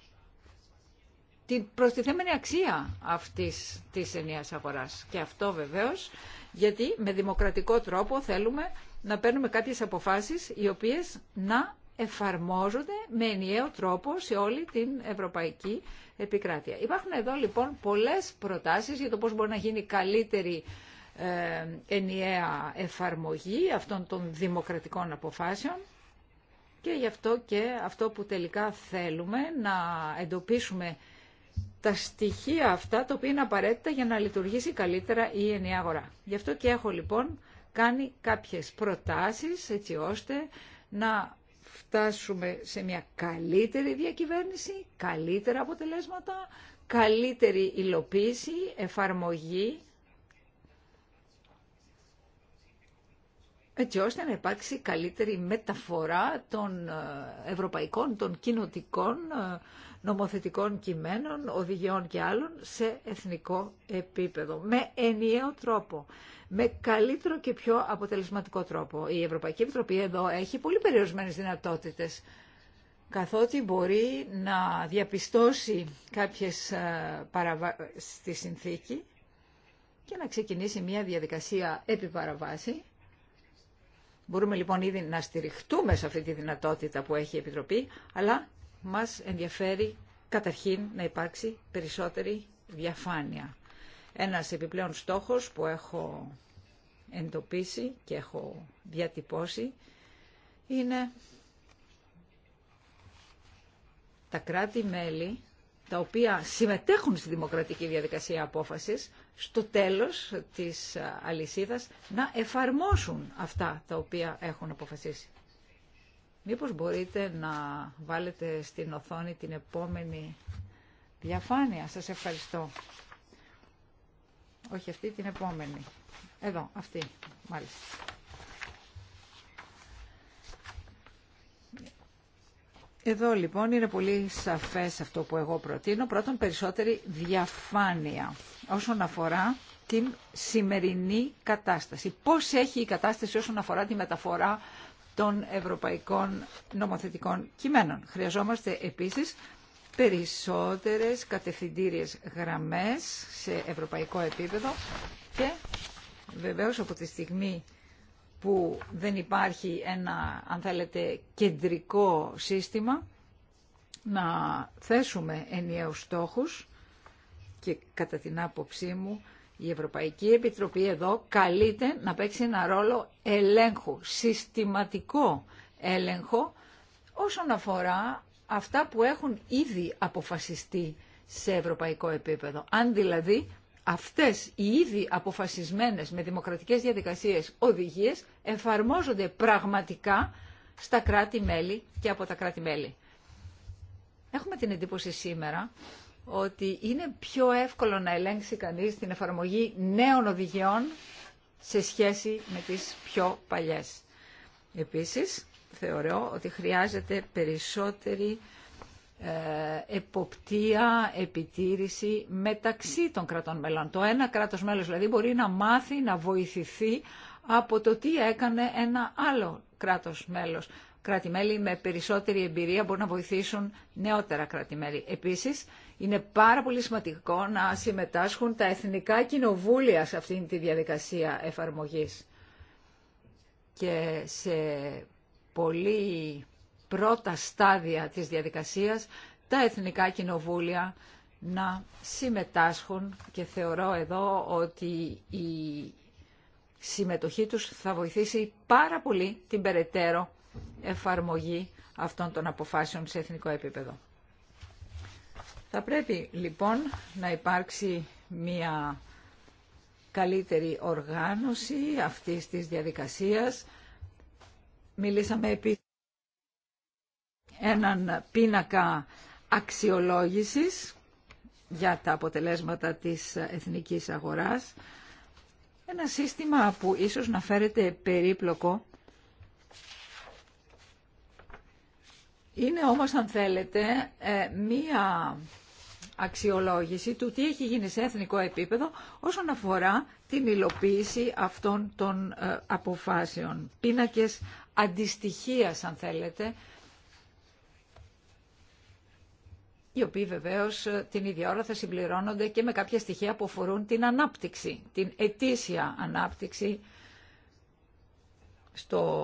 την προστιθέμενη αξία αυτής της ενιαίας αγοράς. Και αυτό βεβαίως γιατί με δημοκρατικό τρόπο θέλουμε να παίρνουμε κάποιες αποφάσεις οι οποίες να εφαρμόζονται με ενιαίο τρόπο σε όλη την ευρωπαϊκή επικράτεια. Υπάρχουν εδώ λοιπόν πολλές προτάσεις για το πώς μπορεί να γίνει καλύτερη ε, ενιαία εφαρμογή αυτών των δημοκρατικών αποφάσεων και γι' αυτό και αυτό που τελικά θέλουμε να εντοπίσουμε τα στοιχεία αυτά τα οποία είναι απαραίτητα για να λειτουργήσει καλύτερα η ενιαία αγορά. Γι' αυτό και έχω λοιπόν κάνει κάποιες προτάσεις έτσι ώστε να φτάσουμε σε μια καλύτερη διακυβέρνηση, καλύτερα αποτελέσματα, καλύτερη υλοποίηση, εφαρμογή, έτσι ώστε να υπάρξει καλύτερη μεταφορά των ε, ευρωπαϊκών, των κοινοτικών ε, νομοθετικών κειμένων, οδηγιών και άλλων σε εθνικό επίπεδο, με ενιαίο τρόπο με καλύτερο και πιο αποτελεσματικό τρόπο. Η Ευρωπαϊκή Επιτροπή εδώ έχει πολύ περιορισμένες δυνατότητες καθότι μπορεί να διαπιστώσει κάποιες ε, παραβάσεις στη συνθήκη και να ξεκινήσει μια διαδικασία επί Μπορούμε λοιπόν ήδη να στηριχτούμε σε αυτή τη δυνατότητα που έχει η Επιτροπή, αλλά μας ενδιαφέρει καταρχήν να υπάρξει περισσότερη διαφάνεια. Ένας επιπλέον στόχος που έχω εντοπίσει και έχω διατυπώσει είναι τα κράτη-μέλη τα οποία συμμετέχουν στη δημοκρατική διαδικασία απόφασης στο τέλος της αλυσίδας να εφαρμόσουν αυτά τα οποία έχουν αποφασίσει. Μήπως μπορείτε να βάλετε στην οθόνη την επόμενη διαφάνεια. Σας ευχαριστώ. Όχι αυτή, την επόμενη. Εδώ, αυτή, μάλιστα. Εδώ λοιπόν είναι πολύ σαφές αυτό που εγώ προτείνω. Πρώτον, περισσότερη διαφάνεια όσον αφορά την σημερινή κατάσταση. Πώς έχει η κατάσταση όσον αφορά τη μεταφορά των ευρωπαϊκών νομοθετικών κειμένων. Χρειαζόμαστε επίσης περισσότερες κατευθυντήριες γραμμές σε ευρωπαϊκό επίπεδο και βεβαίως από τη στιγμή που δεν υπάρχει ένα, αν θέλετε, κεντρικό σύστημα, να θέσουμε ενιαίους στόχους και κατά την άποψή μου η Ευρωπαϊκή Επιτροπή εδώ καλείται να παίξει ένα ρόλο ελέγχου, συστηματικό έλεγχο όσον αφορά αυτά που έχουν ήδη αποφασιστεί σε ευρωπαϊκό επίπεδο. Αν δηλαδή αυτές οι ήδη αποφασισμένες με δημοκρατικές διαδικασίες οδηγίες εφαρμόζονται πραγματικά στα κράτη-μέλη και από τα κράτη-μέλη. Έχουμε την εντύπωση σήμερα ότι είναι πιο εύκολο να ελέγξει κανείς την εφαρμογή νέων οδηγιών σε σχέση με τις πιο παλιές. Επίσης, θεωρώ ότι χρειάζεται περισσότερη ε, εποπτεία, επιτήρηση μεταξύ των κρατών μελών. Το ένα κράτος μέλος δηλαδή μπορεί να μάθει, να βοηθηθεί από το τι έκανε ένα άλλο κράτος μέλος. Κράτη-μέλη με περισσότερη εμπειρία μπορούν να βοηθήσουν νεότερα κράτη-μέλη. Επίσης, είναι πάρα πολύ σημαντικό να συμμετάσχουν τα εθνικά κοινοβούλια σε αυτήν τη διαδικασία εφαρμογής. Και σε πολύ πρώτα στάδια της διαδικασίας τα εθνικά κοινοβούλια να συμμετάσχουν και θεωρώ εδώ ότι η συμμετοχή τους θα βοηθήσει πάρα πολύ την περαιτέρω εφαρμογή αυτών των αποφάσεων σε εθνικό επίπεδο. Θα πρέπει λοιπόν να υπάρξει μια καλύτερη οργάνωση αυτής της διαδικασίας Μιλήσαμε επί έναν πίνακα αξιολόγησης για τα αποτελέσματα της εθνικής αγοράς. Ένα σύστημα που ίσως να φέρεται περίπλοκο είναι όμως αν θέλετε ε, μία αξιολόγηση του τι έχει γίνει σε εθνικό επίπεδο όσον αφορά την υλοποίηση αυτών των ε, αποφάσεων. Πίνακες αντιστοιχίας, αν θέλετε, οι οποίοι βεβαίως ε, την ίδια ώρα θα συμπληρώνονται και με κάποια στοιχεία που αφορούν την ανάπτυξη, την ετήσια ανάπτυξη στο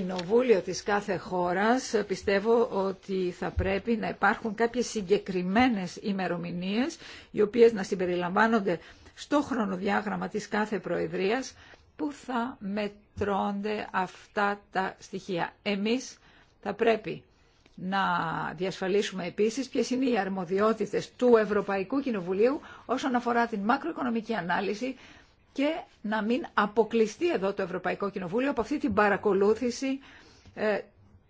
κοινοβούλιο της κάθε χώρας πιστεύω ότι θα πρέπει να υπάρχουν κάποιες συγκεκριμένες ημερομηνίες οι οποίες να συμπεριλαμβάνονται στο χρονοδιάγραμμα της κάθε προεδρίας που θα μετρώνται αυτά τα στοιχεία. Εμείς θα πρέπει να διασφαλίσουμε επίσης ποιες είναι οι αρμοδιότητες του Ευρωπαϊκού Κοινοβουλίου όσον αφορά την μακροοικονομική ανάλυση, και να μην αποκλειστεί εδώ το Ευρωπαϊκό Κοινοβούλιο από αυτή την παρακολούθηση ε,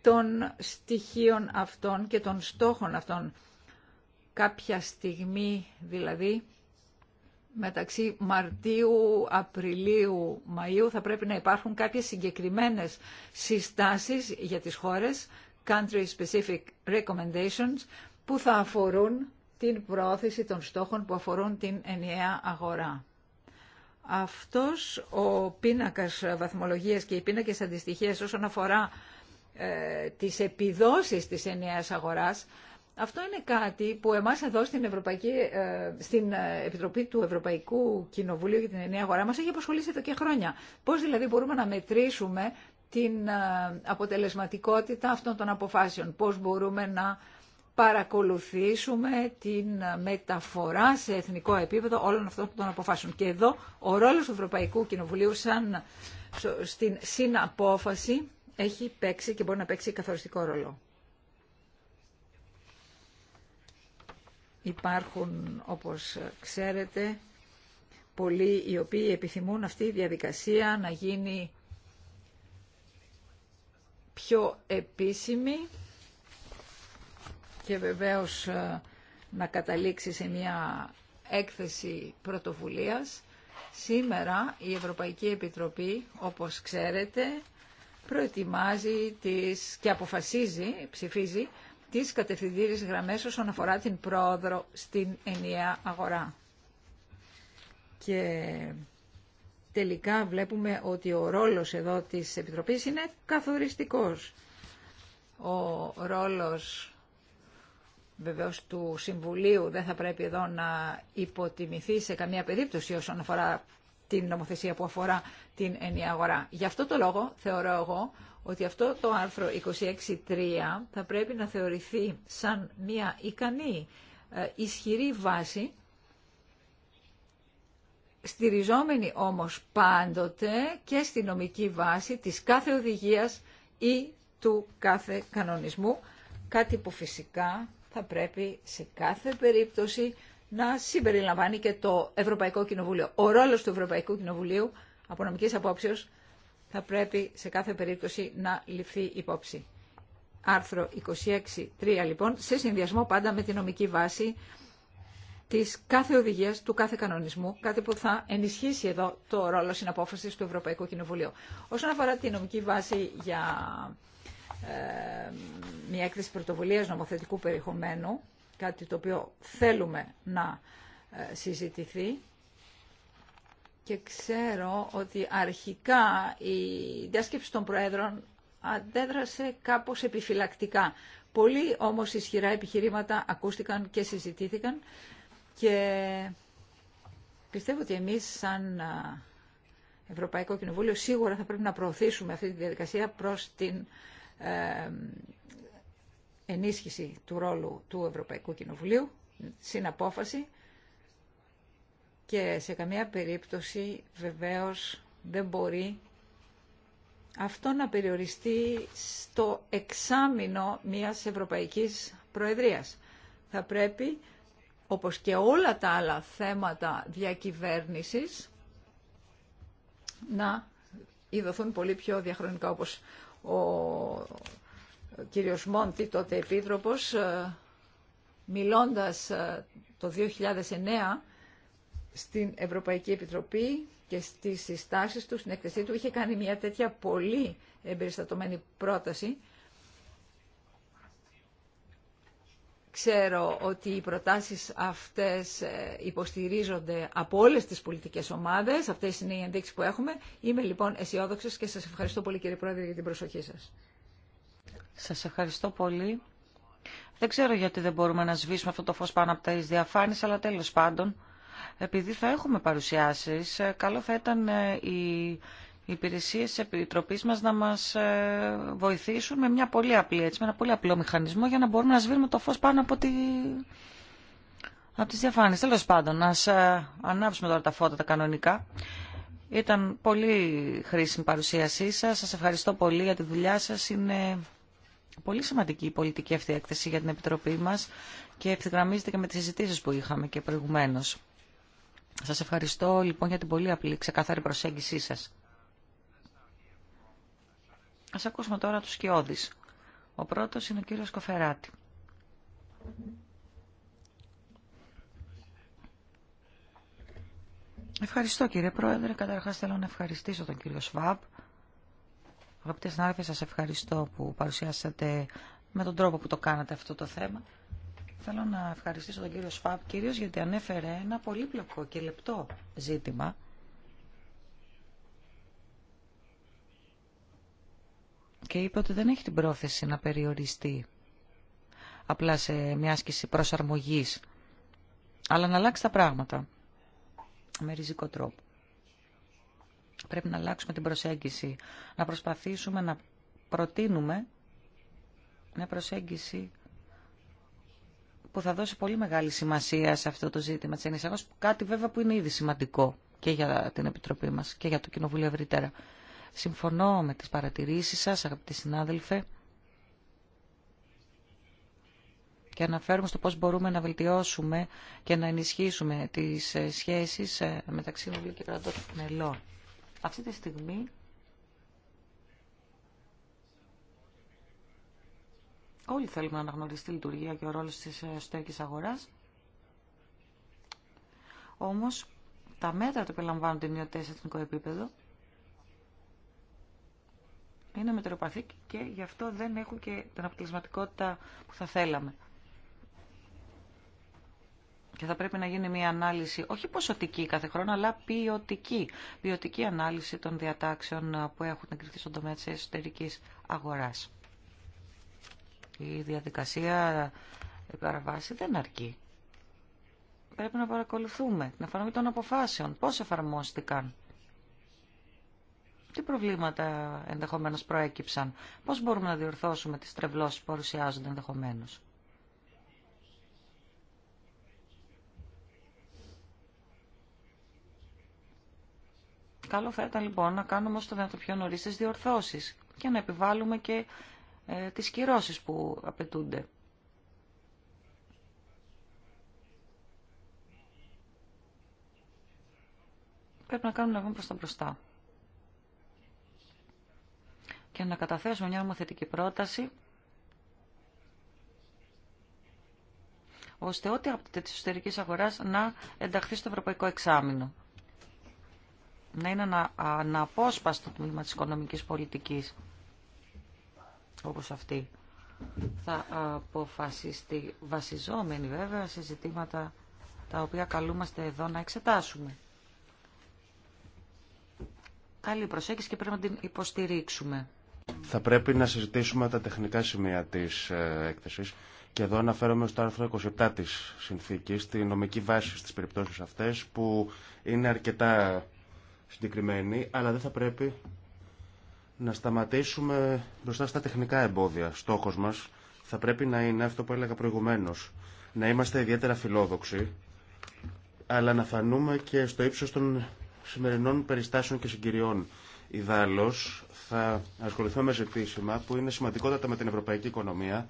των στοιχείων αυτών και των στόχων αυτών. Κάποια στιγμή δηλαδή μεταξύ Μαρτίου, Απριλίου, Μαΐου θα πρέπει να υπάρχουν κάποιες συγκεκριμένες συστάσεις για τις χώρες, country specific recommendations, που θα αφορούν την πρόθεση των στόχων που αφορούν την ενιαία αγορά αυτός ο πίνακας βαθμολογίας και οι πίνακες αντιστοιχίες όσον αφορά ε, τις επιδόσεις της ενιαίας αγοράς, αυτό είναι κάτι που εμάς εδώ στην, Ευρωπαϊκή, ε, στην ε, Επιτροπή του Ευρωπαϊκού Κοινοβουλίου για την Ενιαία Αγορά μας έχει αποσχολήσει εδώ και χρόνια. Πώς δηλαδή μπορούμε να μετρήσουμε την ε, αποτελεσματικότητα αυτών των αποφάσεων, πώς μπορούμε να παρακολουθήσουμε την μεταφορά σε εθνικό επίπεδο όλων αυτών που τον αποφάσουν. Και εδώ ο ρόλος του Ευρωπαϊκού Κοινοβουλίου σαν στην συναπόφαση έχει παίξει και μπορεί να παίξει καθοριστικό ρόλο. Υπάρχουν, όπως ξέρετε, πολλοί οι οποίοι επιθυμούν αυτή η διαδικασία να γίνει πιο επίσημη και βεβαίως ε, να καταλήξει σε μια έκθεση πρωτοβουλίας. Σήμερα η Ευρωπαϊκή Επιτροπή, όπως ξέρετε, προετοιμάζει τις, και αποφασίζει, ψηφίζει, τις κατευθυντήριες γραμμές όσον αφορά την πρόοδο στην ενιαία αγορά. Και τελικά βλέπουμε ότι ο ρόλος εδώ της Επιτροπής είναι καθοριστικός. Ο ρόλος Βεβαίω του Συμβουλίου δεν θα πρέπει εδώ να υποτιμηθεί σε καμία περίπτωση όσον αφορά την νομοθεσία που αφορά την ενιαία αγορά. Γι' αυτό το λόγο θεωρώ εγώ ότι αυτό το άρθρο 26.3 θα πρέπει να θεωρηθεί σαν μια ικανή, ε, ισχυρή βάση, στηριζόμενη όμως πάντοτε και στη νομική βάση της κάθε οδηγίας ή του κάθε κανονισμού, κάτι που φυσικά θα πρέπει σε κάθε περίπτωση να συμπεριλαμβάνει και το Ευρωπαϊκό Κοινοβούλιο. Ο ρόλος του Ευρωπαϊκού Κοινοβουλίου, από νομικής απόψεως, θα πρέπει σε κάθε περίπτωση να ληφθεί υπόψη. Άρθρο 26.3 λοιπόν, σε συνδυασμό πάντα με τη νομική βάση της κάθε οδηγίας, του κάθε κανονισμού, κάτι που θα ενισχύσει εδώ το ρόλο συναπόφασης του Ευρωπαϊκού Κοινοβουλίου. Όσον αφορά τη νομική βάση για ε, μια έκθεση πρωτοβουλίας νομοθετικού περιεχομένου, κάτι το οποίο θέλουμε να ε, συζητηθεί. Και ξέρω ότι αρχικά η διάσκεψη των Προέδρων αντέδρασε κάπως επιφυλακτικά. Πολλοί όμως ισχυρά επιχειρήματα ακούστηκαν και συζητήθηκαν και πιστεύω ότι εμείς σαν ε, Ευρωπαϊκό Κοινοβούλιο σίγουρα θα πρέπει να προωθήσουμε αυτή τη διαδικασία προς την ενίσχυση του ρόλου του Ευρωπαϊκού Κοινοβουλίου, συναπόφαση και σε καμία περίπτωση βεβαίως δεν μπορεί αυτό να περιοριστεί στο εξάμεινο μιας Ευρωπαϊκής Προεδρίας. Θα πρέπει, όπως και όλα τα άλλα θέματα διακυβέρνησης, να ειδωθούν πολύ πιο διαχρονικά όπως ο κύριος Μόντι, τότε επίτροπος, ε, μιλώντας ε, το 2009 στην Ευρωπαϊκή Επιτροπή και στις συστάσεις του, στην εκθεσή του, είχε κάνει μια τέτοια πολύ εμπεριστατωμένη πρόταση Ξέρω ότι οι προτάσεις αυτές ε, υποστηρίζονται από όλες τις πολιτικές ομάδες. Αυτές είναι οι ενδείξεις που έχουμε. Είμαι λοιπόν αισιόδοξο και σας ευχαριστώ πολύ κύριε Πρόεδρε για την προσοχή σας. Σας ευχαριστώ πολύ. Δεν ξέρω γιατί δεν μπορούμε να σβήσουμε αυτό το φως πάνω από τα διαφάνειες, αλλά τέλος πάντων, επειδή θα έχουμε παρουσιάσεις, ε, καλό θα ήταν οι ε, οι υπηρεσίες της Επιτροπής μας να μας ε, βοηθήσουν με μια πολύ απλή έτσι, με ένα πολύ απλό μηχανισμό για να μπορούμε να σβήνουμε το φως πάνω από, τη... από τις διαφάνειες. Τέλος πάντων, να ανάψουμε τώρα τα φώτα τα κανονικά. Ήταν πολύ χρήσιμη παρουσίασή σας. Σας ευχαριστώ πολύ για τη δουλειά σας. Είναι πολύ σημαντική η πολιτική αυτή έκθεση για την Επιτροπή μας και ευθυγραμμίζεται και με τις συζητήσεις που είχαμε και προηγουμένως. Σας ευχαριστώ λοιπόν για την πολύ απλή ξεκαθαρή προσέγγισή σας. Ας ακούσουμε τώρα τους σκιώδεις. Ο πρώτος είναι ο κύριος Κοφεράτη. Ευχαριστώ κύριε Πρόεδρε. Καταρχάς θέλω να ευχαριστήσω τον κύριο Σβάπ, Αγαπητέ συνάδελφοι, σας ευχαριστώ που παρουσιάσατε με τον τρόπο που το κάνατε αυτό το θέμα. Θέλω να ευχαριστήσω τον κύριο Σφάπ κυρίως γιατί ανέφερε ένα πολύπλοκο και λεπτό ζήτημα και είπε ότι δεν έχει την πρόθεση να περιοριστεί απλά σε μια άσκηση προσαρμογής, αλλά να αλλάξει τα πράγματα με ριζικό τρόπο. Πρέπει να αλλάξουμε την προσέγγιση, να προσπαθήσουμε να προτείνουμε μια προσέγγιση που θα δώσει πολύ μεγάλη σημασία σε αυτό το ζήτημα της ενισχύσεως, κάτι βέβαια που είναι ήδη σημαντικό και για την Επιτροπή μας και για το Κοινοβούλιο ευρύτερα. Συμφωνώ με τις παρατηρήσεις σας, αγαπητοί συνάδελφε, και αναφέρουμε στο πώς μπορούμε να βελτιώσουμε και να ενισχύσουμε τις ε, σχέσεις ε, μεταξύ νομιού και κρατών μελών. Αυτή τη στιγμή όλοι θέλουμε να αναγνωριστεί η λειτουργία και ο ρόλος της ε, εσωτερικής αγοράς. Όμως τα μέτρα που περιλαμβάνουν είναι σε εθνικό επίπεδο είναι μετροπαθή και γι' αυτό δεν έχουν και την αποτελεσματικότητα που θα θέλαμε. Και θα πρέπει να γίνει μια ανάλυση, όχι ποσοτική κάθε χρόνο, αλλά ποιοτική. Ποιοτική ανάλυση των διατάξεων που έχουν εγκριθεί στον τομέα της εσωτερικής αγοράς. Η διαδικασία η παραβάση δεν αρκεί. Πρέπει να παρακολουθούμε την εφαρμογή των αποφάσεων. Πώς εφαρμόστηκαν τι προβλήματα ενδεχομένως προέκυψαν, πώς μπορούμε να διορθώσουμε τις τρευλώσεις που παρουσιάζονται ενδεχομένως. Καλό θα ήταν λοιπόν να κάνουμε όσο το δυνατόν πιο νωρίς τις διορθώσεις και να επιβάλλουμε και ε, τις κυρώσεις που απαιτούνται. Πρέπει να κάνουμε να βγούμε προς τα μπροστά και να καταθέσουμε μια νομοθετική πρόταση ώστε ό,τι από τη εσωτερική αγορά να ενταχθεί στο ευρωπαϊκό εξάμεινο. Να είναι ένα αναπόσπαστο τμήμα τη οικονομική πολιτική όπω αυτή. Θα αποφασιστεί βασιζόμενη βέβαια σε ζητήματα τα οποία καλούμαστε εδώ να εξετάσουμε. Καλή προσέγγιση και πρέπει να την υποστηρίξουμε. Θα πρέπει να συζητήσουμε τα τεχνικά σημεία της ε, έκθεσης και εδώ αναφέρομαι στο άρθρο 27 της συνθήκης, τη νομική βάση στις περιπτώσεις αυτές που είναι αρκετά συγκεκριμένη, αλλά δεν θα πρέπει να σταματήσουμε μπροστά στα τεχνικά εμπόδια. Στόχος μας θα πρέπει να είναι αυτό που έλεγα προηγουμένως, να είμαστε ιδιαίτερα φιλόδοξοι, αλλά να φανούμε και στο ύψος των σημερινών περιστάσεων και συγκυριών. Ιδάλλως θα ασχοληθώ με ζητήσιμα που είναι σημαντικότατα με την ευρωπαϊκή οικονομία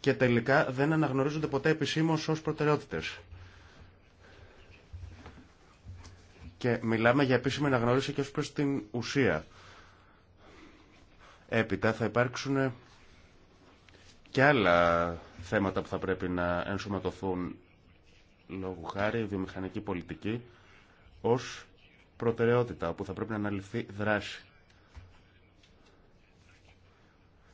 και τελικά δεν αναγνωρίζονται ποτέ επισήμως ως προτεραιότητες. Και μιλάμε για επίσημη αναγνώριση και ως προς την ουσία. Έπειτα θα υπάρξουν και άλλα θέματα που θα πρέπει να ενσωματωθούν λόγου χάρη, η βιομηχανική πολιτική, ως προτεραιότητα που θα πρέπει να αναλυθεί δράση.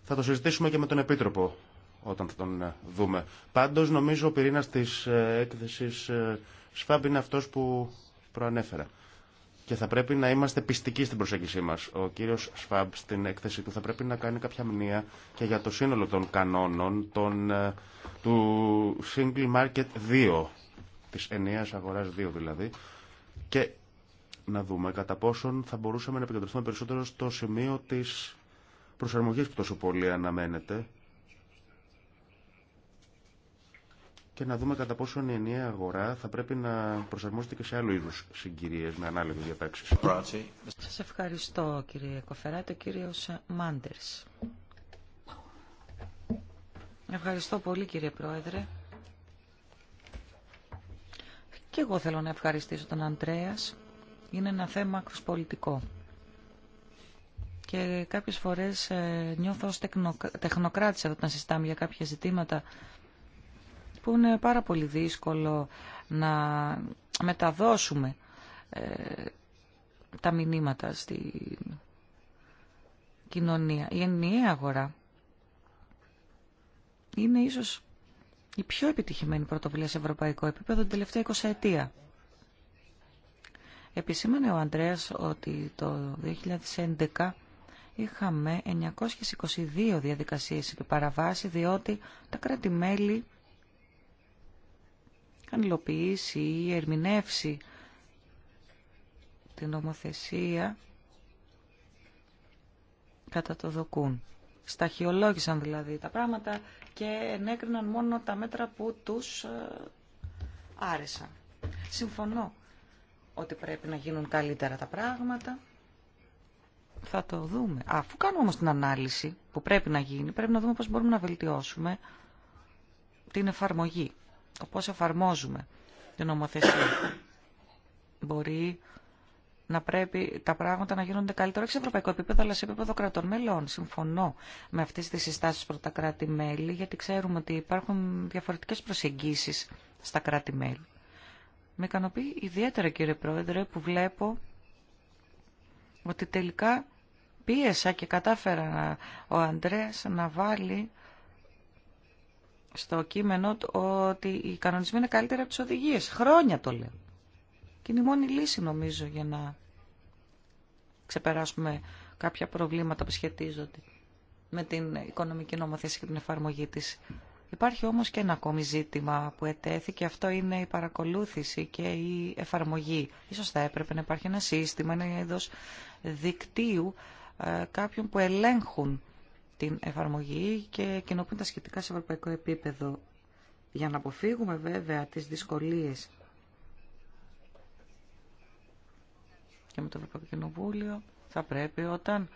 Θα το συζητήσουμε και με τον Επίτροπο όταν θα τον ε, δούμε. Πάντως νομίζω ο πυρήνας της ε, έκθεσης ε, ΣΦΑΜ είναι αυτός που προανέφερα. Και θα πρέπει να είμαστε πιστικοί στην προσέγγιση μα. Ο κύριο Σφαμπ στην έκθεση του θα πρέπει να κάνει κάποια μνήμα και για το σύνολο των κανόνων των, του Single Market 2, τη ενιαία αγορά 2 δηλαδή, και να δούμε κατά πόσον θα μπορούσαμε να επικεντρωθούμε περισσότερο στο σημείο της προσαρμογής που τόσο πολύ αναμένεται και να δούμε κατά πόσον η ενιαία αγορά θα πρέπει να προσαρμόζεται και σε άλλου είδους συγκυρίες με ανάλογη διατάξεις. Σας ευχαριστώ κύριε Κοφεράτη, ο κύριος Μάντερς. Ευχαριστώ πολύ κύριε Πρόεδρε. Και εγώ θέλω να ευχαριστήσω τον Αντρέας είναι ένα θέμα πολιτικό. Και κάποιες φορές ε, νιώθω ως τεχνοκράτησα όταν συστάμε για κάποια ζητήματα που είναι πάρα πολύ δύσκολο να μεταδώσουμε ε, τα μηνύματα στη κοινωνία. Η ενιαία αγορά είναι ίσως η πιο επιτυχημένη πρωτοβουλία σε ευρωπαϊκό επίπεδο την τελευταία 20 ετία. Επισήμανε ο Αντρέας ότι το 2011 είχαμε 922 διαδικασίες επί παραβάσει διότι τα κράτη-μέλη είχαν υλοποιήσει ή ερμηνεύσει την νομοθεσία κατά το δοκούν. Σταχυολόγησαν δηλαδή τα πράγματα και ενέκριναν μόνο τα μέτρα που τους ε, άρεσαν. Συμφωνώ ότι πρέπει να γίνουν καλύτερα τα πράγματα. Θα το δούμε. Αφού κάνουμε όμως την ανάλυση που πρέπει να γίνει, πρέπει να δούμε πώς μπορούμε να βελτιώσουμε την εφαρμογή. Πώς εφαρμόζουμε την νομοθεσία. Μπορεί να πρέπει τα πράγματα να γίνονται καλύτερα όχι σε ευρωπαϊκό επίπεδο, αλλά σε επίπεδο κρατών μελών. Συμφωνώ με αυτέ τι συστάσει προ τα κράτη-μέλη, γιατί ξέρουμε ότι υπάρχουν διαφορετικέ προσεγγίσεις στα κράτη-μέλη. Με ικανοποιεί ιδιαίτερα κύριε Πρόεδρε που βλέπω ότι τελικά πίεσα και κατάφερα ο Αντρέας να βάλει στο κείμενο ότι οι κανονισμοί είναι καλύτερα από τις οδηγίες. Χρόνια το λέω. Και είναι η μόνη λύση νομίζω για να ξεπεράσουμε κάποια προβλήματα που σχετίζονται με την οικονομική νομοθεσία και την εφαρμογή της. Υπάρχει όμως και ένα ακόμη ζήτημα που ετέθηκε, αυτό είναι η παρακολούθηση και η εφαρμογή. Ίσως θα έπρεπε να υπάρχει ένα σύστημα, ένα είδο δικτύου ε, κάποιων που ελέγχουν την εφαρμογή και κοινοποιούν τα σχετικά σε ευρωπαϊκό επίπεδο. Για να αποφύγουμε βέβαια τις δυσκολίες και με το Ευρωπαϊκό Κοινοβούλιο θα πρέπει όταν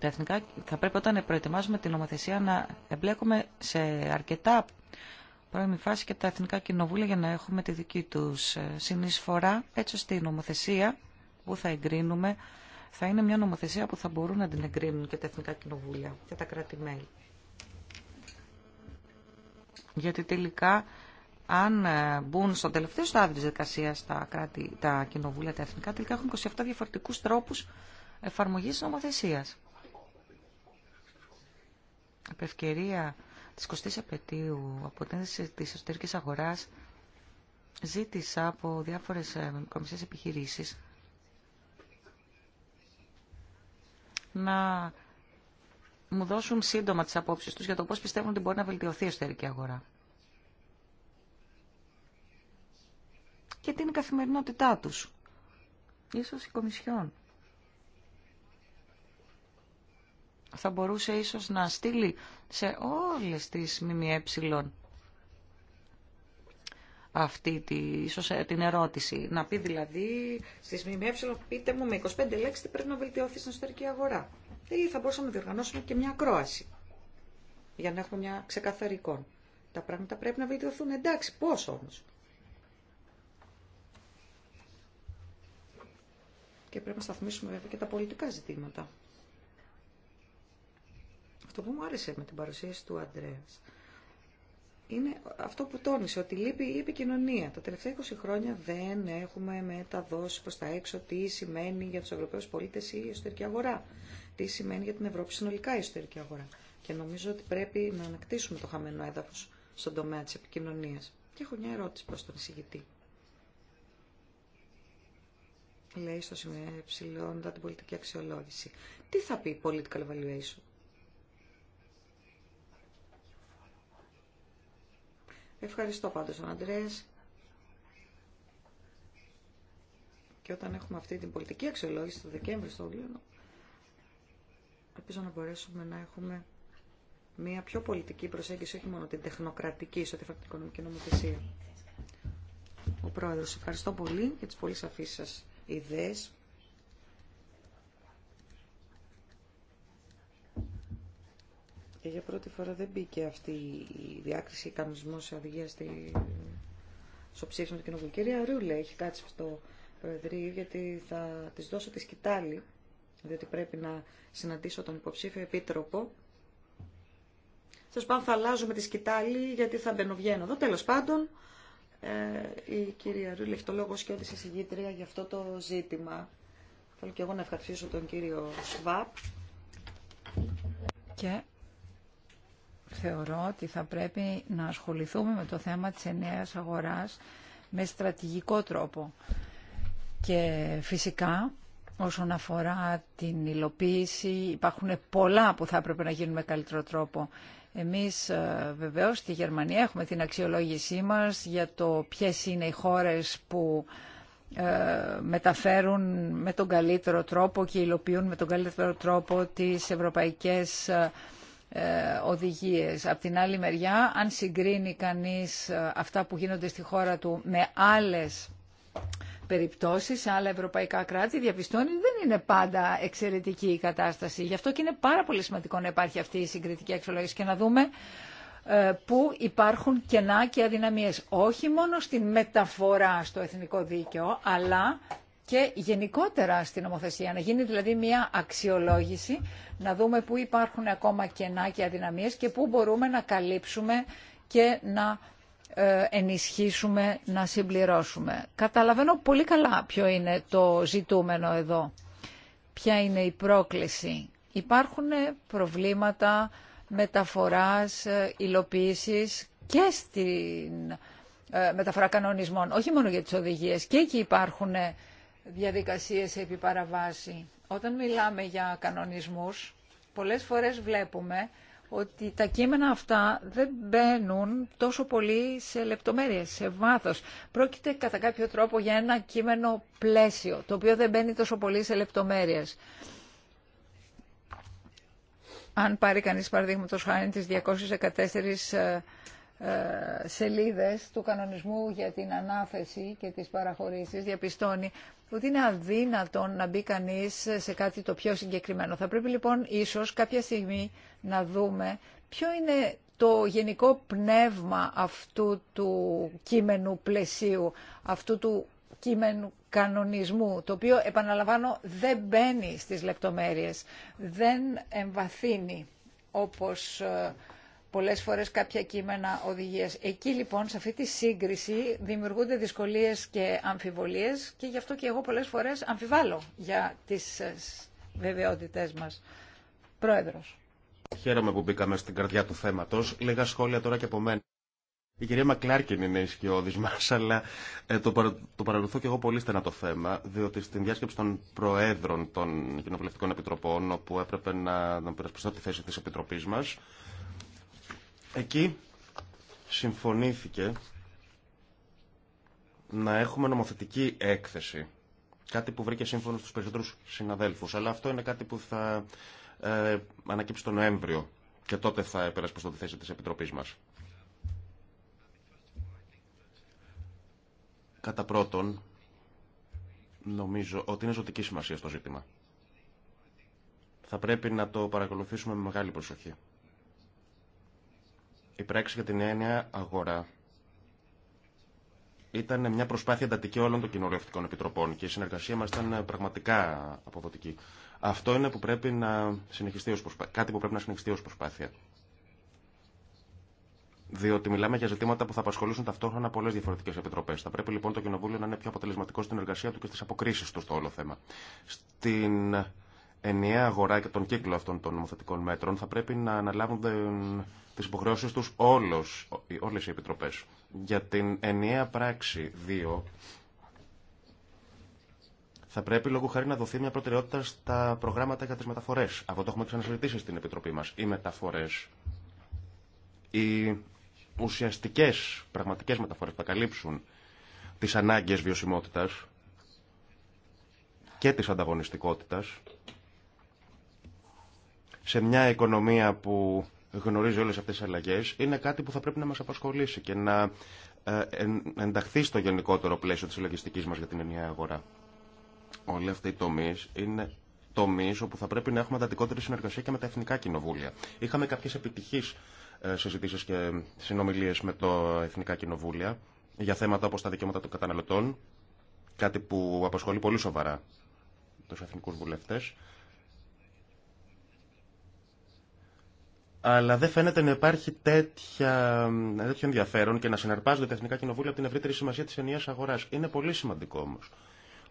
τα θα πρέπει όταν προετοιμάζουμε την νομοθεσία να εμπλέκουμε σε αρκετά πρώιμη φάση και τα εθνικά κοινοβούλια για να έχουμε τη δική τους ε, συνεισφορά, έτσι ώστε η νομοθεσία που θα εγκρίνουμε θα είναι μια νομοθεσία που θα μπορούν να την εγκρίνουν και τα εθνικά κοινοβούλια και τα κράτη-μέλη. Γιατί τελικά αν ε, μπουν στο τελευταίο στάδιο της δικασίας τα, κράτη, τα κοινοβούλια τα εθνικά, τελικά έχουν 27 διαφορετικούς τρόπους εφαρμογής νομοθεσίας επευκαιρία της 20 από επαιτίου αποτέλεση τη εσωτερική αγοράς ζήτησα από διάφορες ε, μικρομεσαίε επιχειρήσεις να μου δώσουν σύντομα τις απόψεις τους για το πώς πιστεύουν ότι μπορεί να βελτιωθεί η εσωτερική αγορά. Και την καθημερινότητά τους. Ίσως η Κομισιόν θα μπορούσε ίσως να στείλει σε όλες τις ΜΜΕ αυτή τη, ίσως, ε, την ερώτηση. Να πει δηλαδή στις ΜΜΕ, πείτε μου με 25 λέξεις τι πρέπει να βελτιωθεί στην εσωτερική αγορά. Ή θα μπορούσαμε να διοργανώσουμε και μια ακρόαση για να έχουμε μια ξεκαθαρή Τα πράγματα πρέπει να βελτιωθούν. Εντάξει, πώς όμως. Και πρέπει να σταθμίσουμε βέβαια και τα πολιτικά ζητήματα. Αυτό που μου άρεσε με την παρουσίαση του Αντρέα είναι αυτό που τόνισε, ότι λείπει η επικοινωνία. Τα τελευταία 20 χρόνια δεν έχουμε μεταδώσει προ τα έξω τι σημαίνει για του ευρωπαίου πολίτε η εσωτερική αγορά, τι σημαίνει για την Ευρώπη συνολικά η εσωτερική αγορά. Και νομίζω ότι πρέπει να ανακτήσουμε το χαμένο έδαφο στον τομέα τη επικοινωνία. Και έχω μια ερώτηση προ τον εισηγητή. Λέει στο σημείο ε, την πολιτική αξιολόγηση. Τι θα πει η political evaluation Ευχαριστώ πάντως τον Αντρέας. Και όταν έχουμε αυτή την πολιτική αξιολόγηση το Δεκέμβριο, στο Λίωνο, ελπίζω να μπορέσουμε να έχουμε μια πιο πολιτική προσέγγιση, όχι μόνο την τεχνοκρατική, σε ό,τι την οικονομική νομοθεσία. Ο Πρόεδρος, ευχαριστώ πολύ για τις πολύ σαφείς σας ιδέες. και για πρώτη φορά δεν μπήκε αυτή η διάκριση κανονισμό σε οδηγία στη... στο ψήφισμα του Κοινοβουλίου. Κυρία Ρούλε έχει κάτσει στο Προεδρείο γιατί θα τη δώσω τη σκητάλη διότι πρέπει να συναντήσω τον υποψήφιο επίτροπο. σα πάω, θα αλλάζουμε τη σκητάλη γιατί θα μπαινοβγαίνω εδώ. τέλο πάντων ε, η κυρία Ρούλε έχει το λόγο και ότι εισηγήτρια για αυτό το ζήτημα. Θέλω και εγώ να ευχαριστήσω τον κύριο Σβάπ. Και θεωρώ ότι θα πρέπει να ασχοληθούμε με το θέμα της ενέας αγοράς με στρατηγικό τρόπο. Και φυσικά όσον αφορά την υλοποίηση υπάρχουν πολλά που θα έπρεπε να γίνουν με καλύτερο τρόπο. Εμείς ε, βεβαίως στη Γερμανία έχουμε την αξιολόγησή μας για το ποιες είναι οι χώρες που ε, μεταφέρουν με τον καλύτερο τρόπο και υλοποιούν με τον καλύτερο τρόπο τις ευρωπαϊκές ε, ε, οδηγίες. Απ' την άλλη μεριά, αν συγκρίνει κανείς ε, αυτά που γίνονται στη χώρα του με άλλες περιπτώσεις σε άλλα ευρωπαϊκά κράτη διαπιστώνει ότι δεν είναι πάντα εξαιρετική η κατάσταση. Γι' αυτό και είναι πάρα πολύ σημαντικό να υπάρχει αυτή η συγκριτική αξιολόγηση και να δούμε ε, που υπάρχουν κενά και αδυναμίες όχι μόνο στην μεταφορά στο εθνικό δίκαιο αλλά και γενικότερα στην νομοθεσία. Να γίνει δηλαδή μια αξιολόγηση, να δούμε πού υπάρχουν ακόμα κενά και αδυναμίες και πού μπορούμε να καλύψουμε και να ε, ενισχύσουμε, να συμπληρώσουμε. Καταλαβαίνω πολύ καλά ποιο είναι το ζητούμενο εδώ. Ποια είναι η πρόκληση. Υπάρχουν προβλήματα μεταφοράς, ε, υλοποίησης και στην ε, μεταφορά κανονισμών, όχι μόνο για τις οδηγίες. Και εκεί υπάρχουν διαδικασίες επί παραβάση. Όταν μιλάμε για κανονισμούς, πολλές φορές βλέπουμε ότι τα κείμενα αυτά δεν μπαίνουν τόσο πολύ σε λεπτομέρειες, σε βάθος. Πρόκειται κατά κάποιο τρόπο για ένα κείμενο πλαίσιο, το οποίο δεν μπαίνει τόσο πολύ σε λεπτομέρειες. Αν πάρει κανείς παραδείγματος χάρη τις 214 ε, σελίδες του κανονισμού για την ανάθεση και τις παραχωρήσεις διαπιστώνει ότι είναι αδύνατο να μπει κανείς σε κάτι το πιο συγκεκριμένο. Θα πρέπει λοιπόν ίσως κάποια στιγμή να δούμε ποιο είναι το γενικό πνεύμα αυτού του κείμενου πλαισίου, αυτού του κείμενου κανονισμού, το οποίο επαναλαμβάνω δεν μπαίνει στις λεπτομέρειες, δεν εμβαθύνει όπως ε, πολλές φορές κάποια κείμενα οδηγίες. Εκεί λοιπόν σε αυτή τη σύγκριση δημιουργούνται δυσκολίες και αμφιβολίες και γι' αυτό και εγώ πολλές φορές αμφιβάλλω για τις ε, βεβαιότητές μας. Πρόεδρος. Χαίρομαι που μπήκαμε στην καρδιά του θέματος. Λίγα σχόλια τώρα και από μένα. Η κυρία Μακλάρκιν είναι η σκιώδη μα, αλλά ε, το, παρα, το παρακολουθώ και εγώ πολύ στενά το θέμα, διότι στην διάσκεψη των Προέδρων των Κοινοβουλευτικών Επιτροπών, όπου έπρεπε να, να περασπιστώ τη θέση τη Επιτροπή μα, Εκεί συμφωνήθηκε να έχουμε νομοθετική έκθεση. Κάτι που βρήκε σύμφωνο στους περισσότερους συναδέλφους. Αλλά αυτό είναι κάτι που θα ε, ανακύψει το Νοέμβριο και τότε θα επέρασπω στο τη θέση της Επιτροπής μας. Κατά πρώτον, νομίζω ότι είναι ζωτική σημασία στο ζήτημα. Θα πρέπει να το παρακολουθήσουμε με μεγάλη προσοχή. Η πράξη για την έννοια αγορά ήταν μια προσπάθεια εντατική όλων των κοινοβουλευτικών επιτροπών και η συνεργασία μα ήταν ε, πραγματικά αποδοτική. Αυτό είναι που πρέπει να συνεχιστεί ως κάτι που πρέπει να συνεχιστεί ω προσπάθεια. Διότι μιλάμε για ζητήματα που θα απασχολήσουν ταυτόχρονα πολλέ διαφορετικέ επιτροπέ. Θα πρέπει λοιπόν το Κοινοβούλιο να είναι πιο αποτελεσματικό στην εργασία του και στι αποκρίσει του στο όλο θέμα. Στην ενιαία αγορά και τον κύκλο αυτών των νομοθετικών μέτρων θα πρέπει να αναλάβουν τι υποχρεώσει του, όλε οι επιτροπέ. Για την ενιαία πράξη 2 θα πρέπει λόγω χάρη να δοθεί μια προτεραιότητα στα προγράμματα για τι μεταφορέ. Αυτό το έχουμε ξανασυζητήσει στην Επιτροπή μα. Οι μεταφορέ, οι ουσιαστικέ πραγματικέ μεταφορέ που θα καλύψουν τι ανάγκε βιωσιμότητα και τη ανταγωνιστικότητα σε μια οικονομία που γνωρίζει όλες αυτές τις αλλαγές είναι κάτι που θα πρέπει να μας απασχολήσει και να ε, ενταχθεί στο γενικότερο πλαίσιο της λογιστικής μας για την ενιαία αγορά. Όλοι αυτοί οι τομείς είναι τομείς όπου θα πρέπει να έχουμε αντατικότερη συνεργασία και με τα εθνικά κοινοβούλια. Είχαμε κάποιες επιτυχείς ε, συζητήσεις και συνομιλίες με τα εθνικά κοινοβούλια για θέματα όπως τα δικαιώματα των καταναλωτών, κάτι που απασχολεί πολύ σοβαρά τους εθνικούς βουλευτές αλλά δεν φαίνεται να υπάρχει τέτοια, τέτοιο ενδιαφέρον και να συναρπάζονται τα εθνικά κοινοβούλια από την ευρύτερη σημασία τη ενιαία αγορά. Είναι πολύ σημαντικό όμω.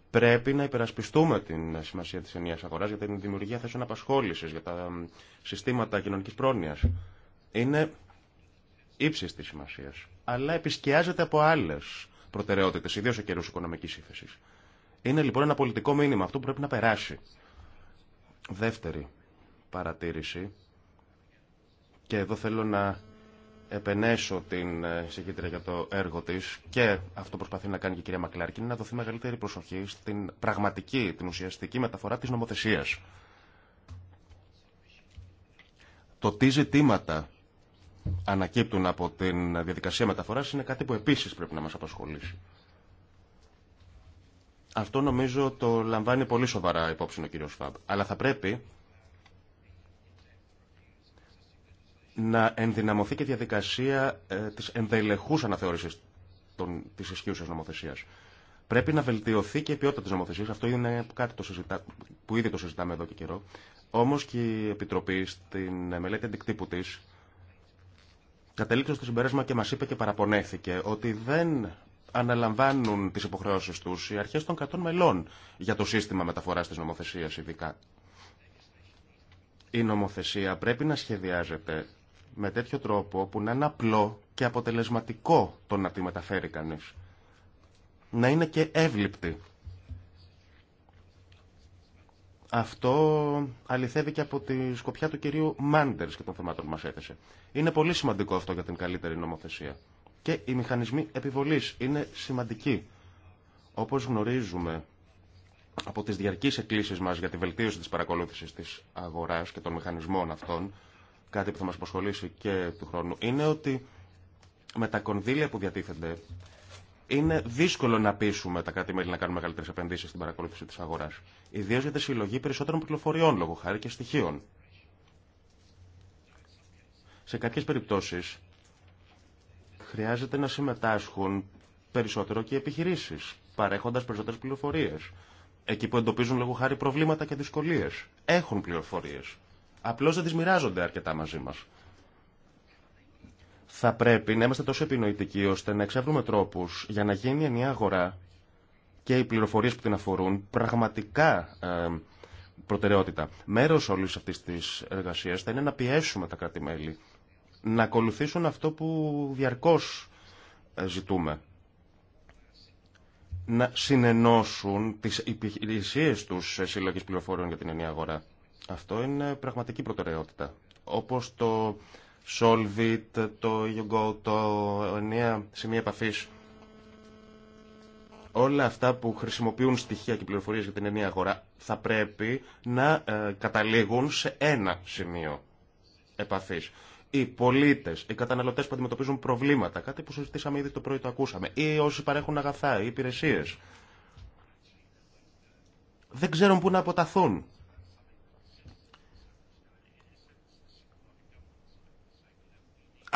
Πρέπει να υπερασπιστούμε την σημασία τη ενιαία αγορά για την δημιουργία θέσεων απασχόληση, για τα συστήματα κοινωνική πρόνοια. Είναι ύψη τη σημασία. Αλλά επισκιάζεται από άλλε προτεραιότητε, ιδίω σε καιρού οικονομική ύφεση. Είναι λοιπόν ένα πολιτικό μήνυμα αυτό που πρέπει να περάσει. Δεύτερη παρατήρηση και εδώ θέλω να επενέσω την ε, συγκίτρια για το έργο της και αυτό προσπαθεί να κάνει και η κυρία Μακλάρκη είναι να δοθεί μεγαλύτερη προσοχή στην πραγματική, την ουσιαστική μεταφορά της νομοθεσίας. Το τι ζητήματα ανακύπτουν από την διαδικασία μεταφοράς είναι κάτι που επίσης πρέπει να μας απασχολήσει. Αυτό νομίζω το λαμβάνει πολύ σοβαρά υπόψη ο κύριος Φαμπ. Αλλά θα πρέπει να ενδυναμωθεί και η διαδικασία ε, της ενδελεχούς αναθεώρησης των, της ισχύουσας νομοθεσίας. Πρέπει να βελτιωθεί και η ποιότητα της νομοθεσίας. Αυτό είναι κάτι το που ήδη το συζητάμε εδώ και καιρό. Όμως και η Επιτροπή στην μελέτη αντικτύπου της κατέληξε στο συμπέρασμα και μας είπε και παραπονέθηκε ότι δεν αναλαμβάνουν τις υποχρεώσεις τους οι αρχές των κρατών μελών για το σύστημα μεταφοράς της νομοθεσίας ειδικά. Η νομοθεσία πρέπει να σχεδιάζεται με τέτοιο τρόπο που να είναι απλό και αποτελεσματικό το να τη μεταφέρει κανείς. Να είναι και εύληπτη. Αυτό αληθεύει και από τη σκοπιά του κυρίου Μάντερ και των θεμάτων που μα έθεσε. Είναι πολύ σημαντικό αυτό για την καλύτερη νομοθεσία. Και οι μηχανισμοί επιβολής είναι σημαντικοί. Όπως γνωρίζουμε από τις διαρκείς εκκλήσεις μας για τη βελτίωση της παρακολούθησης τη αγορά και των μηχανισμών αυτών, κάτι που θα μας απασχολήσει και του χρόνου, είναι ότι με τα κονδύλια που διατίθενται είναι δύσκολο να πείσουμε τα κράτη-μέλη να κάνουν μεγαλύτερε επενδύσει στην παρακολούθηση τη αγορά. Ιδίω για τη συλλογή περισσότερων πληροφοριών λόγω χάρη και στοιχείων. Σε κάποιε περιπτώσει χρειάζεται να συμμετάσχουν περισσότερο και οι επιχειρήσει, παρέχοντα περισσότερε πληροφορίε. Εκεί που εντοπίζουν λόγω χάρη προβλήματα και δυσκολίε. Έχουν πληροφορίε. Απλώς δεν τις μοιράζονται αρκετά μαζί μας. Θα πρέπει να είμαστε τόσο επινοητικοί ώστε να εξεύρουμε τρόπους για να γίνει η ενιαία αγορά και οι πληροφορίες που την αφορούν πραγματικά ε, προτεραιότητα. Μέρος όλη αυτής τη εργασία θα είναι να πιέσουμε τα κράτη-μέλη να ακολουθήσουν αυτό που διαρκώς ε, ζητούμε. Να συνενώσουν τι υπηρεσίε του σε συλλογές πληροφοριών για την ενιαία αγορά. Αυτό είναι πραγματική προτεραιότητα. Όπως το it, το go, το ενία σημεία επαφή, Όλα αυτά που χρησιμοποιούν στοιχεία και πληροφορίες για την ενία αγορά θα πρέπει να ε, καταλήγουν σε ένα σημείο επαφής οι πολίτε, οι καταναλωτέ που αντιμετωπίζουν προβλήματα, κάτι που συζητήσαμε ήδη το πρωί, το ακούσαμε, ή όσοι παρέχουν αγαθά ή υπηρεσίε, δεν ξέρουν πού να αποταθούν.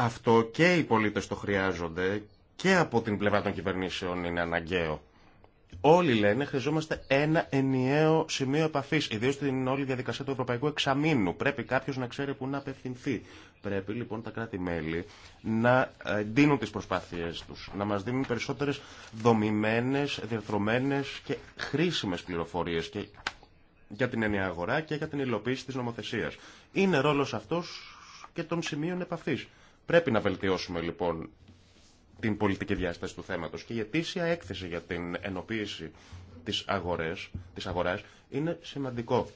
Αυτό και οι πολίτες το χρειάζονται και από την πλευρά των κυβερνήσεων είναι αναγκαίο. Όλοι λένε χρειαζόμαστε ένα ενιαίο σημείο επαφή, ιδίω στην όλη διαδικασία του Ευρωπαϊκού Εξαμήνου. Πρέπει κάποιο να ξέρει που να απευθυνθεί. Πρέπει λοιπόν τα κράτη-μέλη να ε, δίνουν τι προσπάθειέ του, να μα δίνουν περισσότερε δομημένε, διαρθρωμένε και χρήσιμε πληροφορίε για την ενιαία αγορά και για την υλοποίηση τη νομοθεσία. Είναι ρόλο αυτό και των σημείων επαφή. Πρέπει να βελτιώσουμε λοιπόν την πολιτική διάσταση του θέματος και η ετήσια έκθεση για την ενοποίηση της, αγορές, της αγοράς είναι σημαντικό.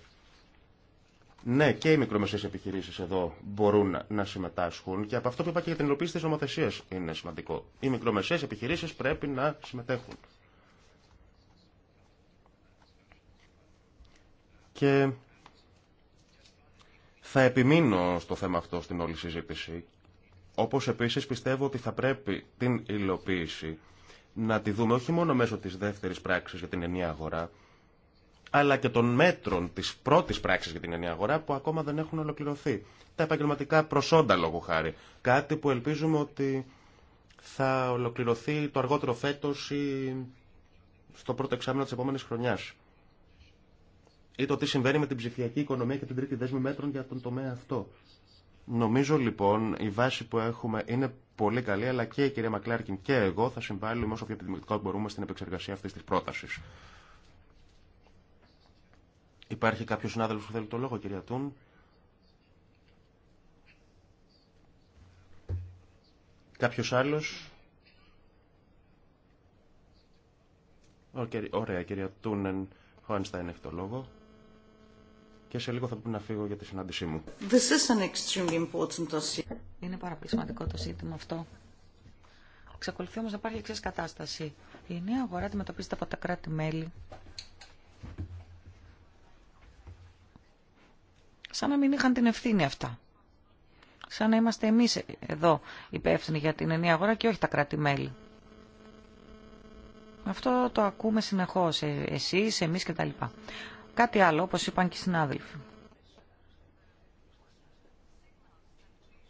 Ναι, και οι μικρομεσαίες επιχειρήσει εδώ μπορούν να συμμετάσχουν και από αυτό που είπα και για την ενοποίηση τη νομοθεσία είναι σημαντικό. Οι μικρομεσαίες επιχειρήσει πρέπει να συμμετέχουν. Και θα επιμείνω στο θέμα αυτό στην όλη συζήτηση όπως επίσης πιστεύω ότι θα πρέπει την υλοποίηση να τη δούμε όχι μόνο μέσω της δεύτερης πράξης για την ενιαία αγορά, αλλά και των μέτρων της πρώτης πράξης για την ενιαία αγορά που ακόμα δεν έχουν ολοκληρωθεί. Τα επαγγελματικά προσόντα λόγου χάρη. Κάτι που ελπίζουμε ότι θα ολοκληρωθεί το αργότερο φέτος ή στο πρώτο εξάμεινο της επόμενης χρονιάς. Ή το τι συμβαίνει με την ψηφιακή οικονομία και την τρίτη δέσμη μέτρων για τον τομέα αυτό. Νομίζω λοιπόν η βάση που έχουμε είναι πολύ καλή, αλλά και η κυρία Μακλάρκιν και εγώ θα συμβάλλουμε όσο πιο επιδημιουργικά μπορούμε στην επεξεργασία αυτή τη πρόταση. Υπάρχει κάποιο συνάδελφο που θέλει το λόγο, κυρία Τούν. Κάποιος άλλο. Ωραία, κυρία Τούνεν Χόνστα, είναι το λόγο και σε λίγο θα πρέπει να φύγω για τη συνάντησή μου. This is an extremely important Είναι πάρα πολύ σημαντικό το σύντημα αυτό. Ξεκολουθεί όμως να υπάρχει εξή κατάσταση. Η νέα αγορά αντιμετωπίζεται από τα κράτη-μέλη. Σαν να μην είχαν την ευθύνη αυτά. Σαν να είμαστε εμείς εδώ υπεύθυνοι για την ενιαία αγορά και όχι τα κράτη-μέλη. Αυτό το ακούμε συνεχώς, ε, εσείς, εμείς κτλ. Κάτι άλλο, όπως είπαν και οι συνάδελφοι.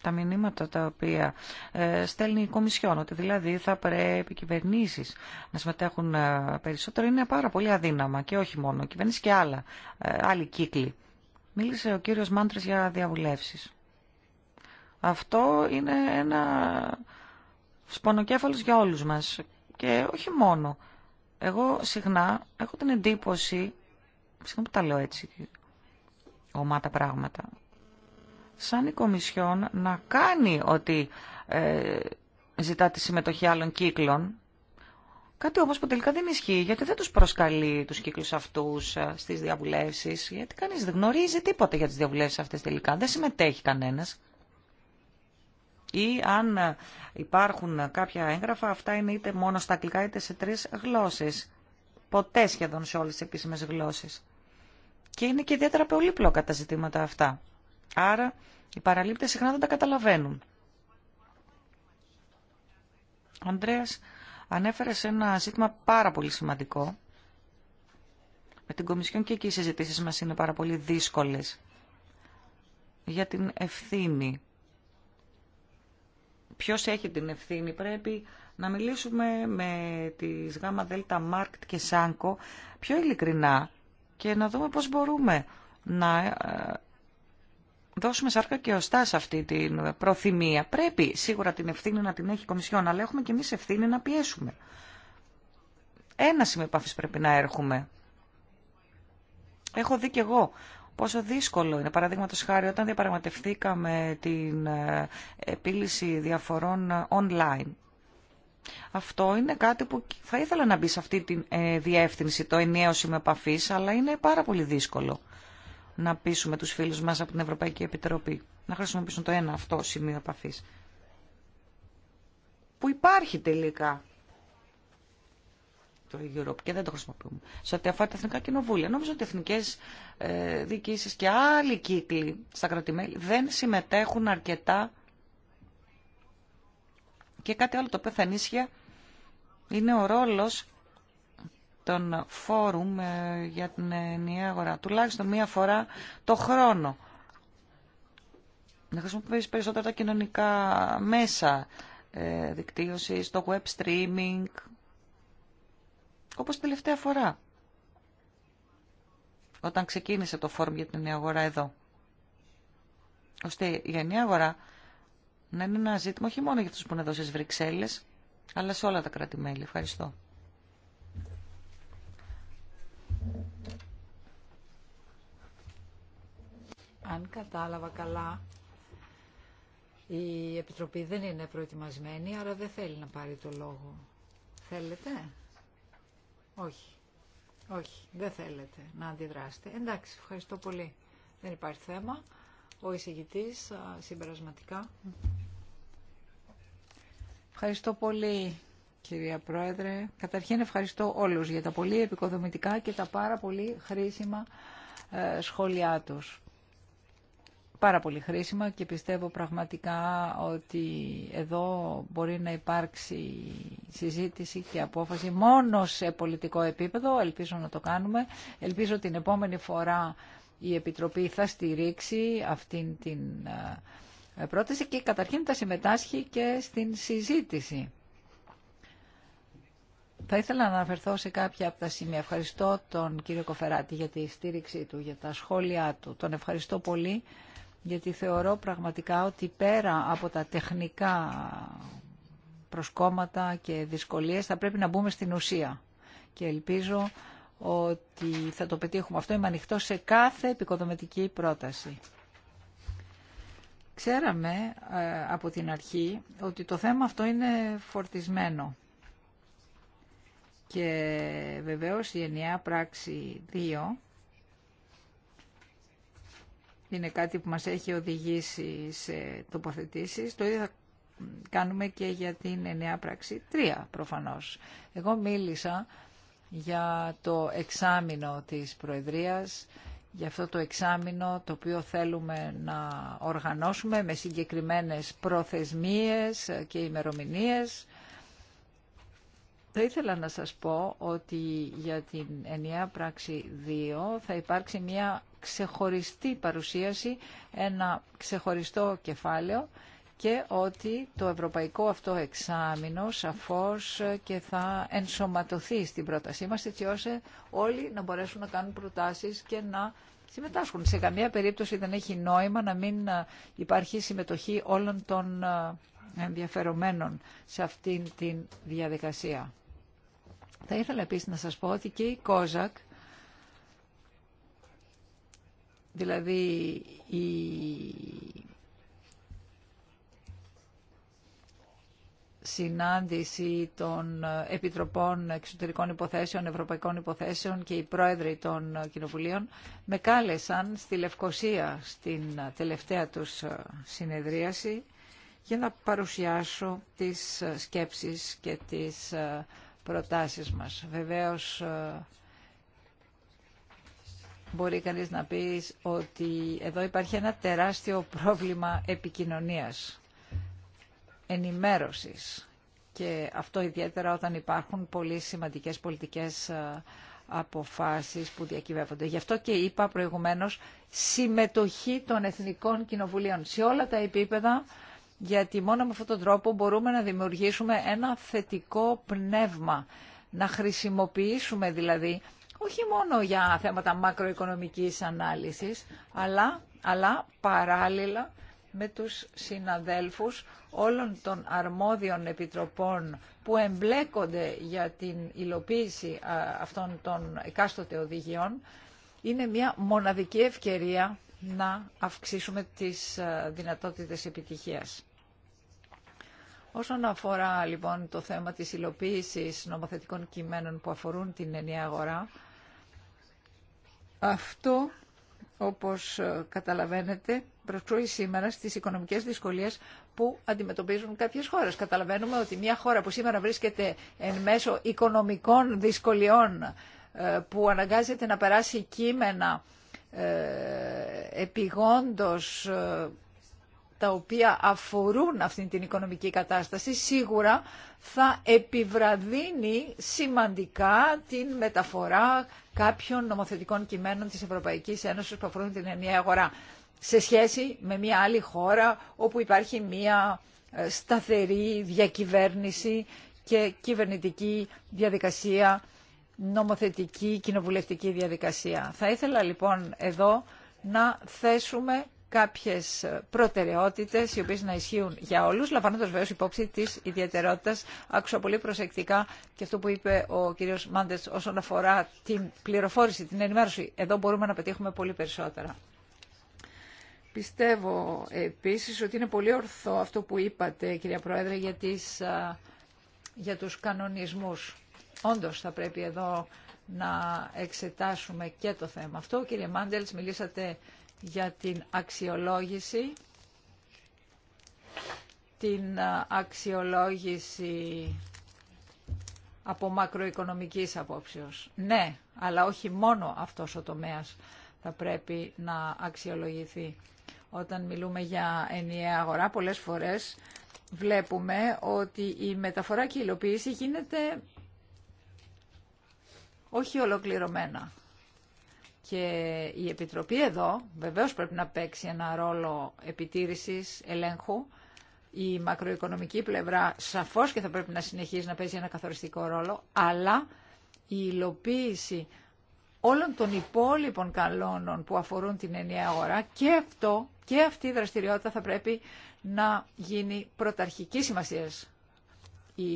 τα μηνύματα τα οποία ε, στέλνει η Κομισιόν, ότι δηλαδή θα πρέπει οι κυβερνήσεις να συμμετέχουν ε, περισσότερο, είναι πάρα πολύ αδύναμα και όχι μόνο κυβερνήσεις και άλλα, ε, άλλοι κύκλοι. Μίλησε ο κύριος Μάντρες για διαβουλεύσεις. Αυτό είναι ένα σπονοκέφαλος για όλους μας και όχι μόνο. Εγώ συχνά έχω την εντύπωση συγγνώμη που τα λέω έτσι, ομάτα πράγματα, σαν η Κομισιόν να κάνει ότι ε, ζητά τη συμμετοχή άλλων κύκλων, κάτι όμως που τελικά δεν ισχύει, γιατί δεν τους προσκαλεί τους κύκλους αυτούς ε, στις διαβουλεύσεις, γιατί κανείς δεν γνωρίζει τίποτα για τις διαβουλεύσεις αυτές τελικά, δεν συμμετέχει κανένας. Ή αν ε, υπάρχουν κάποια έγγραφα, αυτά είναι είτε μόνο στα αγγλικά είτε σε τρεις γλώσσες. Ποτέ σχεδόν σε όλες τις επίσημες γλώσσες και είναι και ιδιαίτερα πολύπλοκα τα ζητήματα αυτά. Άρα οι παραλήπτες συχνά δεν τα καταλαβαίνουν. Ο Ανδρέας ανέφερε σε ένα ζήτημα πάρα πολύ σημαντικό. Με την Κομισιόν και εκεί οι συζητήσεις μας είναι πάρα πολύ δύσκολες για την ευθύνη. Ποιος έχει την ευθύνη πρέπει να μιλήσουμε με τις ΓΔ Μάρκτ και ΣΑΝΚΟ πιο ειλικρινά και να δούμε πώς μπορούμε να ε, δώσουμε σάρκα και οστά σε αυτή την προθυμία. Πρέπει σίγουρα την ευθύνη να την έχει η Κομισιόν, αλλά έχουμε και εμείς ευθύνη να πιέσουμε. Ένα σημείο πρέπει να έρχουμε. Έχω δει κι εγώ πόσο δύσκολο είναι. Παραδείγματο χάρη, όταν διαπραγματευθήκαμε την ε, επίλυση διαφορών online, αυτό είναι κάτι που θα ήθελα να μπει σε αυτή τη ε, διεύθυνση, το ενιαίο σημείο επαφή, αλλά είναι πάρα πολύ δύσκολο να πείσουμε του φίλους μας από την Ευρωπαϊκή Επιτροπή να χρησιμοποιήσουν το ένα αυτό σημείο επαφή. Που υπάρχει τελικά το Europe και δεν το χρησιμοποιούμε. Σε ό,τι αφορά τα εθνικά κοινοβούλια. Νομίζω ότι οι εθνικέ ε, διοικήσει και άλλοι κύκλοι στα κρατημέλη δεν συμμετέχουν αρκετά και κάτι άλλο το οποίο θα ενίσχυε είναι ο ρόλος των φόρουμ ε, για την ενιαία αγορά. Τουλάχιστον μία φορά το χρόνο. Να χρησιμοποιήσει περισσότερα τα κοινωνικά μέσα ε, δικτύωσης, το web streaming, όπως τελευταία φορά όταν ξεκίνησε το φόρουμ για την ενιαία αγορά εδώ. Ώστε η ενιαία αγορά να είναι ένα ζήτημα όχι μόνο για αυτούς που είναι εδώ στις Βρυξέλλες, αλλά σε όλα τα κράτη-μέλη. Ευχαριστώ. Αν κατάλαβα καλά, η Επιτροπή δεν είναι προετοιμασμένη, άρα δεν θέλει να πάρει το λόγο. Θέλετε? Όχι. Όχι, δεν θέλετε να αντιδράσετε. Εντάξει, ευχαριστώ πολύ. Δεν υπάρχει θέμα. Ο εισηγητής συμπερασματικά. Ευχαριστώ πολύ κυρία Πρόεδρε. Καταρχήν ευχαριστώ όλους για τα πολύ επικοδομητικά και τα πάρα πολύ χρήσιμα ε, σχόλιά τους. Πάρα πολύ χρήσιμα και πιστεύω πραγματικά ότι εδώ μπορεί να υπάρξει συζήτηση και απόφαση μόνο σε πολιτικό επίπεδο. Ελπίζω να το κάνουμε. Ελπίζω την επόμενη φορά η Επιτροπή θα στηρίξει αυτήν την ε, πρόταση και καταρχήν θα συμμετάσχει και στην συζήτηση. Θα ήθελα να αναφερθώ σε κάποια από τα σημεία. Ευχαριστώ τον κύριο Κοφεράτη για τη στήριξή του, για τα σχόλιά του. Τον ευχαριστώ πολύ γιατί θεωρώ πραγματικά ότι πέρα από τα τεχνικά προσκόμματα και δυσκολίες θα πρέπει να μπούμε στην ουσία. Και ελπίζω ότι θα το πετύχουμε αυτό. Είμαι ανοιχτό σε κάθε επικοδομητική πρόταση. Ξέραμε ε, από την αρχή ότι το θέμα αυτό είναι φορτισμένο. Και βεβαίως η ενιαία πράξη 2 είναι κάτι που μας έχει οδηγήσει σε τοποθετήσεις. Το ίδιο θα κάνουμε και για την ενιαία πράξη 3 προφανώς. Εγώ μίλησα για το εξάμεινο της Προεδρίας, για αυτό το εξάμεινο το οποίο θέλουμε να οργανώσουμε με συγκεκριμένες προθεσμίες και ημερομηνίες. Θα ήθελα να σας πω ότι για την ενιαία πράξη 2 θα υπάρξει μια ξεχωριστή παρουσίαση, ένα ξεχωριστό κεφάλαιο και ότι το ευρωπαϊκό αυτό εξάμεινο σαφώς και θα ενσωματωθεί στην πρότασή μας έτσι ώστε όλοι να μπορέσουν να κάνουν προτάσεις και να συμμετάσχουν. Σε καμία περίπτωση δεν έχει νόημα να μην υπάρχει συμμετοχή όλων των ε, ενδιαφερομένων σε αυτήν την διαδικασία. Θα ήθελα επίσης να σας πω ότι και η ΚΟΖΑΚ, δηλαδή η συνάντηση των Επιτροπών Εξωτερικών Υποθέσεων, Ευρωπαϊκών Υποθέσεων και οι πρόεδροι των κοινοβουλίων με κάλεσαν στη Λευκοσία στην τελευταία τους συνεδρίαση για να παρουσιάσω τις σκέψεις και τις προτάσεις μας. Βεβαίως μπορεί κανείς να πει ότι εδώ υπάρχει ένα τεράστιο πρόβλημα επικοινωνίας ενημέρωσης και αυτό ιδιαίτερα όταν υπάρχουν πολύ σημαντικές πολιτικές ε, αποφάσεις που διακυβεύονται. Γι' αυτό και είπα προηγουμένως συμμετοχή των εθνικών κοινοβουλίων σε όλα τα επίπεδα γιατί μόνο με αυτόν τον τρόπο μπορούμε να δημιουργήσουμε ένα θετικό πνεύμα. Να χρησιμοποιήσουμε δηλαδή όχι μόνο για θέματα μακροοικονομικής ανάλυσης αλλά, αλλά παράλληλα με τους συναδέλφους όλων των αρμόδιων επιτροπών που εμπλέκονται για την υλοποίηση αυτών των εκάστοτε οδηγιών, είναι μια μοναδική ευκαιρία να αυξήσουμε τις δυνατότητες επιτυχίας. Όσον αφορά λοιπόν το θέμα της υλοποίησης νομοθετικών κειμένων που αφορούν την ενιαία αγορά, αυτό όπως ε, καταλαβαίνετε προσκρούει σήμερα στι οικονομικέ δυσκολίε που αντιμετωπίζουν κάποιε χώρε. Καταλαβαίνουμε ότι μια χώρα που σήμερα βρίσκεται εν μέσω οικονομικών δυσκολιών ε, που αναγκάζεται να περάσει κείμενα ε, επιγόντως ε, τα οποία αφορούν αυτή την οικονομική κατάσταση, σίγουρα θα επιβραδύνει σημαντικά την μεταφορά κάποιων νομοθετικών κειμένων της Ευρωπαϊκής Ένωσης που αφορούν την ενιαία αγορά σε σχέση με μια άλλη χώρα όπου υπάρχει μια ε, σταθερή διακυβέρνηση και κυβερνητική διαδικασία, νομοθετική, κοινοβουλευτική διαδικασία. Θα ήθελα λοιπόν εδώ να θέσουμε κάποιες ε, προτεραιότητες οι οποίες να ισχύουν για όλους, λαμβάνοντας βεβαίως υπόψη της ιδιαιτερότητας. Άκουσα πολύ προσεκτικά και αυτό που είπε ο κύριος Μάντες όσον αφορά την πληροφόρηση, την ενημέρωση. Εδώ μπορούμε να πετύχουμε πολύ περισσότερα. Πιστεύω επίσης ότι είναι πολύ ορθό αυτό που είπατε, κυρία Πρόεδρε, για, τις, για τους κανονισμούς. Όντως θα πρέπει εδώ να εξετάσουμε και το θέμα αυτό. Κύριε Μάντελς, μιλήσατε για την αξιολόγηση, την αξιολόγηση από μακροοικονομικής απόψεως. Ναι, αλλά όχι μόνο αυτός ο τομέας θα πρέπει να αξιολογηθεί. Όταν μιλούμε για ενιαία αγορά, πολλές φορές βλέπουμε ότι η μεταφορά και η υλοποίηση γίνεται όχι ολοκληρωμένα. Και η Επιτροπή εδώ βεβαίως πρέπει να παίξει ένα ρόλο επιτήρησης, ελέγχου. Η μακροοικονομική πλευρά σαφώς και θα πρέπει να συνεχίζει να παίζει ένα καθοριστικό ρόλο, αλλά η υλοποίηση όλων των υπόλοιπων καλώνων που αφορούν την ενιαία αγορά και αυτό και αυτή η δραστηριότητα θα πρέπει να γίνει πρωταρχική σημασία. Η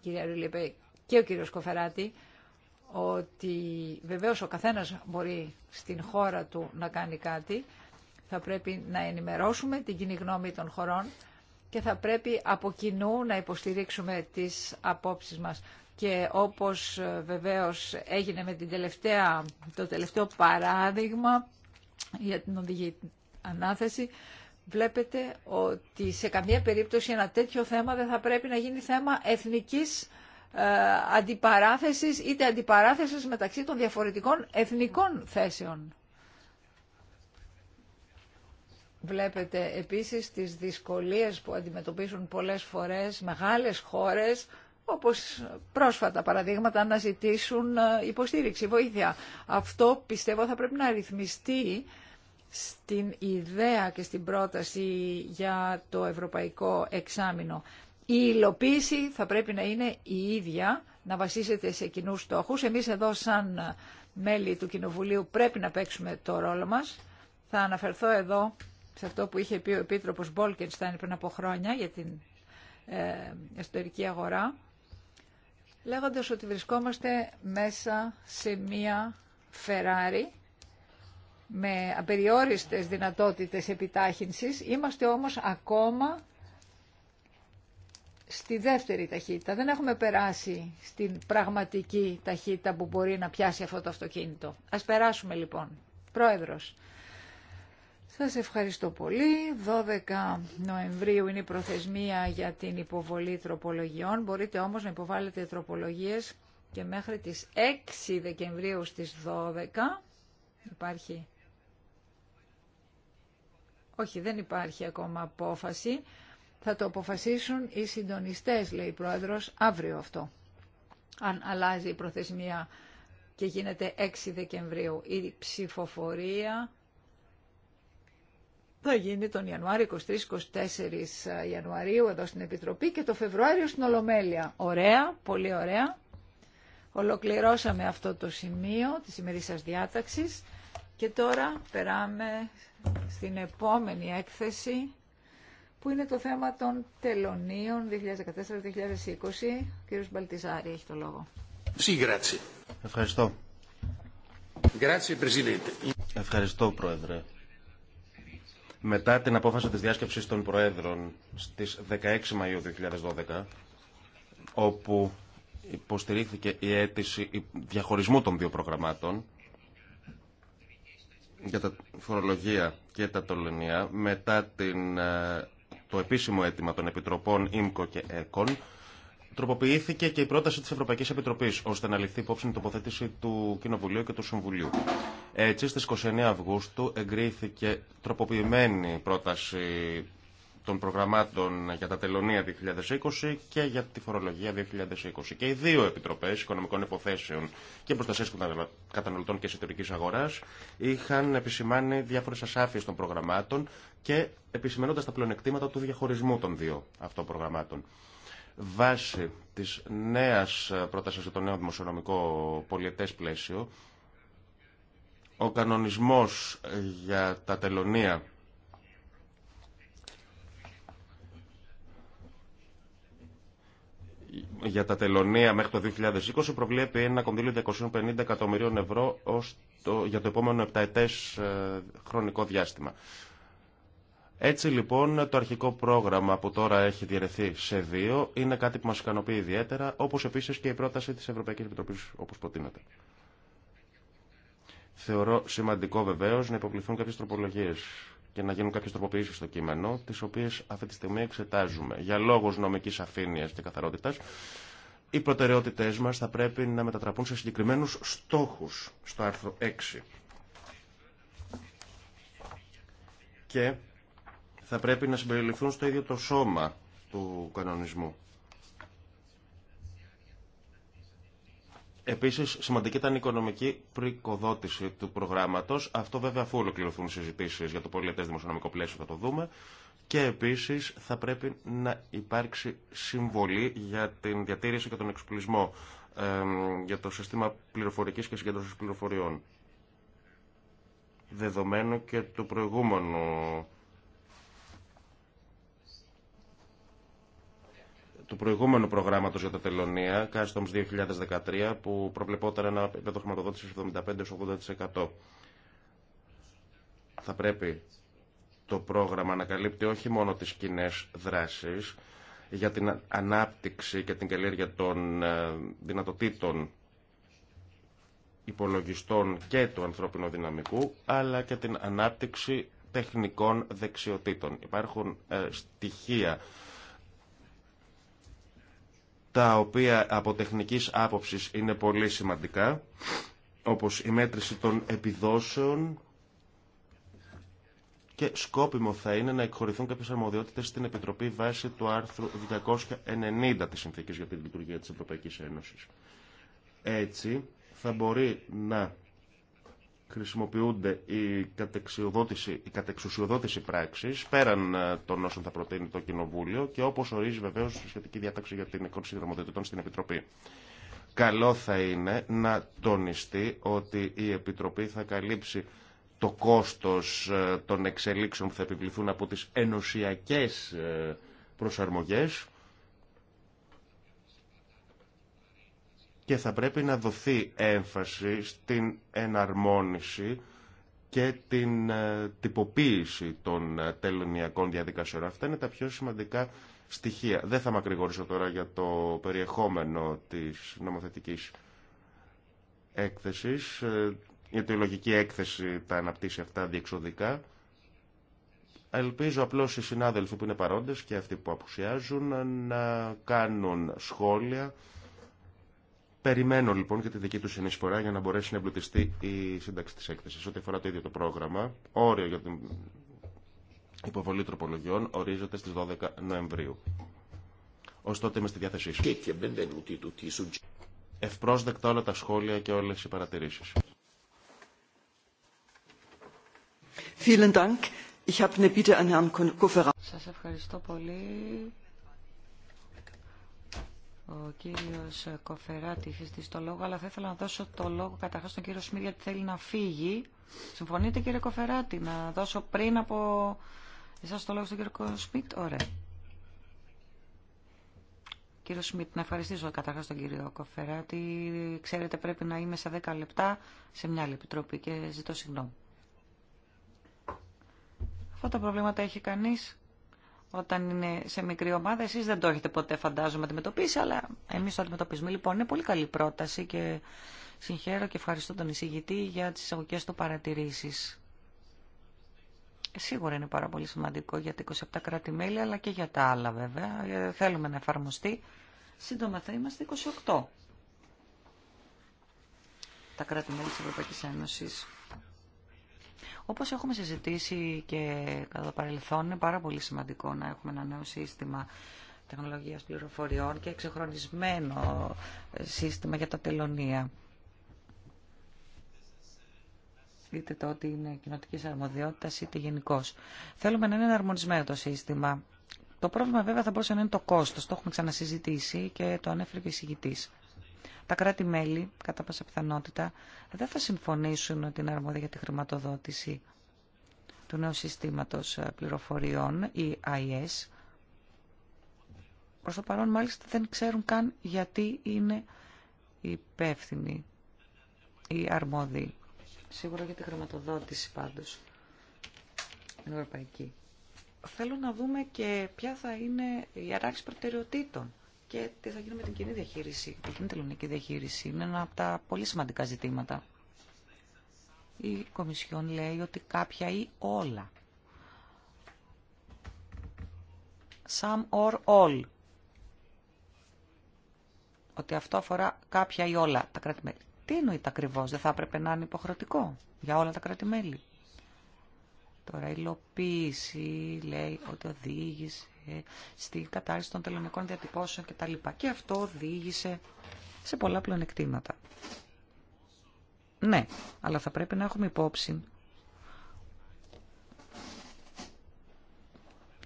κυρία Ρουλίπε και ο κύριος Κοφεράτη ότι βεβαίως ο καθένας μπορεί στην χώρα του να κάνει κάτι. Θα πρέπει να ενημερώσουμε την κοινή γνώμη των χωρών και θα πρέπει από κοινού να υποστηρίξουμε τις απόψεις μας. Και όπως ε, βεβαίως έγινε με την τελευταία, το τελευταίο παράδειγμα για την οδηγή ανάθεση, βλέπετε ότι σε καμία περίπτωση ένα τέτοιο θέμα δεν θα πρέπει να γίνει θέμα εθνικής ε, αντιπαράθεσης είτε αντιπαράθεσης μεταξύ των διαφορετικών εθνικών θέσεων. Βλέπετε επίσης τις δυσκολίες που αντιμετωπίζουν πολλές φορές μεγάλες χώρες όπως πρόσφατα παραδείγματα να ζητήσουν ε, υποστήριξη, βοήθεια. Αυτό πιστεύω θα πρέπει να ρυθμιστεί στην ιδέα και στην πρόταση για το ευρωπαϊκό εξάμεινο. Η υλοποίηση θα πρέπει να είναι η ίδια, να βασίζεται σε κοινού στόχους. Εμείς εδώ σαν μέλη του Κοινοβουλίου πρέπει να παίξουμε το ρόλο μας. Θα αναφερθώ εδώ σε αυτό που είχε πει ο Επίτροπος Μπόλκενστάιν πριν από χρόνια για την ε, εσωτερική αγορά λέγοντας ότι βρισκόμαστε μέσα σε μία Φεράρι με απεριόριστες δυνατότητες επιτάχυνσης. Είμαστε όμως ακόμα στη δεύτερη ταχύτητα. Δεν έχουμε περάσει στην πραγματική ταχύτητα που μπορεί να πιάσει αυτό το αυτοκίνητο. Ας περάσουμε λοιπόν. Πρόεδρος, σας ευχαριστώ πολύ. 12 Νοεμβρίου είναι η προθεσμία για την υποβολή τροπολογιών. Μπορείτε όμως να υποβάλλετε τροπολογίες και μέχρι τις 6 Δεκεμβρίου στις 12 υπάρχει... Όχι, δεν υπάρχει ακόμα απόφαση. Θα το αποφασίσουν οι συντονιστές, λέει η Πρόεδρος, αύριο αυτό. Αν αλλάζει η προθεσμία και γίνεται 6 Δεκεμβρίου η ψηφοφορία θα γίνει τον Ιανουάριο 23-24 ε, Ιανουαρίου εδώ στην Επιτροπή και το Φεβρουάριο στην Ολομέλεια. Ωραία, πολύ ωραία. Ολοκληρώσαμε αυτό το σημείο της ημερής σας διάταξης και τώρα περάμε στην επόμενη έκθεση που είναι το θέμα των τελωνίων 2014-2020. Ο κύριος Μπαλτιζάρη έχει το λόγο. Ευχαριστώ. Ευχαριστώ, Πρόεδρε μετά την απόφαση της διάσκεψης των Προέδρων στις 16 Μαΐου 2012, όπου υποστηρίχθηκε η αίτηση διαχωρισμού των δύο προγραμμάτων για τα φορολογία και τα τολενία, μετά την, ε, το επίσημο αίτημα των Επιτροπών ΙΜΚΟ και ΕΚΟΝ τροποποιήθηκε και η πρόταση τη Ευρωπαϊκή Επιτροπή ώστε να ληφθεί υπόψη η τοποθέτηση του Κοινοβουλίου και του Συμβουλίου. Έτσι, στι 29 Αυγούστου εγκρίθηκε τροποποιημένη πρόταση των προγραμμάτων για τα τελωνία 2020 και για τη φορολογία 2020. Και οι δύο επιτροπέ οικονομικών υποθέσεων και προστασία καταναλωτών και εσωτερική αγορά είχαν επισημάνει διάφορε ασάφειε των προγραμμάτων και επισημένοντα τα πλεονεκτήματα του διαχωρισμού των δύο αυτών προγραμμάτων. Βάσει της νέας πρότασης για το νέο δημοσιονομικό πολιετές πλαίσιο, ο κανονισμός για τα τελωνία για τα τελωνία μέχρι το 2020 προβλέπει ένα κονδύλιο 250 εκατομμυρίων ευρώ ως το, για το επόμενο επταετές ε, χρονικό διάστημα. Έτσι λοιπόν το αρχικό πρόγραμμα που τώρα έχει διαιρεθεί σε δύο είναι κάτι που μας ικανοποιεί ιδιαίτερα, όπως επίσης και η πρόταση της Ευρωπαϊκής Επιτροπής όπως προτείνεται. Θεωρώ σημαντικό βεβαίω να υποβληθούν κάποιε τροπολογίε και να γίνουν κάποιε τροποποιήσει στο κείμενο, τι οποίε αυτή τη στιγμή εξετάζουμε. Για λόγου νομική αφήνεια και καθαρότητα, οι προτεραιότητέ μα θα πρέπει να μετατραπούν σε συγκεκριμένου στόχου στο άρθρο 6. Και θα πρέπει να συμπεριληφθούν στο ίδιο το σώμα του κανονισμού. Επίσης, σημαντική ήταν η οικονομική προοικοδότηση του προγράμματος. Αυτό βέβαια αφού ολοκληρωθούν συζητήσεις για το πολιτές δημοσιονομικό πλαίσιο θα το δούμε. Και επίσης θα πρέπει να υπάρξει συμβολή για την διατήρηση και τον εξοπλισμό για το σύστημα πληροφορικής και συγκέντρωσης πληροφοριών. Δεδομένου και του προηγούμενου του προηγούμενου προγράμματος για τα τελωνία, Customs 2013, που προβλεπόταν ένα επίπεδο χρηματοδότησης 75-80%. Θα πρέπει το πρόγραμμα να καλύπτει όχι μόνο τις κοινέ δράσεις για την ανάπτυξη και την καλλιέργεια των ε, δυνατοτήτων υπολογιστών και του ανθρώπινου δυναμικού, αλλά και την ανάπτυξη τεχνικών δεξιοτήτων. Υπάρχουν ε, στοιχεία τα οποία από τεχνικής άποψης είναι πολύ σημαντικά, όπως η μέτρηση των επιδόσεων και σκόπιμο θα είναι να εκχωρηθούν κάποιες αρμοδιότητες στην Επιτροπή βάσει του άρθρου 290 της Συνθήκης για την Λειτουργία της Ευρωπαϊκής Ένωσης. Έτσι θα μπορεί να χρησιμοποιούνται η, κατεξουσιοδότηση, η κατεξουσιοδότηση πράξης πέραν ε, των όσων θα προτείνει το Κοινοβούλιο και όπως ορίζει βεβαίως η σχετική διάταξη για την εικόνα δρομοδιοτητών στην Επιτροπή. Καλό θα είναι να τονιστεί ότι η Επιτροπή θα καλύψει το κόστος ε, των εξελίξεων που θα επιβληθούν από τις ενωσιακές ε, προσαρμογές και θα πρέπει να δοθεί έμφαση στην εναρμόνιση και την ε, τυποποίηση των ε, τελωνιακών διαδικασιών. Αυτά είναι τα πιο σημαντικά στοιχεία. Δεν θα μακρηγορήσω τώρα για το περιεχόμενο της νομοθετικής έκθεσης. Ε, η λογική έκθεση τα αναπτύσσει αυτά διεξοδικά. Ελπίζω απλώς οι συνάδελφοι που είναι παρόντες και αυτοί που απουσιάζουν να κάνουν σχόλια Περιμένω λοιπόν και τη δική του συνεισφορά για να μπορέσει να εμπλουτιστεί η σύνταξη τη έκθεση. Ό,τι αφορά το ίδιο το πρόγραμμα, όριο για την υποβολή τροπολογιών ορίζεται στι 12 Νοεμβρίου. Ω τότε είμαι στη διάθεσή σα. Ευπρόσδεκτα όλα τα σχόλια και όλε οι παρατηρήσει. Σα ευχαριστώ πολύ. Ο κύριος Κοφεράτη είχε στήσει το λόγο, αλλά θα ήθελα να δώσω το λόγο καταρχάς στον κύριο Σμιτ γιατί θέλει να φύγει. Συμφωνείτε κύριε Κοφεράτη να δώσω πριν από εσάς το λόγο στον κύριο Σμιτ. Ωραία. Κύριο Σμιτ, να ευχαριστήσω καταρχά τον κύριο Κοφεράτη. Ξέρετε, πρέπει να είμαι σε 10 λεπτά σε μια άλλη επιτροπή και ζητώ συγγνώμη. Αυτά τα προβλήματα έχει κανείς όταν είναι σε μικρή ομάδα. Εσείς δεν το έχετε ποτέ φαντάζομαι αντιμετωπίσει, αλλά εμείς το αντιμετωπίζουμε. Λοιπόν, είναι πολύ καλή πρόταση και συγχαίρω και ευχαριστώ τον εισηγητή για τις εισαγωγικέ του παρατηρήσεις. Σίγουρα είναι πάρα πολύ σημαντικό για τα 27 κράτη-μέλη, αλλά και για τα άλλα βέβαια. Ε, θέλουμε να εφαρμοστεί. Σύντομα θα είμαστε 28. Τα κράτη-μέλη της Ευρωπαϊκής Ένωσης. Όπως έχουμε συζητήσει και κατά το παρελθόν, είναι πάρα πολύ σημαντικό να έχουμε ένα νέο σύστημα τεχνολογίας πληροφοριών και εξεχρονισμένο ε, σύστημα για τα τελωνία. Είτε το ότι είναι κοινοτική αρμοδιότητα είτε γενικώ. Θέλουμε να είναι αρμονισμένο το σύστημα. Το πρόβλημα βέβαια θα μπορούσε να είναι το κόστο. Το έχουμε ξανασυζητήσει και το ανέφερε και η τα κράτη-μέλη, κατά πάσα πιθανότητα, δεν θα συμφωνήσουν ότι είναι αρμόδια για τη χρηματοδότηση του νέου συστήματος ε, πληροφοριών, η IS. Προς το παρόν, μάλιστα, δεν ξέρουν καν γιατί είναι υπεύθυνοι ή αρμόδιοι. Σίγουρα για τη χρηματοδότηση, πάντως, ευρωπαϊκή. Θέλω να δούμε και ποια θα είναι η αράξη προτεραιοτήτων και τι θα γίνει με την κοινή διαχείριση, Η κοινή τελωνική διαχείριση. Είναι ένα από τα πολύ σημαντικά ζητήματα. Η Κομισιόν λέει ότι κάποια ή όλα. Some or all. Ότι αυτό αφορά κάποια ή όλα τα κράτη-μέλη. Τι εννοείται ακριβώ, δεν θα έπρεπε να είναι υποχρεωτικό για όλα τα κρατη Τώρα η υλοποίηση λέει ότι οδήγησε στη κατάρριση των τελωνικών διατυπώσεων κτλ. Και αυτό οδήγησε σε πολλά πλεονεκτήματα. Ναι, αλλά θα πρέπει να έχουμε υπόψη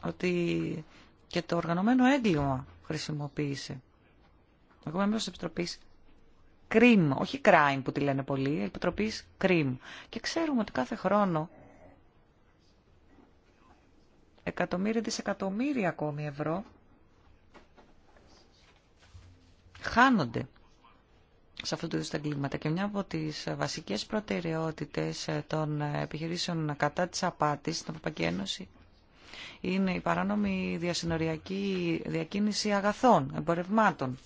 ότι και το οργανωμένο έγκλημα χρησιμοποίησε. Εγώ είμαι μέρος της Επιτροπής Κρίμ, όχι crime που τη λένε πολλοί, Επιτροπής Κρίμ. Και ξέρουμε ότι κάθε χρόνο εκατομμύρια δισεκατομμύρια ακόμη ευρώ χάνονται σε αυτό το είδου τα εγκλήματα. Και μια από τις βασικές προτεραιότητες ε, των ε, επιχειρήσεων κατά της απάτης στην Ευρωπαϊκή Ένωση είναι η παράνομη διασυνοριακή διακίνηση αγαθών, εμπορευμάτων.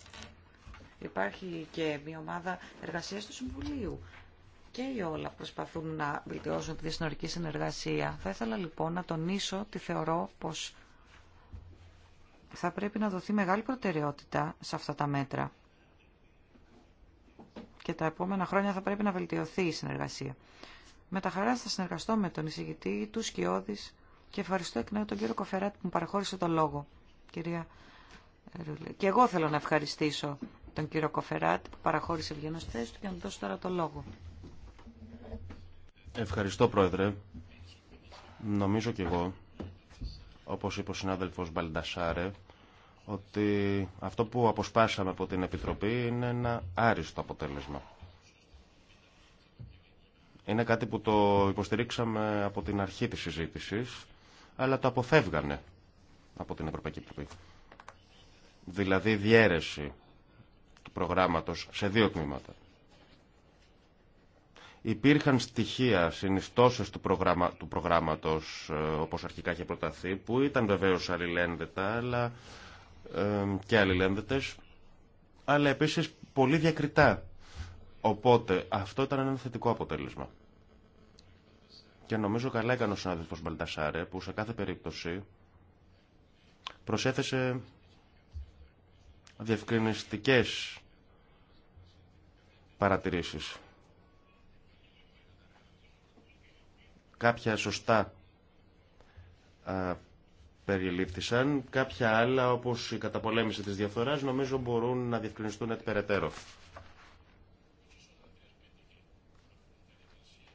Υπάρχει και μια ομάδα εργασίας του Συμβουλίου και οι όλα προσπαθούν να βελτιώσουν τη διασυνορική συνεργασία. Θα ήθελα λοιπόν να τονίσω ότι θεωρώ πως θα πρέπει να δοθεί μεγάλη προτεραιότητα σε αυτά τα μέτρα. Και τα επόμενα χρόνια θα πρέπει να βελτιωθεί η συνεργασία. Με τα χαρά θα συνεργαστώ με τον εισηγητή, του Σκιώδης και ευχαριστώ εκ νέου τον κύριο Κοφεράτη που μου παραχώρησε τον λόγο. Κυρία Και εγώ θέλω να ευχαριστήσω τον κύριο Κοφεράτη που παραχώρησε ευγενώς θέση του και να δώσω τώρα το λόγο. Ευχαριστώ, Πρόεδρε. Νομίζω κι εγώ, όπως είπε ο συνάδελφος Μπαλντασάρε, ότι αυτό που αποσπάσαμε από την Επιτροπή είναι ένα άριστο αποτέλεσμα. Είναι κάτι που το υποστηρίξαμε από την αρχή της συζήτησης, αλλά το αποφεύγανε από την Ευρωπαϊκή Επιτροπή. Δηλαδή διέρεση του προγράμματος σε δύο τμήματα υπήρχαν στοιχεία, συνιστώσεις του, προγράμμα, του προγράμματος, ε, όπως αρχικά είχε προταθεί, που ήταν βεβαίως αλληλένδετα αλλά, και αλληλένδετες, αλλά επίσης πολύ διακριτά. Οπότε αυτό ήταν ένα θετικό αποτέλεσμα. Και νομίζω καλά έκανε ο συνάδελφος Μπαλτασάρε που σε κάθε περίπτωση προσέθεσε διευκρινιστικές παρατηρήσεις Κάποια σωστά περιλήφθησαν, κάποια άλλα όπως η καταπολέμηση της διαφθοράς νομίζω μπορούν να διευκρινιστούν έτσι περαιτέρω.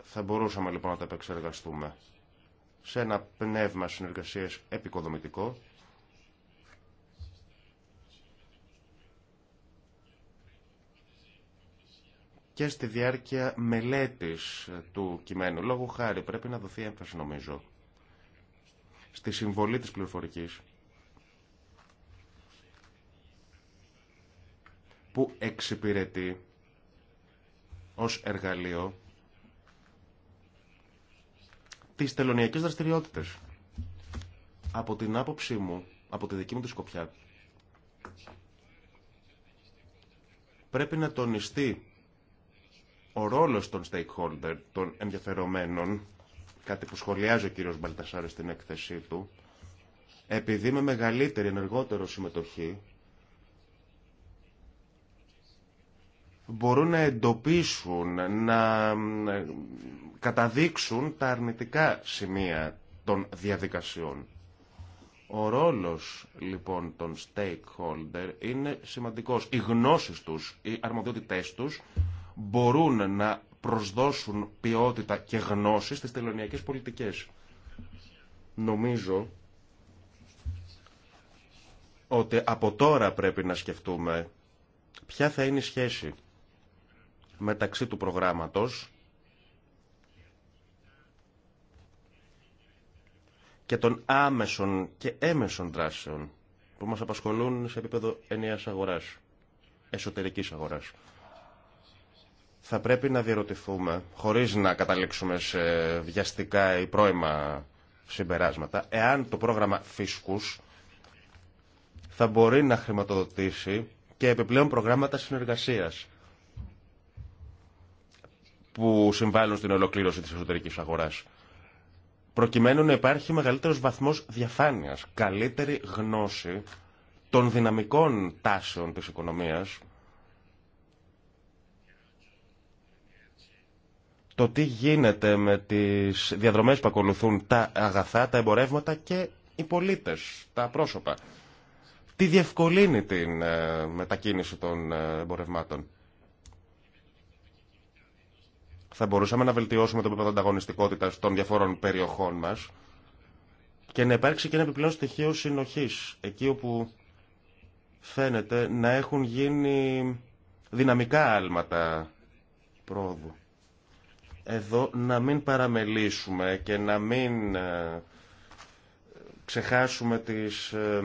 Θα μπορούσαμε λοιπόν να τα επεξεργαστούμε σε ένα πνεύμα συνεργασίας επικοδομητικό και στη διάρκεια μελέτης του κειμένου. Λόγω χάρη πρέπει να δοθεί έμφαση νομίζω στη συμβολή της πληροφορικής που εξυπηρετεί ως εργαλείο τις τελωνιακές δραστηριότητες. Από την άποψή μου, από τη δική μου τη σκοπιά, πρέπει να τονιστεί ο ρόλος των stakeholder, των ενδιαφερομένων, κάτι που σχολιάζει ο κύριος Μπαλτασάρη στην έκθεσή του, επειδή με μεγαλύτερη, ενεργότερο συμμετοχή, μπορούν να εντοπίσουν, να ε, καταδείξουν τα αρνητικά σημεία των διαδικασιών. Ο ρόλος λοιπόν των stakeholder είναι σημαντικός. Οι γνώσεις τους, οι αρμοδιότητές τους μπορούν να προσδώσουν ποιότητα και γνώση στις τελωνιακές πολιτικές. Νομίζω ότι από τώρα πρέπει να σκεφτούμε ποια θα είναι η σχέση μεταξύ του προγράμματος και των άμεσων και έμεσων δράσεων που μας απασχολούν σε επίπεδο ενιαίας αγοράς, εσωτερικής αγοράς θα πρέπει να διαρωτηθούμε, χωρίς να καταλήξουμε σε βιαστικά ή πρώιμα συμπεράσματα, εάν το πρόγραμμα φίσκους θα μπορεί να χρηματοδοτήσει και επιπλέον προγράμματα συνεργασίας που συμβάλλουν στην ολοκλήρωση της εσωτερικής αγοράς. Προκειμένου να υπάρχει μεγαλύτερος βαθμός διαφάνειας, καλύτερη γνώση των δυναμικών τάσεων της οικονομίας το τι γίνεται με τις διαδρομές που ακολουθούν τα αγαθά, τα εμπορεύματα και οι πολίτες, τα πρόσωπα. Τι διευκολύνει την ε, μετακίνηση των ε, εμπορευμάτων. Θα μπορούσαμε να βελτιώσουμε το επίπεδο ανταγωνιστικότητα των διαφόρων περιοχών μας και να υπάρξει και ένα επιπλέον στοιχείο συνοχής, εκεί όπου φαίνεται να έχουν γίνει δυναμικά άλματα πρόοδου εδώ να μην παραμελήσουμε και να μην ε, ξεχάσουμε τις ε,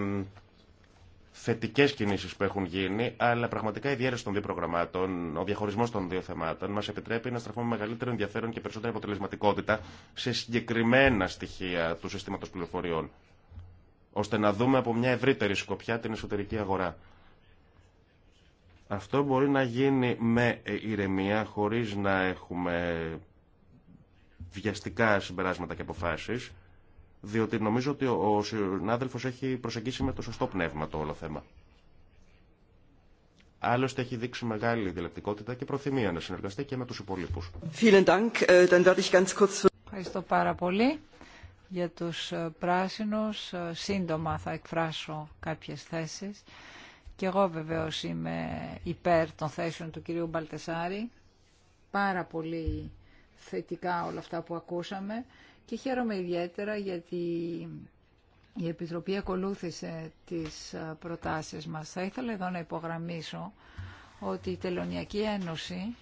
θετικέ κινήσεις που έχουν γίνει, αλλά πραγματικά η διαίρεση των δύο προγραμμάτων, ο διαχωρισμό των δύο θεμάτων, μας επιτρέπει να στραφούμε μεγαλύτερο ενδιαφέρον και περισσότερη αποτελεσματικότητα σε συγκεκριμένα στοιχεία του συστήματος πληροφοριών, ώστε να δούμε από μια ευρύτερη σκοπιά την εσωτερική αγορά. Αυτό μπορεί να γίνει με ε, ηρεμία, χωρίς να έχουμε βιαστικά συμπεράσματα και αποφάσεις, διότι νομίζω ότι ο συνάδελφο έχει προσεγγίσει με το σωστό πνεύμα το όλο θέμα. Άλλωστε έχει δείξει μεγάλη διαλεκτικότητα και προθυμία να συνεργαστεί και με τους υπόλοιπους. Äh, Ευχαριστώ πάρα πολύ. Για του ε, πράσινου. Ε, σύντομα θα εκφράσω κάποιες θέσεις. Και εγώ βεβαίω είμαι υπέρ των θέσεων του κυρίου Μπαλτεσάρη. Πάρα πολύ θετικά όλα αυτά που ακούσαμε και χαίρομαι ιδιαίτερα γιατί η Επιτροπή ακολούθησε τις ε, προτάσεις μας. Θα ήθελα εδώ να υπογραμμίσω ότι η Τελωνιακή Ένωση,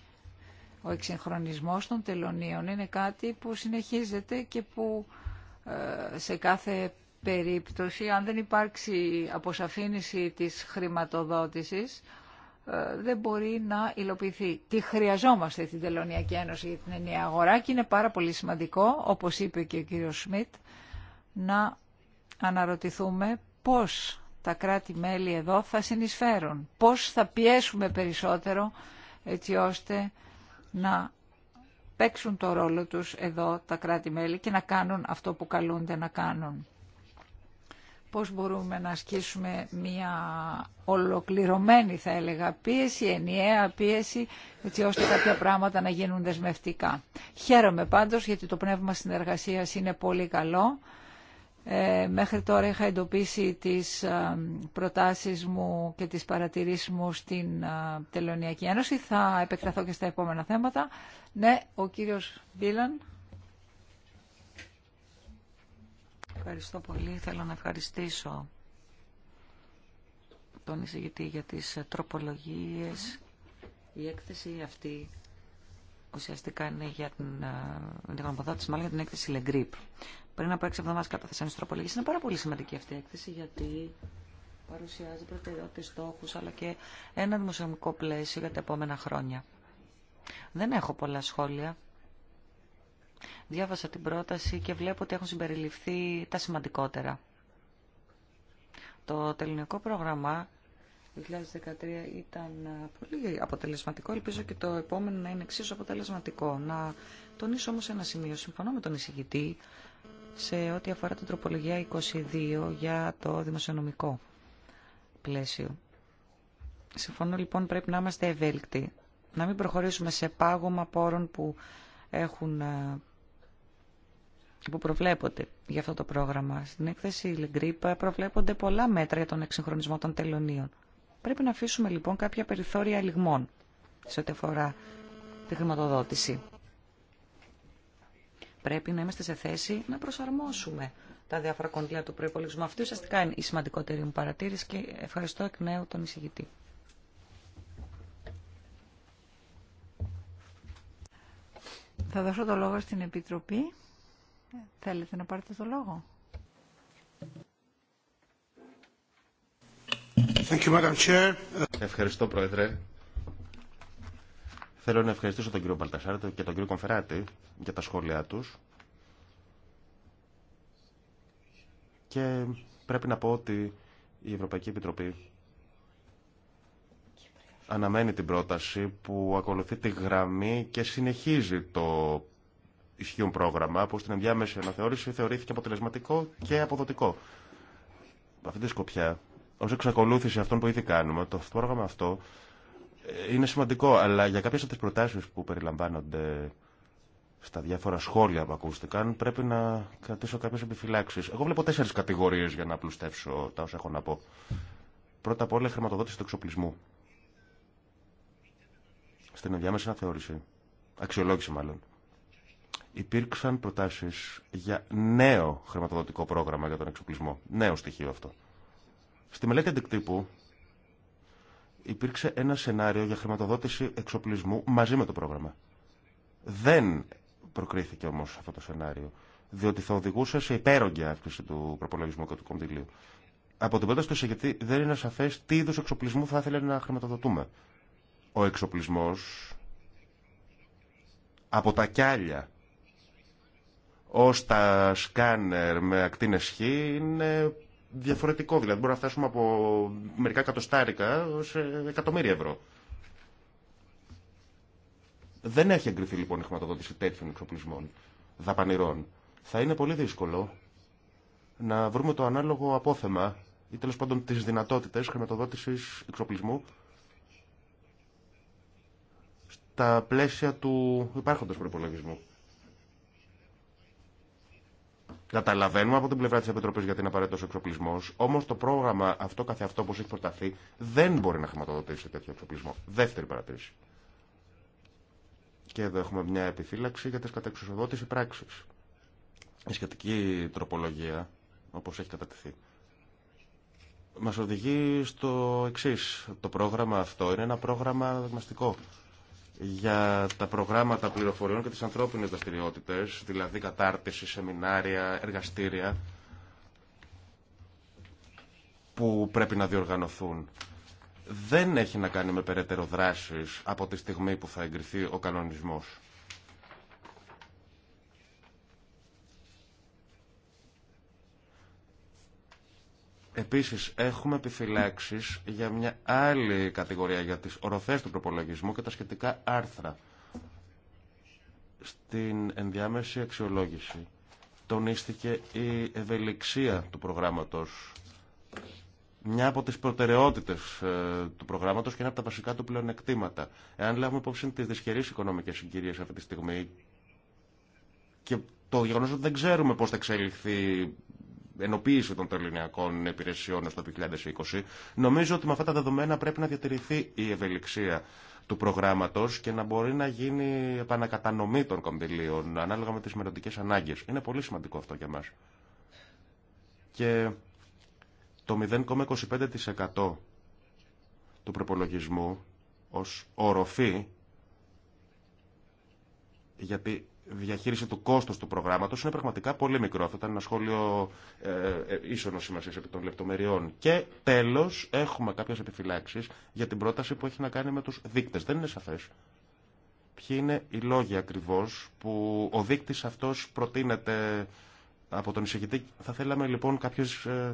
ο εξυγχρονισμός των τελωνίων είναι κάτι που συνεχίζεται και που ε, σε κάθε περίπτωση, αν δεν υπάρξει αποσαφήνιση της χρηματοδότησης, ε, δεν μπορεί να υλοποιηθεί. Τι χρειαζόμαστε την Τελωνιακή Ένωση για την ενιαία αγορά και είναι πάρα πολύ σημαντικό, όπως είπε και ο κύριος Σμιτ, να αναρωτηθούμε πώς τα κράτη-μέλη εδώ θα συνεισφέρουν, πώς θα πιέσουμε περισσότερο έτσι ώστε να παίξουν το ρόλο τους εδώ τα κράτη-μέλη και να κάνουν αυτό που καλούνται να κάνουν πώς μπορούμε να ασκήσουμε μια ολοκληρωμένη θα έλεγα πίεση, ενιαία πίεση, έτσι ώστε κάποια πράγματα να γίνουν δεσμευτικά. Χαίρομαι πάντως γιατί το πνεύμα συνεργασίας είναι πολύ καλό. Ε, μέχρι τώρα είχα εντοπίσει τις ε, προτάσεις μου και τις παρατηρήσεις μου στην ε, Τελωνιακή Ένωση. Θα επεκταθώ και στα επόμενα θέματα. Ναι, ο κύριος Μπίλαν. Ευχαριστώ πολύ. Θέλω να ευχαριστήσω τον εισηγητή για τις τροπολογίες. Η έκθεση αυτή ουσιαστικά είναι για την, ε, την γνωμοδότηση, μάλλον για την έκθεση Λεγκρίπ. Πριν από έξι εβδομάδε καταθέσαν τι τροπολογίες. Είναι πάρα πολύ σημαντική αυτή η έκθεση γιατί παρουσιάζει προτεραιότητε, στόχου αλλά και ένα δημοσιομικό πλαίσιο για τα επόμενα χρόνια. Δεν έχω πολλά σχόλια. Διάβασα την πρόταση και βλέπω ότι έχουν συμπεριληφθεί τα σημαντικότερα. Το τελεινικό πρόγραμμα 2013 ήταν πολύ αποτελεσματικό. Ελπίζω και το επόμενο να είναι εξίσου αποτελεσματικό. Να τονίσω όμως ένα σημείο. Συμφωνώ με τον εισηγητή σε ό,τι αφορά την τροπολογία 22 για το δημοσιονομικό πλαίσιο. Συμφωνώ λοιπόν πρέπει να είμαστε ευέλικτοι. Να μην προχωρήσουμε σε πάγωμα πόρων που έχουν ε, που προβλέπονται για αυτό το πρόγραμμα. Στην έκθεση Λεγκρίπ προβλέπονται πολλά μέτρα για τον εξυγχρονισμό των τελωνίων. Πρέπει να αφήσουμε λοιπόν κάποια περιθώρια λιγμών σε ό,τι αφορά τη χρηματοδότηση. Πρέπει να είμαστε σε θέση να προσαρμόσουμε τα διάφορα κονδύλια του προπολογισμού. Αυτή ουσιαστικά είναι η σημαντικότερη μου παρατήρηση και ευχαριστώ εκ νέου τον εισηγητή. Θα δώσω το λόγο στην Επιτροπή. Θέλετε να πάρετε το λόγο. Thank you, Madam Chair. Ευχαριστώ, Πρόεδρε. Θέλω να ευχαριστήσω τον κύριο Μπαλτασάρτο και τον κύριο Κομφεράτη για τα σχόλιά τους. Και πρέπει να πω ότι η Ευρωπαϊκή Επιτροπή αναμένει την πρόταση που ακολουθεί τη γραμμή και συνεχίζει το ισχύουν πρόγραμμα που στην ενδιάμεση αναθεώρηση θεωρήθηκε αποτελεσματικό και αποδοτικό. αυτή τη σκοπιά, ω εξακολούθηση αυτών που ήδη κάνουμε, το πρόγραμμα αυτό ε, είναι σημαντικό, αλλά για κάποιε από τι προτάσει που περιλαμβάνονται στα διάφορα σχόλια που ακούστηκαν, πρέπει να κρατήσω κάποιε επιφυλάξει. Εγώ βλέπω τέσσερι κατηγορίε για να απλουστεύσω τα όσα έχω να πω. Πρώτα απ' όλα, η χρηματοδότηση του εξοπλισμού. Στην ενδιάμεση αναθεώρηση. Αξιολόγηση, μάλλον υπήρξαν προτάσεις για νέο χρηματοδοτικό πρόγραμμα για τον εξοπλισμό. Νέο στοιχείο αυτό. Στη μελέτη αντικτύπου υπήρξε ένα σενάριο για χρηματοδότηση εξοπλισμού μαζί με το πρόγραμμα. Δεν προκρίθηκε όμως αυτό το σενάριο, διότι θα οδηγούσε σε υπέρογγια αύξηση του προπολογισμού και του κονδυλίου. Από την πρόταση του γιατί δεν είναι σαφέ τι είδου εξοπλισμού θα ήθελε να χρηματοδοτούμε. Ο εξοπλισμό από τα κιάλια Ω τα σκάνερ με ακτίνε χ είναι διαφορετικό. Δηλαδή μπορούμε να φτάσουμε από μερικά κατοστάρικα σε εκατομμύρια ευρώ. Δεν έχει εγκριθεί λοιπόν η χρηματοδότηση τέτοιων εξοπλισμών δαπανηρών. Θα είναι πολύ δύσκολο να βρούμε το ανάλογο απόθεμα ή τέλο πάντων τι δυνατότητε χρηματοδότηση εξοπλισμού στα πλαίσια του υπάρχοντος προπολογισμού. Καταλαβαίνουμε από την πλευρά τη Επιτροπή γιατί είναι απαραίτητο εξοπλισμό, όμω το πρόγραμμα αυτό καθεαυτό όπω έχει προταθεί δεν μπορεί να χρηματοδοτήσει τέτοιο εξοπλισμό. Δεύτερη παρατήρηση. Και εδώ έχουμε μια επιφύλαξη για τι κατεξοδότηση πράξη. Η σχετική τροπολογία, όπω έχει κατατεθεί, μα οδηγεί στο εξή. Το πρόγραμμα αυτό είναι ένα πρόγραμμα δοκιμαστικό για τα προγράμματα πληροφοριών και τις ανθρώπινες δραστηριότητες, δηλαδή κατάρτιση, σεμινάρια, εργαστήρια, που πρέπει να διοργανωθούν δεν έχει να κάνει με περαιτέρω δράσεις από τη στιγμή που θα εγκριθεί ο κανονισμός. Επίσης έχουμε επιφυλάξεις για μια άλλη κατηγορία για τις οροφές του προπολογισμού και τα σχετικά άρθρα στην ενδιάμεση αξιολόγηση. Τονίστηκε η ευελιξία του προγράμματος, μια από τις προτεραιότητες ε, του προγράμματος και ένα από τα βασικά του πλεονεκτήματα. Εάν λάβουμε υπόψη τις δυσχερείς οικονομικές συγκυρίες αυτή τη στιγμή και το γεγονός ότι δεν ξέρουμε πώς θα εξελιχθεί ενοποίηση των τελωνιακών υπηρεσιών στο 2020, νομίζω ότι με αυτά τα δεδομένα πρέπει να διατηρηθεί η ευελιξία του προγράμματος και να μπορεί να γίνει επανακατανομή των κονδυλίων ανάλογα με τις μεροντικές ανάγκες. Είναι πολύ σημαντικό αυτό για μας. Και το 0,25% του προπολογισμού ως οροφή γιατί διαχείριση του κόστου του προγράμματο είναι πραγματικά πολύ μικρό. Αυτό ήταν ένα σχόλιο ε, ε ίσονο σημασία επί των λεπτομεριών. Και τέλο, έχουμε κάποιε επιφυλάξει για την πρόταση που έχει να κάνει με του δείκτε. Δεν είναι σαφέ ποιοι είναι οι λόγοι ακριβώ που ο δείκτη αυτό προτείνεται από τον εισηγητή. Θα θέλαμε λοιπόν κάποιε ε,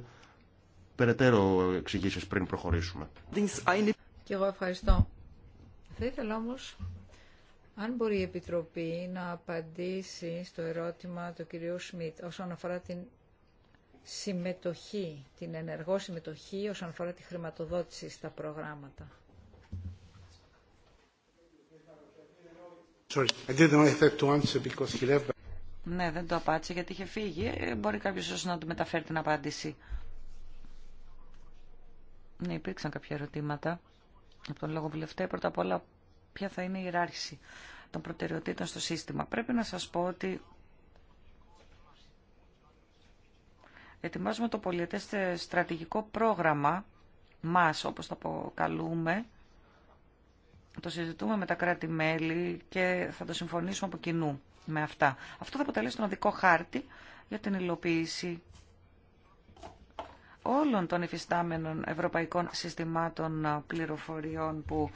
περαιτέρω εξηγήσει πριν προχωρήσουμε. Και εγώ ευχαριστώ. Θα ήθελα όμως αν μπορεί η Επιτροπή να απαντήσει στο ερώτημα του κυρίου Σμιτ όσον αφορά την συμμετοχή, την ενεργό συμμετοχή όσον αφορά τη χρηματοδότηση στα προγράμματα. Sorry, I didn't because he left. Ναι, δεν το απάντησε γιατί είχε φύγει. Ε, μπορεί κάποιο να του μεταφέρει την απάντηση. Ναι, υπήρξαν κάποια ερωτήματα από τον λόγο βουλευτέ. Πρώτα απ' όλα, ποια θα είναι η ιεράρχηση των προτεραιοτήτων στο σύστημα. Πρέπει να σας πω ότι ετοιμάζουμε το πολιετές στρατηγικό πρόγραμμα μας, όπως το αποκαλούμε, το συζητούμε με τα κράτη-μέλη και θα το συμφωνήσουμε από κοινού με αυτά. Αυτό θα αποτελέσει τον οδικό χάρτη για την υλοποίηση όλων των υφιστάμενων ευρωπαϊκών συστημάτων πληροφοριών που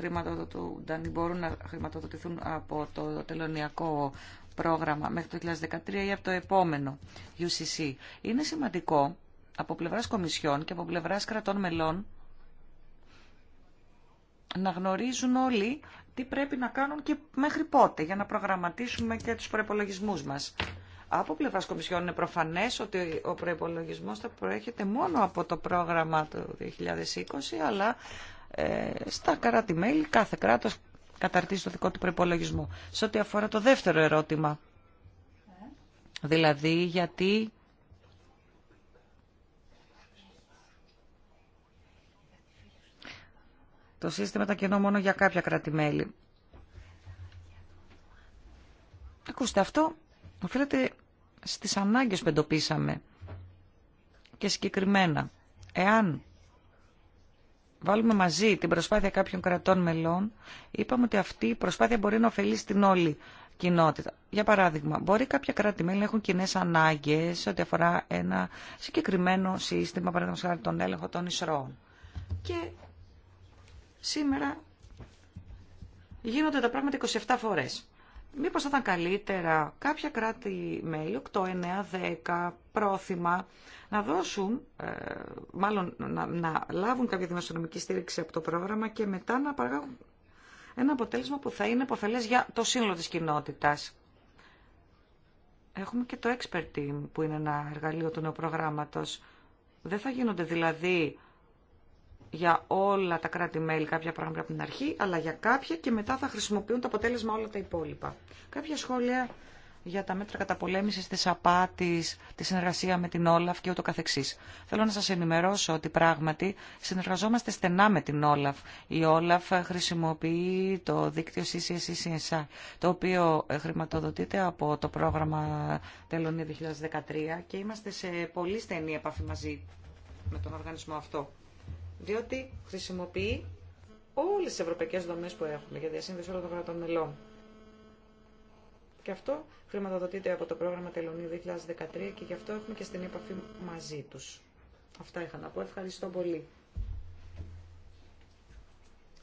χρηματοδοτούνταν ή μπορούν να χρηματοδοτηθούν από το τελωνιακό πρόγραμμα μέχρι το 2013 ή από το επόμενο UCC. Είναι σημαντικό από πλευράς κομισιών και από πλευράς κρατών μελών να γνωρίζουν όλοι τι πρέπει να κάνουν και μέχρι πότε για να προγραμματίσουμε και τους προπολογισμού μας. Από πλευράς Κομισιών είναι προφανές ότι ο προϋπολογισμός θα προέρχεται μόνο από το πρόγραμμα του 2020, αλλά ε, στα κράτη-μέλη, κάθε κράτος καταρτίζει το δικό του προπολογισμό. Σε ό,τι αφορά το δεύτερο ερώτημα, δηλαδή γιατί το σύστημα τα κενό μόνο για κάποια κράτη-μέλη. Ακούστε, αυτό οφείλεται στις ανάγκες που εντοπίσαμε και συγκεκριμένα. Εάν βάλουμε μαζί την προσπάθεια κάποιων κρατών μελών, είπαμε ότι αυτή η προσπάθεια μπορεί να ωφελήσει την όλη κοινότητα. Για παράδειγμα, μπορεί κάποια κράτη-μέλη να έχουν κοινέ ανάγκε ό,τι αφορά ένα συγκεκριμένο σύστημα, παραδείγματο χάρη τον έλεγχο των ισρώων. Και σήμερα γίνονται τα πράγματα 27 φορές. Μήπως θα ήταν καλύτερα κάποια κράτη-μέλη, 8, 9, 10, πρόθυμα, να δώσουν, ε, μάλλον να, να λάβουν κάποια δημοσιονομική στήριξη από το πρόγραμμα και μετά να παράγουν ένα αποτέλεσμα που θα είναι υποφελές για το σύνολο της κοινότητας. Έχουμε και το Expert Team που είναι ένα εργαλείο του νέου προγράμματος. Δεν θα γίνονται δηλαδή για όλα τα κράτη-μέλη κάποια πράγματα από την αρχή, αλλά για κάποια και μετά θα χρησιμοποιούν το αποτέλεσμα όλα τα υπόλοιπα. Κάποια σχόλια για τα μέτρα καταπολέμησης της απάτης, τη συνεργασία με την Όλαφ και ούτω καθεξής. Θέλω να σας ενημερώσω ότι πράγματι συνεργαζόμαστε στενά με την Όλαφ. Η Όλαφ χρησιμοποιεί το δίκτυο CCSCSA, e το οποίο χρηματοδοτείται από το πρόγραμμα Τελωνία 2013 και είμαστε σε πολύ στενή επαφή μαζί με τον οργανισμό αυτό διότι χρησιμοποιεί όλες τις ευρωπαϊκές δομές που έχουμε για διασύνδεση όλων των κρατών μελών. Και αυτό χρηματοδοτείται από το πρόγραμμα Τελωνίου 2013 και γι' αυτό έχουμε και στην επαφή μαζί τους. Αυτά είχα να πω. Ευχαριστώ πολύ.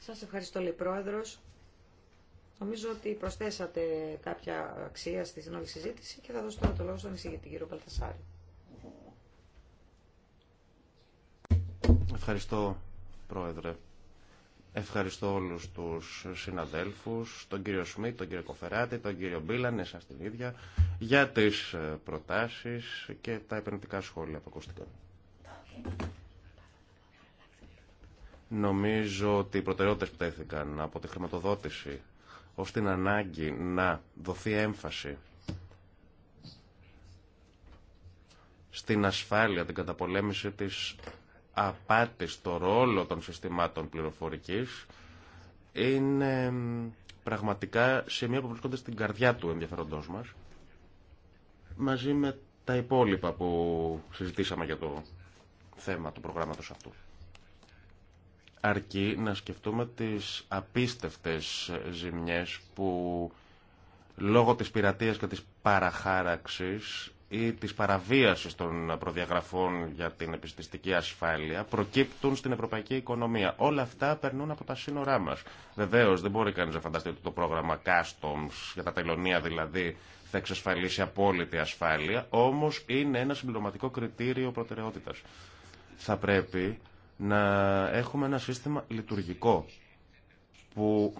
Σας ευχαριστώ, λέει Νομίζω ότι προσθέσατε κάποια αξία στη συνόλη συζήτηση και θα δώσω τώρα το λόγο στον εισηγητή κύριο Παλτασάρη. Ευχαριστώ, Πρόεδρε. Ευχαριστώ όλους τους συναδέλφους, τον κύριο Σμιτ, τον κύριο Κοφεράτη, τον κύριο Μπίλαν, εσάς την ίδια, για τις ε, προτάσεις και τα επενδυτικά σχόλια που ακούστηκαν. Νομίζω ότι οι προτεραιότητες που τέθηκαν από τη χρηματοδότηση ως την ανάγκη να δοθεί έμφαση στην ασφάλεια, την καταπολέμηση της απάτη στο ρόλο των συστημάτων πληροφορικής είναι πραγματικά σημεία που βρίσκονται στην καρδιά του ενδιαφέροντός μας μαζί με τα υπόλοιπα που συζητήσαμε για το θέμα του προγράμματος αυτού. Αρκεί να σκεφτούμε τις απίστευτες ζημιές που λόγω της πειρατείας και της παραχάραξης ή της παραβίασης των προδιαγραφών για την επιστηστική ασφάλεια προκύπτουν στην ευρωπαϊκή οικονομία. Όλα αυτά περνούν από τα σύνορά μας. Βεβαίως δεν μπορεί κανείς να φανταστεί ότι το πρόγραμμα Customs για τα τελωνία δηλαδή θα εξασφαλίσει απόλυτη ασφάλεια, όμως είναι ένα συμπληρωματικό κριτήριο προτεραιότητας. Θα πρέπει να έχουμε ένα σύστημα λειτουργικό που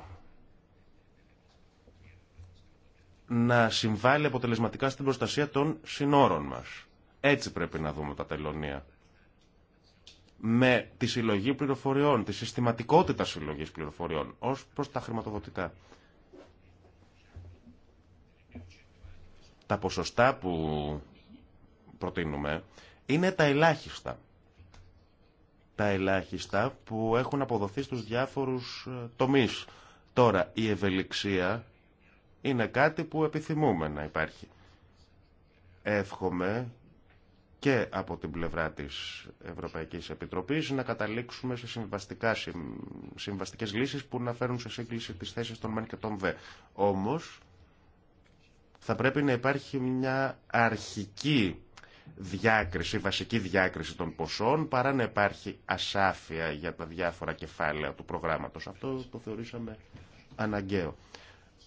να συμβάλλει αποτελεσματικά στην προστασία των συνόρων μας. Έτσι πρέπει να δούμε τα τελωνία. Με τη συλλογή πληροφοριών, τη συστηματικότητα συλλογής πληροφοριών, ως προς τα χρηματοδοτικά. Τα ποσοστά που προτείνουμε είναι τα ελάχιστα. Τα ελάχιστα που έχουν αποδοθεί στους διάφορους ε, τομείς. Τώρα, η ευελιξία είναι κάτι που επιθυμούμε να υπάρχει. Εύχομαι και από την πλευρά της Ευρωπαϊκής Επιτροπής να καταλήξουμε σε συμβαστικά, συμβαστικές λύσεις που να φέρουν σε σύγκληση τις θέσεις των ΜΕΝ και των ΒΕ. Όμως θα πρέπει να υπάρχει μια αρχική διάκριση, βασική διάκριση των ποσών παρά να υπάρχει ασάφεια για τα διάφορα κεφάλαια του προγράμματος. Αυτό το θεωρήσαμε αναγκαίο.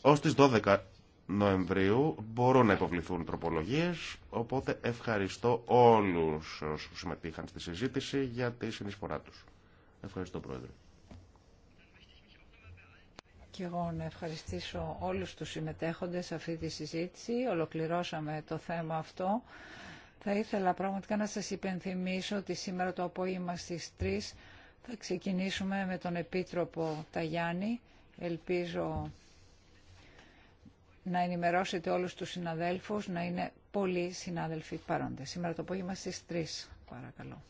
Ως τις 12 Νοεμβρίου μπορούν να υποβληθούν τροπολογίες, οπότε ευχαριστώ όλους όσους συμμετείχαν στη συζήτηση για τη συνεισφορά τους. Ευχαριστώ Πρόεδρε. Και εγώ να ευχαριστήσω όλους τους συμμετέχοντες σε αυτή τη συζήτηση. Ολοκληρώσαμε το θέμα αυτό. Θα ήθελα πραγματικά να σας υπενθυμίσω ότι σήμερα το απόγευμα στις 3 θα ξεκινήσουμε με τον Επίτροπο Ταγιάννη. Ελπίζω να ενημερώσετε όλους τους συναδέλφους να είναι πολλοί συνάδελφοι παρόντες. Σήμερα το απόγευμα στις 3 παρακαλώ.